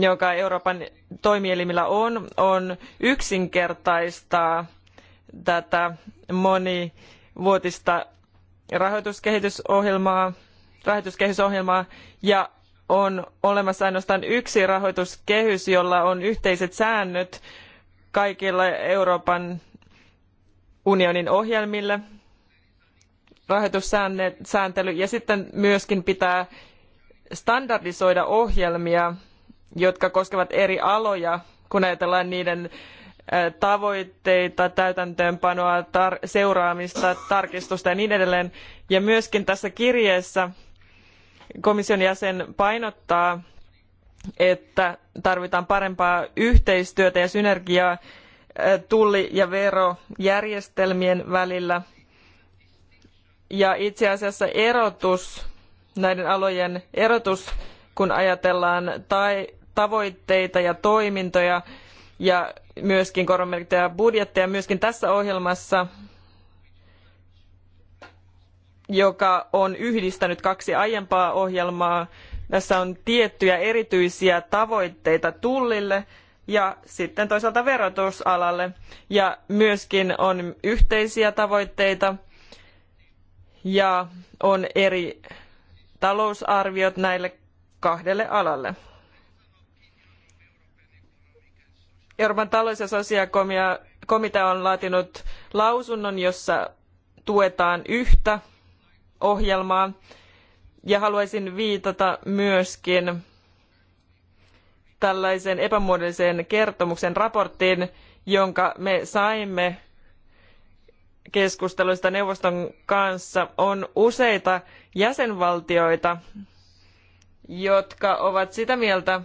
Speaker 2: joka Euroopan toimielimillä on, on yksinkertaistaa tätä monivuotista rahoituskehitysohjelmaa, rahoituskehysohjelmaa ja on olemassa ainoastaan yksi rahoituskehys, jolla on yhteiset säännöt kaikille Euroopan unionin ohjelmille, rahoitussääntely ja sitten myöskin pitää standardisoida ohjelmia – jotka koskevat eri aloja, kun ajatellaan niiden tavoitteita, täytäntöönpanoa, tar- seuraamista, tarkistusta ja niin edelleen. Ja myöskin tässä kirjeessä komission jäsen painottaa, että tarvitaan parempaa yhteistyötä ja synergiaa tulli- ja verojärjestelmien välillä. Ja itse asiassa erotus, näiden alojen erotus, kun ajatellaan tai tavoitteita ja toimintoja ja myöskin koronmerkittäjä budjetteja myöskin tässä ohjelmassa, joka on yhdistänyt kaksi aiempaa ohjelmaa. Tässä on tiettyjä erityisiä tavoitteita tullille ja sitten toisaalta verotusalalle. Ja myöskin on yhteisiä tavoitteita ja on eri talousarviot näille kahdelle alalle. Euroopan talous- ja sosiaalikomitea on laatinut lausunnon, jossa tuetaan yhtä ohjelmaa. Ja haluaisin viitata myöskin tällaisen epämuodolliseen kertomuksen raporttiin, jonka me saimme keskusteluista neuvoston kanssa. On useita jäsenvaltioita, jotka ovat sitä mieltä,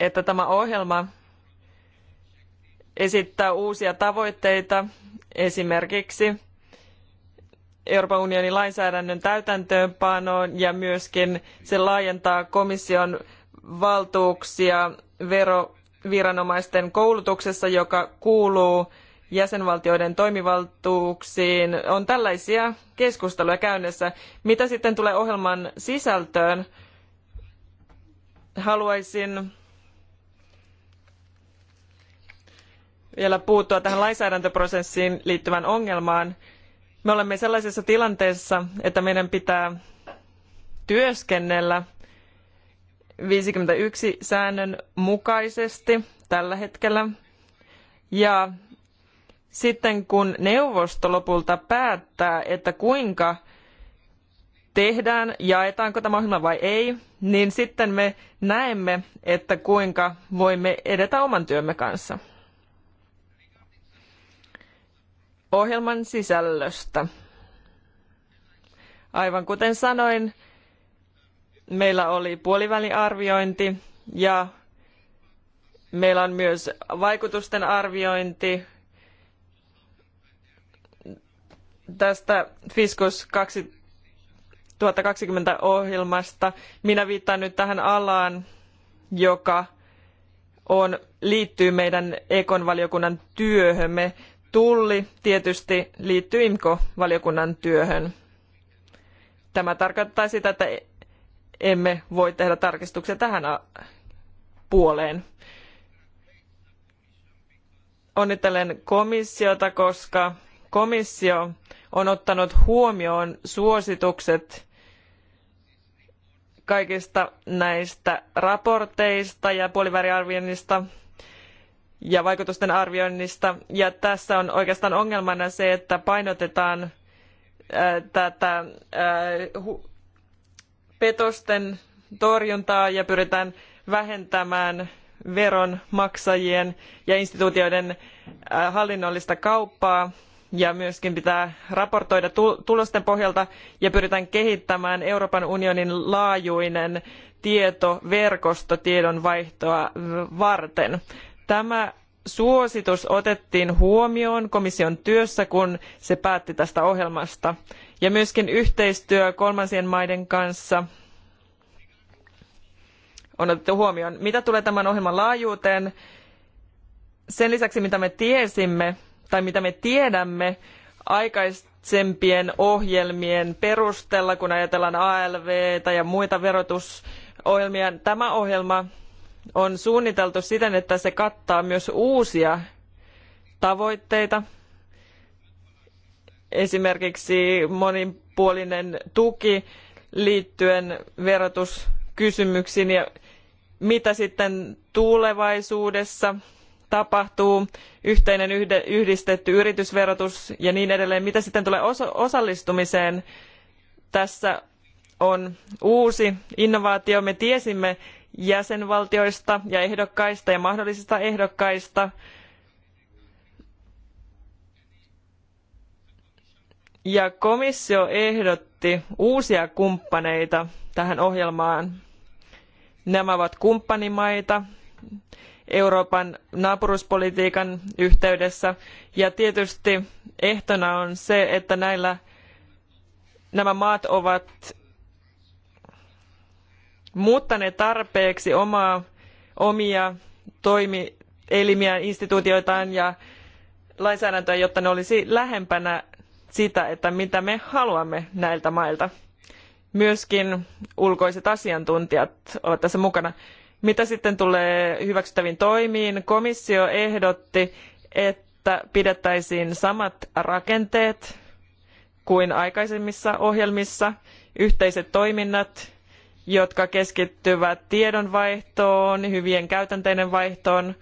Speaker 2: että tämä ohjelma esittää uusia tavoitteita, esimerkiksi Euroopan unionin lainsäädännön täytäntöönpanoon ja myöskin se laajentaa komission valtuuksia veroviranomaisten koulutuksessa, joka kuuluu jäsenvaltioiden toimivaltuuksiin. On tällaisia keskusteluja käynnissä. Mitä sitten tulee ohjelman sisältöön? Haluaisin vielä puuttua tähän lainsäädäntöprosessiin liittyvään ongelmaan. Me olemme sellaisessa tilanteessa, että meidän pitää työskennellä 51 säännön mukaisesti tällä hetkellä. Ja sitten kun neuvosto lopulta päättää, että kuinka tehdään, jaetaanko tämä ohjelma vai ei, niin sitten me näemme, että kuinka voimme edetä oman työmme kanssa. ohjelman sisällöstä. Aivan kuten sanoin, meillä oli puoliväliarviointi ja meillä on myös vaikutusten arviointi tästä Fiskus 2020 ohjelmasta. Minä viittaan nyt tähän alaan, joka on, liittyy meidän ekonvaliokunnan työhömme. Tulli tietysti liittyy IMCO valiokunnan työhön. Tämä tarkoittaa sitä, että emme voi tehdä tarkistuksia tähän puoleen. Onnittelen komissiota, koska komissio on ottanut huomioon suositukset kaikista näistä raporteista ja puoliväriarvioinnista – ja vaikutusten arvioinnista. Ja tässä on oikeastaan ongelmana se, että painotetaan äh, tätä äh, petosten torjuntaa ja pyritään vähentämään veronmaksajien ja instituutioiden äh, hallinnollista kauppaa ja myöskin pitää raportoida tulosten pohjalta ja pyritään kehittämään Euroopan unionin laajuinen tietoverkosto tiedonvaihtoa varten. Tämä suositus otettiin huomioon komission työssä, kun se päätti tästä ohjelmasta. Ja myöskin yhteistyö kolmansien maiden kanssa on otettu huomioon. Mitä tulee tämän ohjelman laajuuteen, sen lisäksi mitä me tiesimme tai mitä me tiedämme aikaisempien ohjelmien perusteella, kun ajatellaan ALV ja muita verotusohjelmia, tämä ohjelma on suunniteltu siten, että se kattaa myös uusia tavoitteita, esimerkiksi monipuolinen tuki liittyen verotuskysymyksiin ja mitä sitten tulevaisuudessa tapahtuu, yhteinen yhdistetty yritysverotus ja niin edelleen, mitä sitten tulee osallistumiseen. Tässä on uusi innovaatio. Me tiesimme, jäsenvaltioista ja ehdokkaista ja mahdollisista ehdokkaista. Ja komissio ehdotti uusia kumppaneita tähän ohjelmaan. Nämä ovat kumppanimaita Euroopan naapuruspolitiikan yhteydessä. Ja tietysti ehtona on se, että näillä, nämä maat ovat muuttaneet tarpeeksi omaa, omia toimielimiä, instituutioitaan ja lainsäädäntöä, jotta ne olisi lähempänä sitä, että mitä me haluamme näiltä mailta. Myöskin ulkoiset asiantuntijat ovat tässä mukana. Mitä sitten tulee hyväksyttäviin toimiin? Komissio ehdotti, että pidettäisiin samat rakenteet kuin aikaisemmissa ohjelmissa, yhteiset toiminnat, jotka keskittyvät tiedonvaihtoon, hyvien käytänteiden vaihtoon,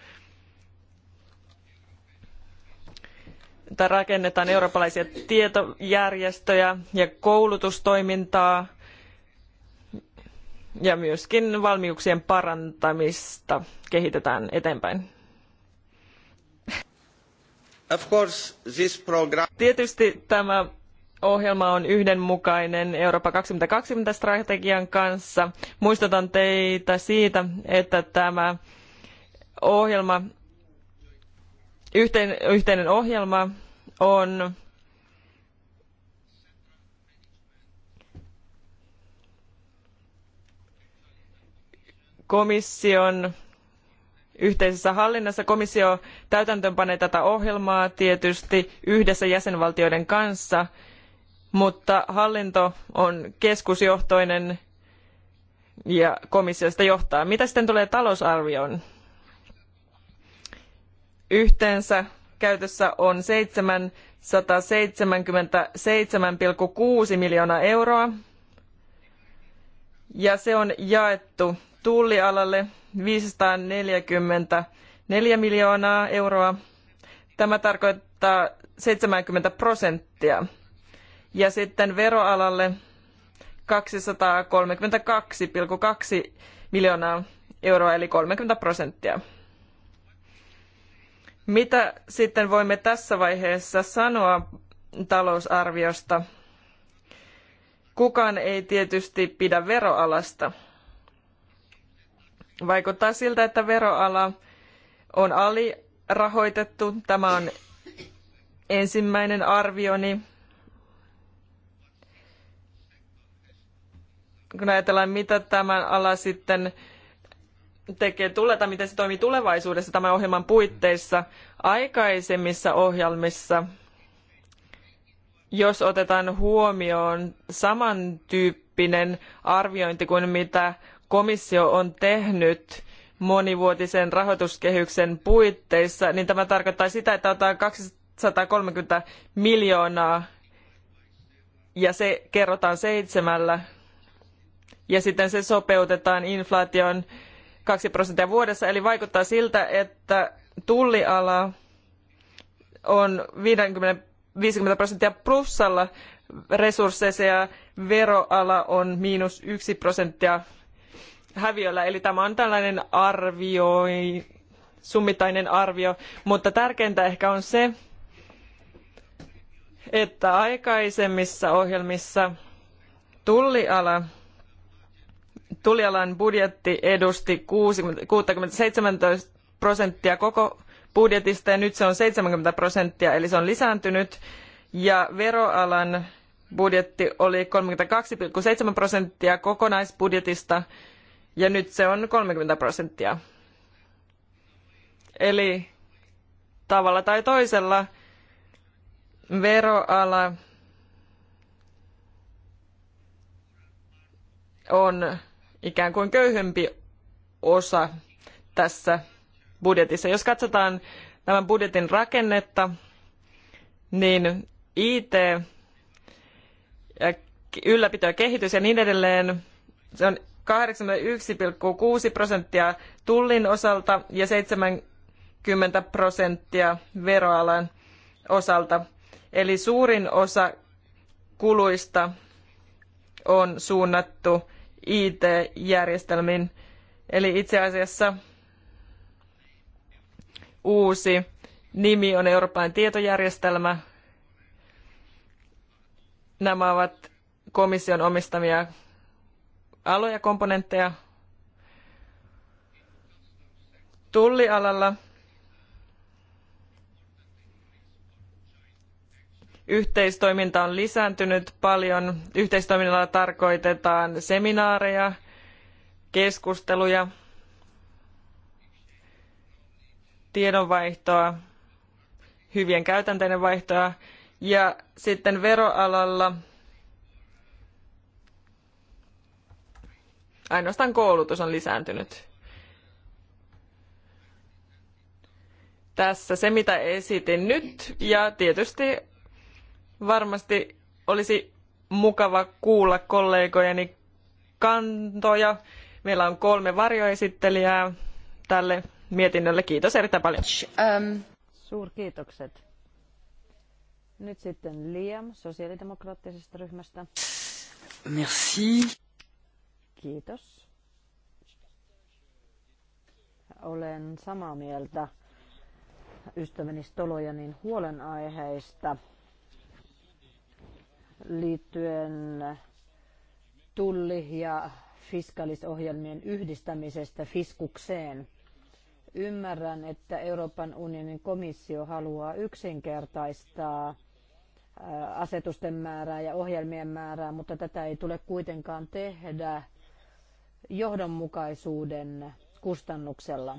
Speaker 2: että rakennetaan eurooppalaisia tietojärjestöjä ja koulutustoimintaa ja myöskin valmiuksien parantamista kehitetään eteenpäin. Tietysti tämä ohjelma on yhdenmukainen Eurooppa 2020-strategian kanssa. Muistutan teitä siitä, että tämä ohjelma, yhteinen ohjelma on komission yhteisessä hallinnassa. Komissio täytäntöönpanee tätä ohjelmaa tietysti yhdessä jäsenvaltioiden kanssa – mutta hallinto on keskusjohtoinen ja komissio sitä johtaa. Mitä sitten tulee talousarvioon? Yhteensä käytössä on 777,6 miljoonaa euroa ja se on jaettu tullialalle 544 miljoonaa euroa. Tämä tarkoittaa 70 prosenttia ja sitten veroalalle 232,2 miljoonaa euroa eli 30 prosenttia. Mitä sitten voimme tässä vaiheessa sanoa talousarviosta? Kukaan ei tietysti pidä veroalasta. Vaikuttaa siltä, että veroala on alirahoitettu. Tämä on ensimmäinen arvioni kun ajatellaan, mitä tämä ala sitten tekee tule, tai miten se toimii tulevaisuudessa tämän ohjelman puitteissa, aikaisemmissa ohjelmissa, jos otetaan huomioon samantyyppinen arviointi kuin mitä komissio on tehnyt monivuotisen rahoituskehyksen puitteissa, niin tämä tarkoittaa sitä, että otetaan 230 miljoonaa ja se kerrotaan seitsemällä ja sitten se sopeutetaan inflaation 2 prosenttia vuodessa. Eli vaikuttaa siltä, että tulliala on 50, prosenttia plussalla resursseissa ja veroala on miinus yksi prosenttia häviöllä. Eli tämä on tällainen arvioi, summittainen arvio, mutta tärkeintä ehkä on se, että aikaisemmissa ohjelmissa tulliala tulialan budjetti edusti 60, 67 prosenttia koko budjetista ja nyt se on 70 prosenttia, eli se on lisääntynyt. Ja veroalan budjetti oli 32,7 prosenttia kokonaisbudjetista ja nyt se on 30 prosenttia. Eli tavalla tai toisella veroala on ikään kuin köyhempi osa tässä budjetissa. Jos katsotaan tämän budjetin rakennetta, niin IT, ja ylläpito ja kehitys ja niin edelleen, se on 81,6 prosenttia tullin osalta ja 70 prosenttia veroalan osalta. Eli suurin osa kuluista on suunnattu IT-järjestelmiin. Eli itse asiassa uusi nimi on Euroopan tietojärjestelmä. Nämä ovat komission omistamia aloja, komponentteja tullialalla – yhteistoiminta on lisääntynyt paljon. Yhteistoiminnalla tarkoitetaan seminaareja, keskusteluja, tiedonvaihtoa, hyvien käytänteiden vaihtoa ja sitten veroalalla ainoastaan koulutus on lisääntynyt. Tässä se, mitä esitin nyt ja tietysti Varmasti olisi mukava kuulla kollegojeni kantoja. Meillä on kolme varjoesittelijää tälle mietinnölle. Kiitos erittäin paljon.
Speaker 1: Ähm. Suurkiitokset. Nyt sitten Liam sosiaalidemokraattisesta ryhmästä. Merci. Kiitos. Olen samaa mieltä ystäväni Stolojanin huolenaiheista liittyen tulli- ja fiskalisohjelmien yhdistämisestä fiskukseen. Ymmärrän, että Euroopan unionin komissio haluaa yksinkertaistaa äh, asetusten määrää ja ohjelmien määrää, mutta tätä ei tule kuitenkaan tehdä johdonmukaisuuden kustannuksella.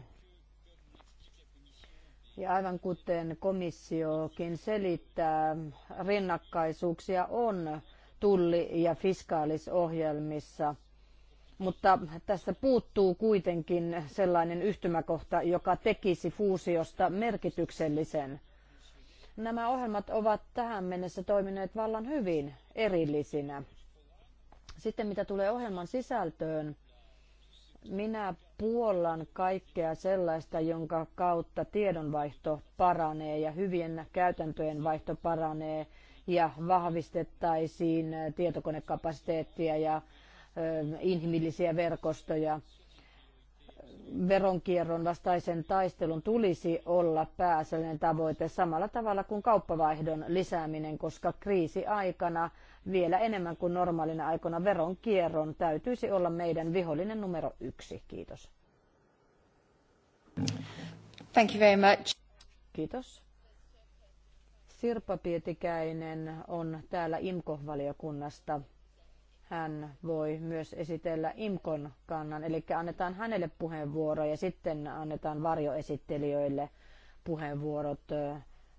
Speaker 1: Ja aivan kuten komissiokin selittää, rinnakkaisuuksia on tulli- ja fiskaalisohjelmissa. Mutta tässä puuttuu kuitenkin sellainen yhtymäkohta, joka tekisi fuusiosta merkityksellisen. Nämä ohjelmat ovat tähän mennessä toimineet vallan hyvin erillisinä. Sitten mitä tulee ohjelman sisältöön, minä puollan kaikkea sellaista, jonka kautta tiedonvaihto paranee ja hyvien käytäntöjen vaihto paranee ja vahvistettaisiin tietokonekapasiteettia ja inhimillisiä verkostoja veronkierron vastaisen taistelun tulisi olla pääasiallinen tavoite samalla tavalla kuin kauppavaihdon lisääminen, koska kriisiaikana vielä enemmän kuin normaalina aikana veronkierron täytyisi olla meidän vihollinen numero yksi. Kiitos.
Speaker 4: Thank you very much.
Speaker 1: Kiitos. Sirpa Pietikäinen on täällä IMKO-valiokunnasta hän voi myös esitellä IMKON kannan, eli annetaan hänelle puheenvuoro ja sitten annetaan varjoesittelijöille puheenvuorot.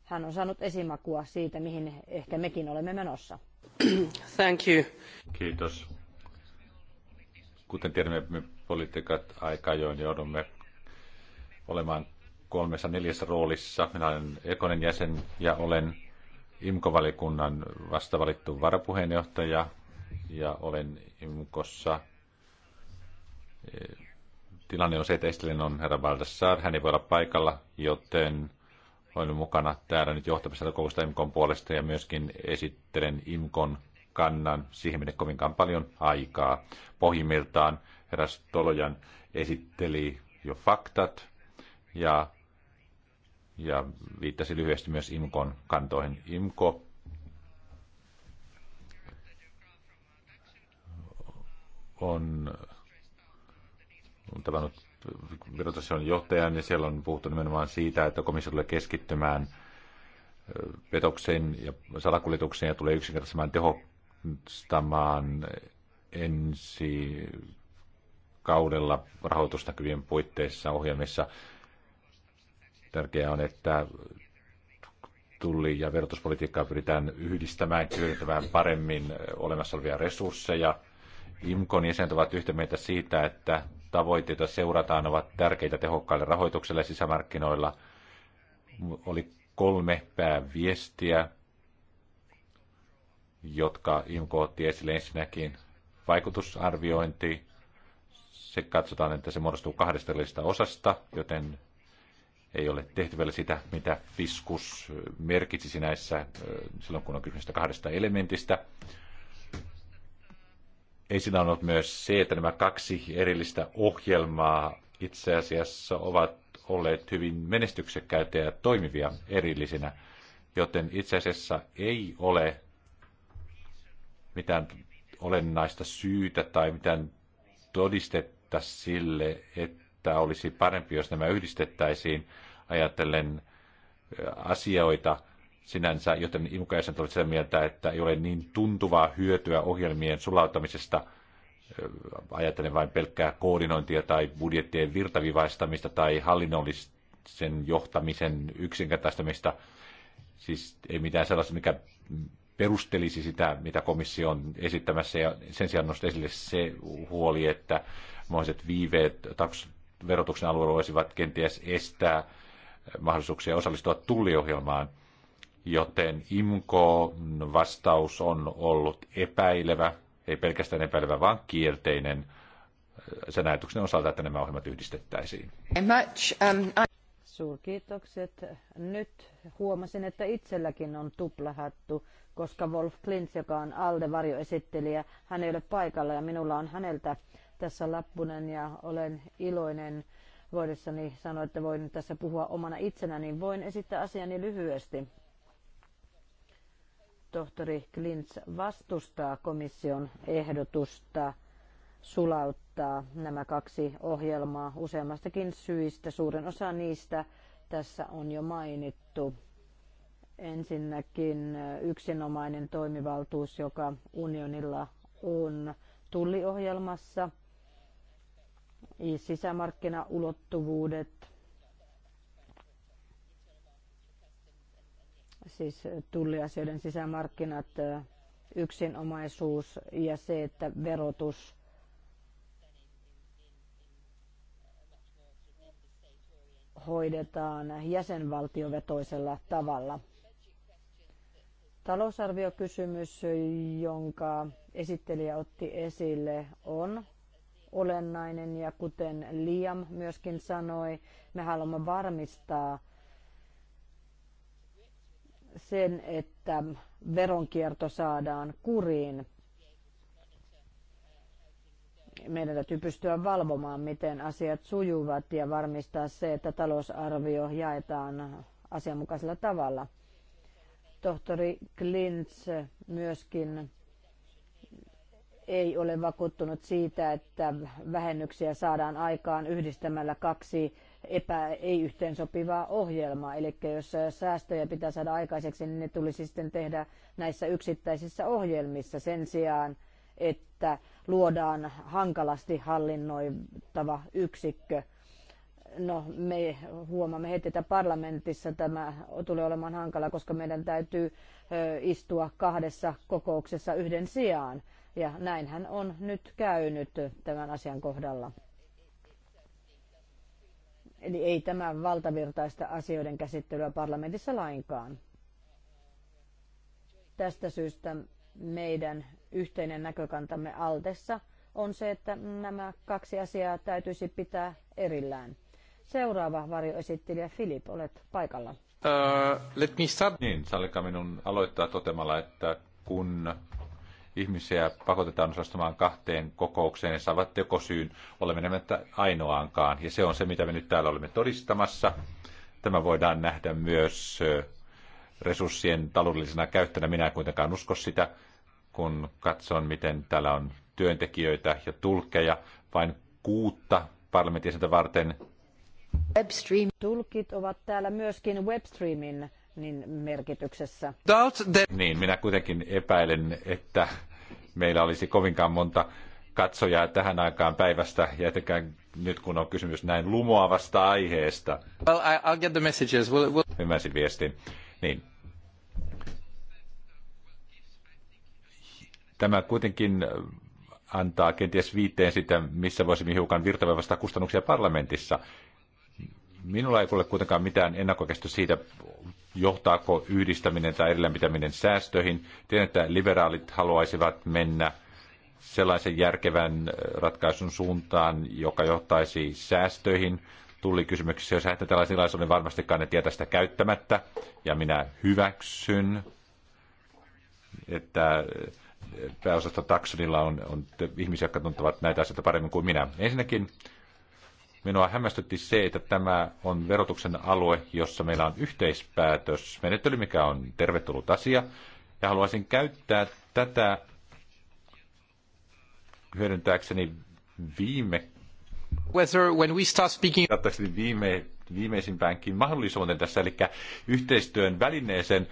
Speaker 1: Hän on saanut esimakua siitä, mihin ehkä mekin olemme menossa.
Speaker 2: Thank you.
Speaker 5: Kiitos. Kuten tiedämme, me poliitikat aika ajoin joudumme olemaan kolmessa neljässä roolissa. Minä olen Ekonen jäsen ja olen IMKO-valikunnan vastavalittu varapuheenjohtaja ja olen Imkossa. Tilanne on se, että Estelin on herra Valdessar, hän ei voi olla paikalla, joten olen mukana täällä nyt johtamassa kokousta IMKon puolesta ja myöskin esittelen IMKon kannan. Siihen menee kovinkaan paljon aikaa. Pohjimmiltaan herra Stolojan esitteli jo faktat ja, ja viittasi lyhyesti myös IMKon kantoihin. IMKO on, on tavannut verotason johtajan ja siellä on puhuttu nimenomaan siitä, että komissio tulee keskittymään petoksen ja salakuljetukseen ja tulee yksinkertaisemman tehostamaan ensi kaudella rahoitusnäkyvien puitteissa ohjelmissa. Tärkeää on, että tulli- ja verotuspolitiikkaa pyritään yhdistämään, hyödyntämään paremmin olemassa olevia resursseja – IMKON jäsenet ovat yhtä mieltä siitä, että tavoitteita seurataan ovat tärkeitä tehokkaille rahoitukselle sisämarkkinoilla. Oli kolme pääviestiä, jotka IMKO otti esille ensinnäkin. Vaikutusarviointi, se katsotaan, että se muodostuu kahdesta osasta, joten ei ole tehty vielä sitä, mitä fiskus merkitsisi näissä silloin, kun on kysymys kahdesta elementistä esillä on ollut myös se, että nämä kaksi erillistä ohjelmaa itse asiassa ovat olleet hyvin menestyksekkäitä ja toimivia erillisinä, joten itse asiassa ei ole mitään olennaista syytä tai mitään todistetta sille, että olisi parempi, jos nämä yhdistettäisiin ajatellen asioita, sinänsä, joten imkaisen olet sitä mieltä, että ei ole niin tuntuvaa hyötyä ohjelmien sulauttamisesta, ajattelen vain pelkkää koordinointia tai budjettien virtavivaistamista tai hallinnollisen johtamisen yksinkertaistamista, siis ei mitään sellaista, mikä perustelisi sitä, mitä komissio on esittämässä, ja sen sijaan nosti esille se huoli, että mahdolliset viiveet verotuksen alueella voisivat kenties estää mahdollisuuksia osallistua tulliohjelmaan – joten IMKO vastaus on ollut epäilevä, ei pelkästään epäilevä, vaan kielteinen äh, sen ajatuksen osalta, että nämä ohjelmat yhdistettäisiin.
Speaker 1: Um, Suurkiitokset. Nyt huomasin, että itselläkin on tuplahattu, koska Wolf Klintz, joka on Alde varjoesittelijä, hän ei ole paikalla ja minulla on häneltä tässä lappunen ja olen iloinen voidessani sanoa, että voin tässä puhua omana itsenäni. Voin esittää asiani lyhyesti tohtori Klintz vastustaa komission ehdotusta sulauttaa nämä kaksi ohjelmaa useammastakin syistä. Suurin osa niistä tässä on jo mainittu. Ensinnäkin yksinomainen toimivaltuus, joka unionilla on tulliohjelmassa, sisämarkkinaulottuvuudet, siis tulliasioiden sisämarkkinat, yksinomaisuus ja se, että verotus hoidetaan jäsenvaltiovetoisella tavalla. Talousarviokysymys, jonka esittelijä otti esille, on olennainen ja kuten Liam myöskin sanoi, me haluamme varmistaa, sen, että veronkierto saadaan kuriin. Meidän täytyy pystyä valvomaan, miten asiat sujuvat ja varmistaa se, että talousarvio jaetaan asianmukaisella tavalla. Tohtori Klints myöskin ei ole vakuuttunut siitä, että vähennyksiä saadaan aikaan yhdistämällä kaksi epä, ei yhteensopivaa ohjelmaa. Eli jos säästöjä pitää saada aikaiseksi, niin ne tulisi sitten tehdä näissä yksittäisissä ohjelmissa sen sijaan, että luodaan hankalasti hallinnoitava yksikkö. No, me huomaamme heti, että parlamentissa tämä tulee olemaan hankala, koska meidän täytyy istua kahdessa kokouksessa yhden sijaan. Ja näinhän on nyt käynyt tämän asian kohdalla. Eli ei tämä valtavirtaista asioiden käsittelyä parlamentissa lainkaan. Tästä syystä meidän yhteinen näkökantamme Altessa on se, että nämä kaksi asiaa täytyisi pitää erillään. Seuraava varjoesittelijä Filip, olet paikalla.
Speaker 5: Uh, let me start. Niin, minun aloittaa totemalla, että kun ihmisiä pakotetaan osastumaan kahteen kokoukseen ja saavat tekosyyn olemme menemättä ainoaankaan. Ja se on se, mitä me nyt täällä olemme todistamassa. Tämä voidaan nähdä myös resurssien taloudellisena käyttönä. Minä en kuitenkaan usko sitä, kun katson, miten täällä on työntekijöitä ja tulkkeja, vain kuutta parlamentin varten.
Speaker 1: Webstream. Tulkit ovat täällä myöskin webstreamin niin merkityksessä.
Speaker 5: Niin, minä kuitenkin epäilen, että meillä olisi kovinkaan monta katsojaa tähän aikaan päivästä, ja etenkään nyt kun on kysymys näin lumoavasta aiheesta. Well, I'll get the messages. We'll, we'll... Ymmärsin viestin. Niin. Tämä kuitenkin antaa kenties viitteen sitä, missä voisimme hiukan virtavävästä kustannuksia parlamentissa. Minulla ei ole kuitenkaan mitään ennakkokäsitystä siitä, johtaako yhdistäminen tai erilläpitäminen säästöihin. Tiedän, että liberaalit haluaisivat mennä sellaisen järkevän äh, ratkaisun suuntaan, joka johtaisi säästöihin. Tuli kysymyksiä, jos lähtee tällaisen tilaisuuden, niin varmastikaan ne tietää sitä käyttämättä. Ja minä hyväksyn, että äh, pääosasta Taksonilla on, on ihmisiä, jotka tuntevat näitä asioita paremmin kuin minä. Ensinnäkin Minua hämmästytti se, että tämä on verotuksen alue, jossa meillä on yhteispäätös menettely, mikä on tervetullut asia. Ja haluaisin käyttää tätä hyödyntääkseni viime Whether when we start speaking... viime, viimeisimpäänkin mahdollisuuden tässä, eli yhteistyön välineeseen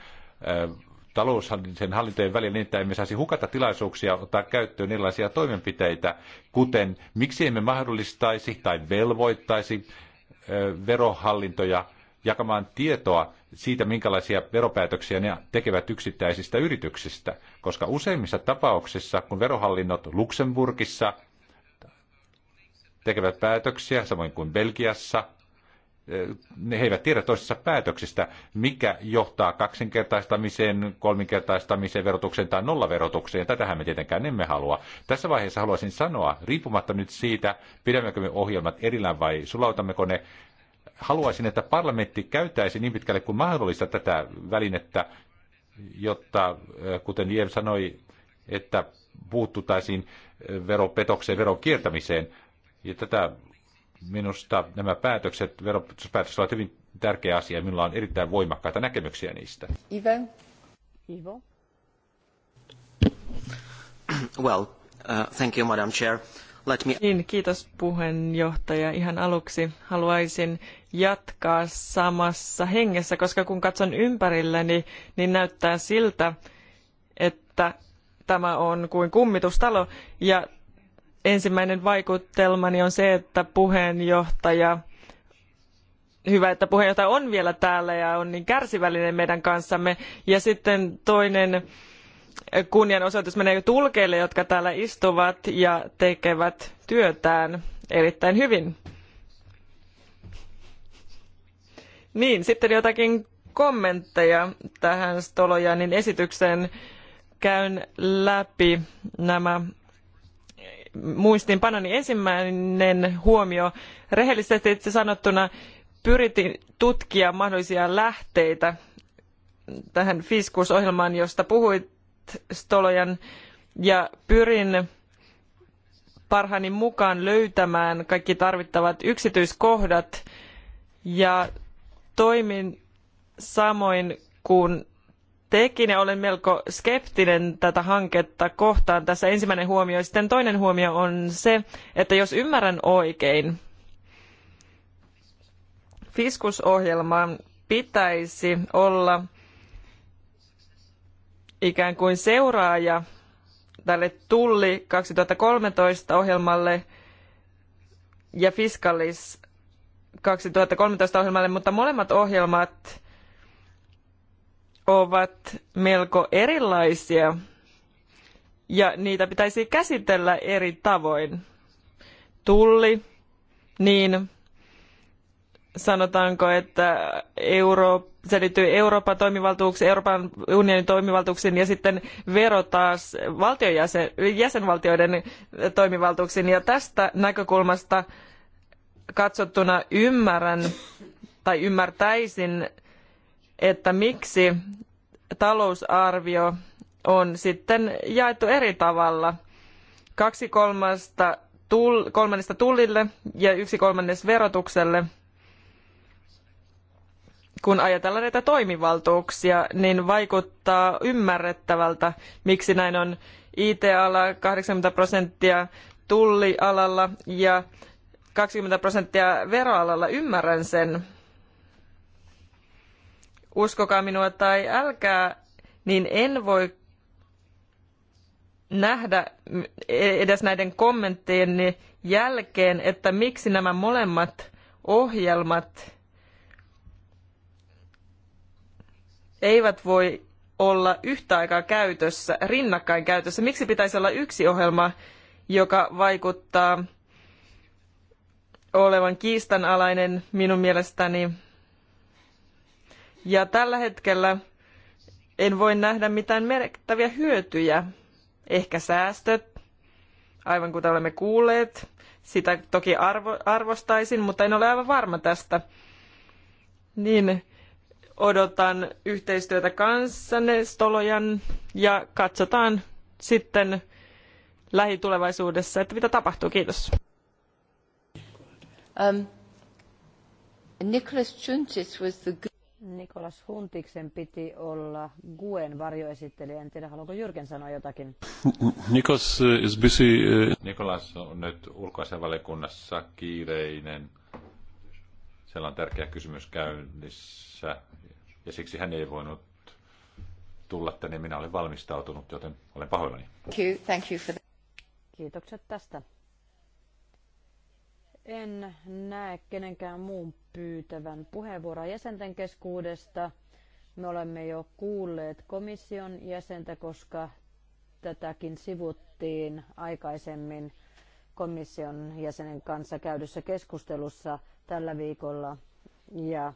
Speaker 5: taloushallinnon hallintojen välillä niin, että emme saisi hukata tilaisuuksia ottaa käyttöön erilaisia toimenpiteitä, kuten miksi emme mahdollistaisi tai velvoittaisi verohallintoja jakamaan tietoa siitä, minkälaisia veropäätöksiä ne tekevät yksittäisistä yrityksistä, koska useimmissa tapauksissa, kun verohallinnot Luxemburgissa tekevät päätöksiä, samoin kuin Belgiassa, ne he eivät tiedä toisessa päätöksistä, mikä johtaa kaksinkertaistamiseen, kolminkertaistamiseen, verotukseen tai nollaverotukseen. Tätähän me tietenkään emme halua. Tässä vaiheessa haluaisin sanoa, riippumatta nyt siitä, pidämmekö me ohjelmat erillään vai sulautammeko ne, haluaisin, että parlamentti käyttäisi niin pitkälle kuin mahdollista tätä välinettä, jotta, äh, kuten Jev sanoi, että puuttuttaisiin äh, veropetokseen, veron kiertämiseen. Ja tätä Minusta nämä päätökset, veropäätökset ovat hyvin tärkeä asia ja minulla on erittäin voimakkaita näkemyksiä niistä.
Speaker 2: Ivo. Ivo. Well, uh, thank you, Madam Chair. Let me... niin, kiitos puheenjohtaja. Ihan aluksi haluaisin jatkaa samassa hengessä, koska kun katson ympärilleni, niin näyttää siltä, että tämä on kuin kummitustalo ja ensimmäinen vaikutelmani on se, että puheenjohtaja hyvä, että puheenjohtaja on vielä täällä ja on niin kärsivällinen meidän kanssamme. Ja sitten toinen kunnianosoitus menee tulkeille, jotka täällä istuvat ja tekevät työtään erittäin hyvin. Niin, sitten jotakin kommentteja tähän Stolojanin esitykseen. Käyn läpi nämä muistiinpanoni ensimmäinen huomio. Rehellisesti itse sanottuna pyritin tutkia mahdollisia lähteitä tähän Fiskus-ohjelmaan, josta puhuit Stolojan, ja pyrin parhaani mukaan löytämään kaikki tarvittavat yksityiskohdat ja toimin samoin kuin tekin ja olen melko skeptinen tätä hanketta kohtaan. Tässä ensimmäinen huomio. Sitten toinen huomio on se, että jos ymmärrän oikein, Fiskus-ohjelman pitäisi olla ikään kuin seuraaja tälle Tulli 2013 ohjelmalle ja Fiskalis 2013 ohjelmalle, mutta molemmat ohjelmat ovat melko erilaisia ja niitä pitäisi käsitellä eri tavoin. Tulli, niin sanotaanko, että Euro, se liittyy Euroopan toimivaltuuksiin, Euroopan unionin toimivaltuuksiin ja sitten vero taas jäsen, jäsenvaltioiden toimivaltuuksiin. Ja tästä näkökulmasta katsottuna ymmärrän tai ymmärtäisin että miksi talousarvio on sitten jaettu eri tavalla. Kaksi kolmasta tull, kolmannesta tullille ja yksi kolmannes verotukselle. Kun ajatellaan näitä toimivaltuuksia, niin vaikuttaa ymmärrettävältä, miksi näin on IT-ala 80 prosenttia tullialalla ja 20 prosenttia veroalalla. Ymmärrän sen, uskokaa minua tai älkää, niin en voi nähdä edes näiden kommenttien jälkeen, että miksi nämä molemmat ohjelmat eivät voi olla yhtä aikaa käytössä, rinnakkain käytössä. Miksi pitäisi olla yksi ohjelma, joka vaikuttaa olevan kiistanalainen minun mielestäni ja tällä hetkellä en voi nähdä mitään merkittäviä hyötyjä. Ehkä säästöt, aivan kuten olemme kuulleet. Sitä toki arvo, arvostaisin, mutta en ole aivan varma tästä. Niin odotan yhteistyötä kanssanne Stolojan ja katsotaan sitten lähitulevaisuudessa, että mitä tapahtuu. Kiitos. Um,
Speaker 1: Nicholas was the Nikolas Huntiksen piti olla Guen varjoesittelijä. En tiedä, haluaako Jyrken sanoa jotakin?
Speaker 5: Nikos eh, is busy. Eh, Nikolas on nyt ulkoasianvaliokunnassa kiireinen. Siellä on tärkeä kysymys käynnissä ja siksi hän ei voinut tulla tänne. Minä olen valmistautunut, joten olen pahoillani.
Speaker 4: Thank you, thank you for the...
Speaker 1: Kiitokset tästä. En näe kenenkään muun pyytävän puheenvuoroa jäsenten keskuudesta. Me olemme jo kuulleet komission jäsentä, koska tätäkin sivuttiin aikaisemmin komission jäsenen kanssa käydyssä keskustelussa tällä viikolla ja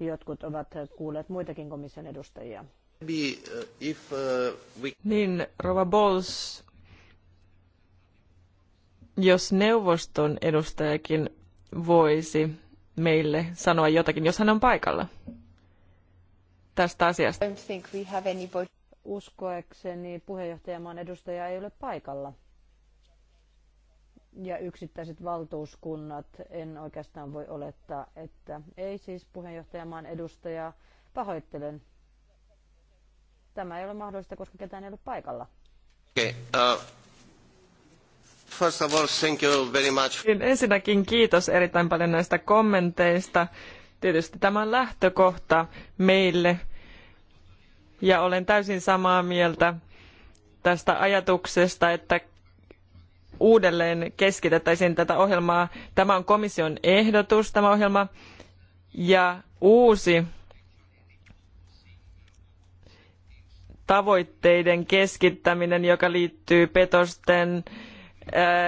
Speaker 1: jotkut ovat kuulleet muitakin komission edustajia.
Speaker 2: Uh, uh, niin, Rova Bols, jos neuvoston edustajakin voisi meille sanoa jotakin, jos hän on paikalla tästä asiasta.
Speaker 1: Uskoakseni puheenjohtajamaan edustaja ei ole paikalla. Ja yksittäiset valtuuskunnat, en oikeastaan voi olettaa, että ei siis puheenjohtajamaan edustajaa. Pahoittelen. Tämä ei ole mahdollista, koska ketään ei ole paikalla.
Speaker 4: Okay, uh first of all, thank you very much.
Speaker 2: Niin, ensinnäkin kiitos erittäin paljon näistä kommenteista. Tietysti tämä on lähtökohta meille ja olen täysin samaa mieltä tästä ajatuksesta, että uudelleen keskitettäisiin tätä ohjelmaa. Tämä on komission ehdotus, tämä ohjelma, ja uusi tavoitteiden keskittäminen, joka liittyy petosten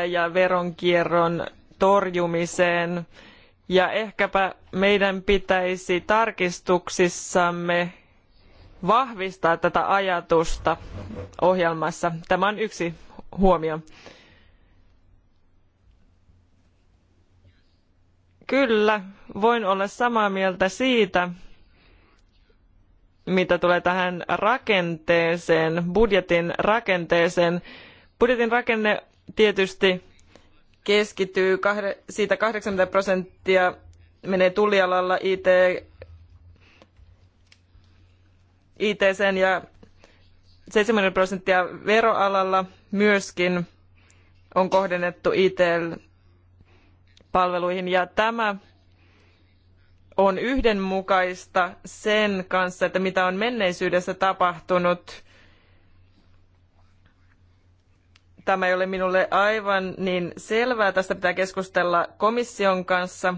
Speaker 2: ja veronkierron torjumiseen. Ja ehkäpä meidän pitäisi tarkistuksissamme vahvistaa tätä ajatusta ohjelmassa. Tämä on yksi huomio. Kyllä, voin olla samaa mieltä siitä, mitä tulee tähän rakenteeseen, budjetin rakenteeseen. Budjetin rakenne tietysti keskittyy, kahde, siitä 80 prosenttia menee tullialalla IT, ITC ja 70 prosenttia veroalalla myöskin on kohdennettu IT-palveluihin ja tämä on yhdenmukaista sen kanssa, että mitä on menneisyydessä tapahtunut Tämä ei ole minulle aivan niin selvää. Tästä pitää keskustella komission kanssa.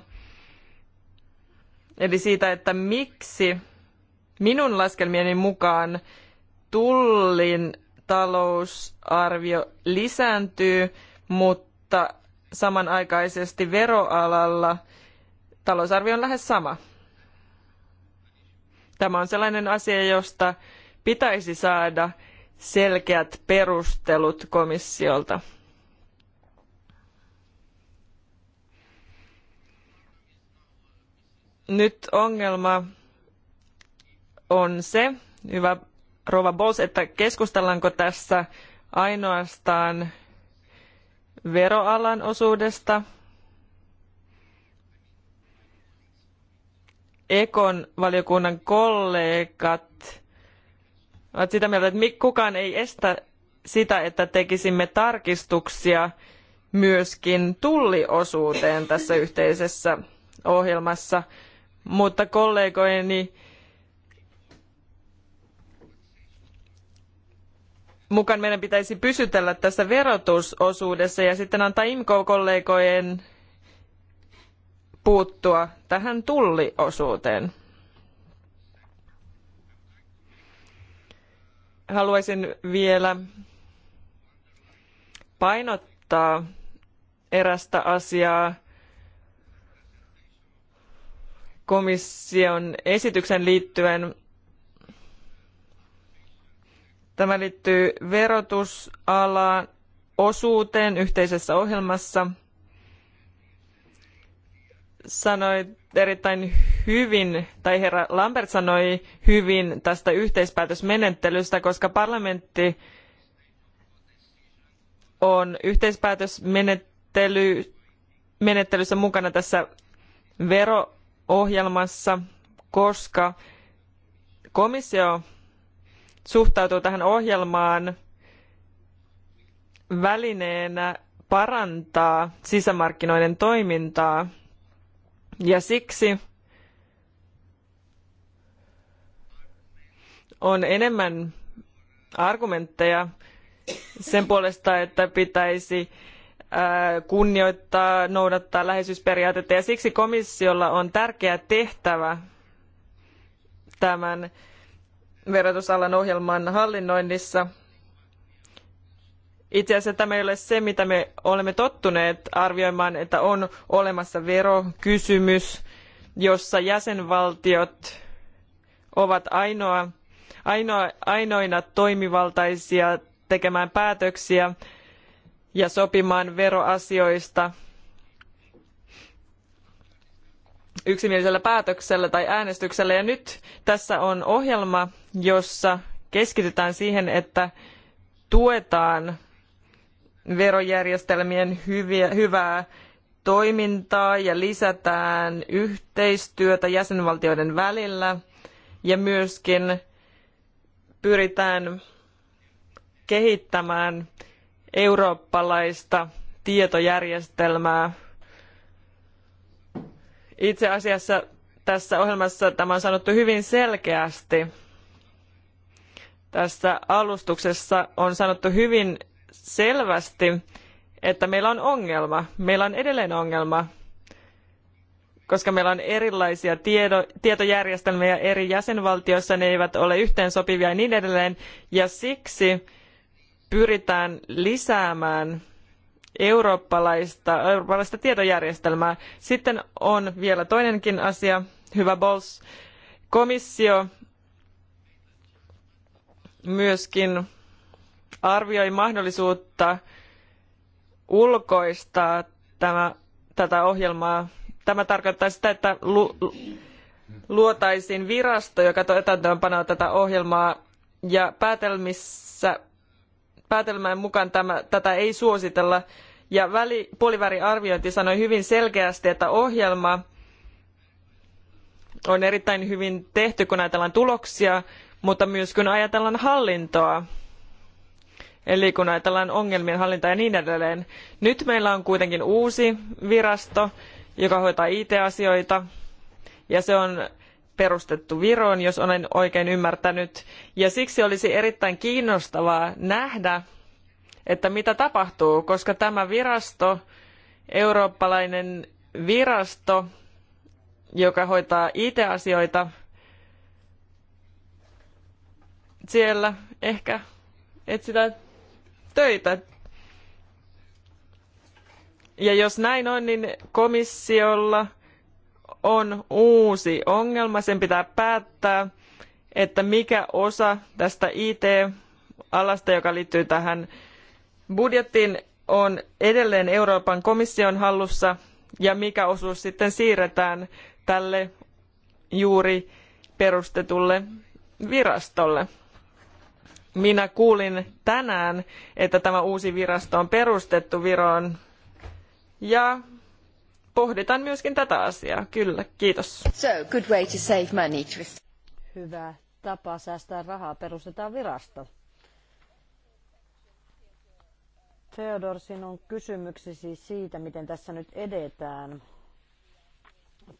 Speaker 2: Eli siitä, että miksi minun laskelmieni mukaan tullin talousarvio lisääntyy, mutta samanaikaisesti veroalalla talousarvio on lähes sama. Tämä on sellainen asia, josta pitäisi saada selkeät perustelut komissiolta. Nyt ongelma on se, hyvä rouva Bos, että keskustellaanko tässä ainoastaan veroalan osuudesta Ekon valiokunnan kollegat ovat sitä mieltä, että kukaan ei estä sitä, että tekisimme tarkistuksia myöskin tulliosuuteen tässä yhteisessä ohjelmassa, mutta kollegojeni mukaan meidän pitäisi pysytellä tässä verotusosuudessa ja sitten antaa imco kollegojen puuttua tähän tulliosuuteen. haluaisin vielä painottaa erästä asiaa komission esityksen liittyen. Tämä liittyy verotusalaan osuuteen yhteisessä ohjelmassa – sanoi erittäin hyvin, tai herra Lambert sanoi hyvin tästä yhteispäätösmenettelystä, koska parlamentti on yhteispäätösmenettelyssä mukana tässä veroohjelmassa, koska komissio suhtautuu tähän ohjelmaan välineenä parantaa sisämarkkinoiden toimintaa – ja siksi on enemmän argumentteja sen puolesta, että pitäisi kunnioittaa, noudattaa läheisyysperiaatetta ja siksi komissiolla on tärkeä tehtävä tämän verotusalan ohjelman hallinnoinnissa – itse asiassa tämä ei ole se, mitä me olemme tottuneet arvioimaan, että on olemassa verokysymys, jossa jäsenvaltiot ovat ainoa, ainoa, ainoina toimivaltaisia tekemään päätöksiä ja sopimaan veroasioista yksimielisellä päätöksellä tai äänestyksellä. Ja nyt tässä on ohjelma, jossa keskitytään siihen, että tuetaan verojärjestelmien hyviä, hyvää toimintaa ja lisätään yhteistyötä jäsenvaltioiden välillä ja myöskin pyritään kehittämään eurooppalaista tietojärjestelmää. Itse asiassa tässä ohjelmassa tämä on sanottu hyvin selkeästi. Tässä alustuksessa on sanottu hyvin selvästi, että meillä on ongelma. Meillä on edelleen ongelma, koska meillä on erilaisia tiedo, tietojärjestelmiä eri jäsenvaltioissa, ne eivät ole yhteensopivia ja niin edelleen. Ja siksi pyritään lisäämään eurooppalaista, eurooppalaista tietojärjestelmää. Sitten on vielä toinenkin asia, hyvä Bols. Komissio myöskin arvioi mahdollisuutta ulkoistaa tämä, tätä ohjelmaa. Tämä tarkoittaa sitä, että lu, luotaisiin virasto, joka täytäntöönpanoo tätä ohjelmaa, ja päätelmissä, päätelmän mukaan tämä, tätä ei suositella. Ja väli, puoliväriarviointi sanoi hyvin selkeästi, että ohjelma on erittäin hyvin tehty, kun ajatellaan tuloksia, mutta myös kun ajatellaan hallintoa. Eli kun ajatellaan ongelmien hallinta ja niin edelleen. Nyt meillä on kuitenkin uusi virasto, joka hoitaa IT-asioita. Ja se on perustettu Viroon, jos olen oikein ymmärtänyt. Ja siksi olisi erittäin kiinnostavaa nähdä, että mitä tapahtuu, koska tämä virasto, eurooppalainen virasto, joka hoitaa IT-asioita, siellä ehkä etsitään töitä. Ja jos näin on, niin komissiolla on uusi ongelma. Sen pitää päättää, että mikä osa tästä IT-alasta, joka liittyy tähän budjettiin, on edelleen Euroopan komission hallussa ja mikä osuus sitten siirretään tälle juuri perustetulle virastolle minä kuulin tänään, että tämä uusi virasto on perustettu Viroon. Ja pohditaan myöskin tätä asiaa. Kyllä, kiitos. So,
Speaker 1: good
Speaker 4: way to save money.
Speaker 1: Hyvä tapa säästää rahaa. Perustetaan virasto. Theodor, sinun kysymyksesi siitä, miten tässä nyt edetään.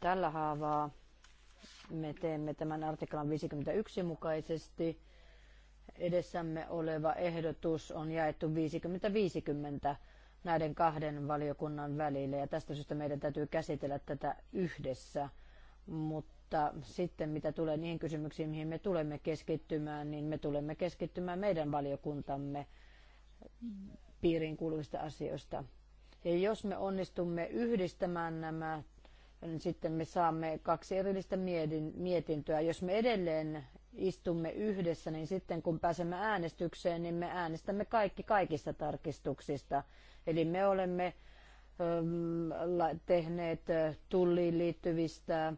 Speaker 1: Tällä haavaa me teemme tämän artiklan 51 mukaisesti – edessämme oleva ehdotus on jaettu 50-50 näiden kahden valiokunnan välille ja tästä syystä meidän täytyy käsitellä tätä yhdessä. Mutta sitten mitä tulee niihin kysymyksiin, mihin me tulemme keskittymään, niin me tulemme keskittymään meidän valiokuntamme piiriin kuuluvista asioista. Ja jos me onnistumme yhdistämään nämä, niin sitten me saamme kaksi erillistä mietintöä. Jos me edelleen istumme yhdessä, niin sitten kun pääsemme äänestykseen, niin me äänestämme kaikki kaikista tarkistuksista. Eli me olemme tehneet tulliin liittyvistä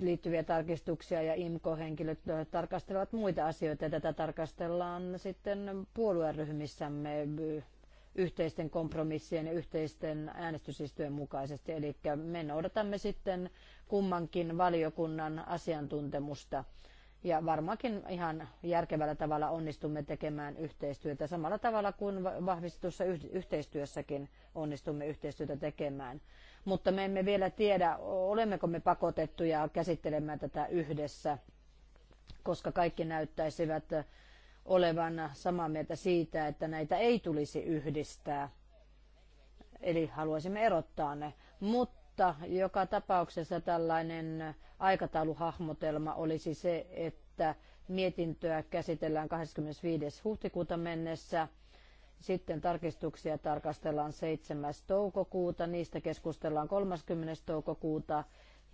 Speaker 1: liittyviä tarkistuksia ja IMKO-henkilöt tarkastelevat muita asioita. Tätä tarkastellaan sitten puolueryhmissämme yhteisten kompromissien ja yhteisten äänestysistöjen mukaisesti. Eli me noudatamme sitten kummankin valiokunnan asiantuntemusta ja varmaankin ihan järkevällä tavalla onnistumme tekemään yhteistyötä samalla tavalla kuin vahvistetussa yhteistyössäkin onnistumme yhteistyötä tekemään. Mutta me emme vielä tiedä, olemmeko me pakotettuja käsittelemään tätä yhdessä, koska kaikki näyttäisivät olevan samaa mieltä siitä, että näitä ei tulisi yhdistää. Eli haluaisimme erottaa ne. Mutta mutta joka tapauksessa tällainen aikatauluhahmotelma olisi se, että mietintöä käsitellään 25. huhtikuuta mennessä. Sitten tarkistuksia tarkastellaan 7. toukokuuta, niistä keskustellaan 30. toukokuuta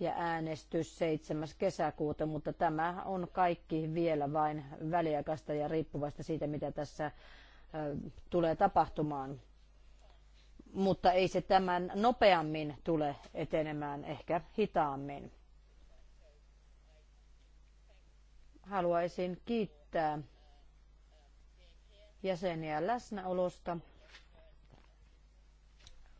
Speaker 1: ja äänestys 7. kesäkuuta, mutta tämä on kaikki vielä vain väliaikaista ja riippuvasta siitä, mitä tässä tulee tapahtumaan mutta ei se tämän nopeammin tule etenemään, ehkä hitaammin. Haluaisin kiittää jäseniä läsnäolosta.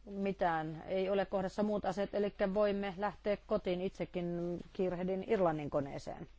Speaker 1: Mitään ei ole kohdassa muut asiat, eli voimme lähteä kotiin. Itsekin kiirehdin Irlannin koneeseen.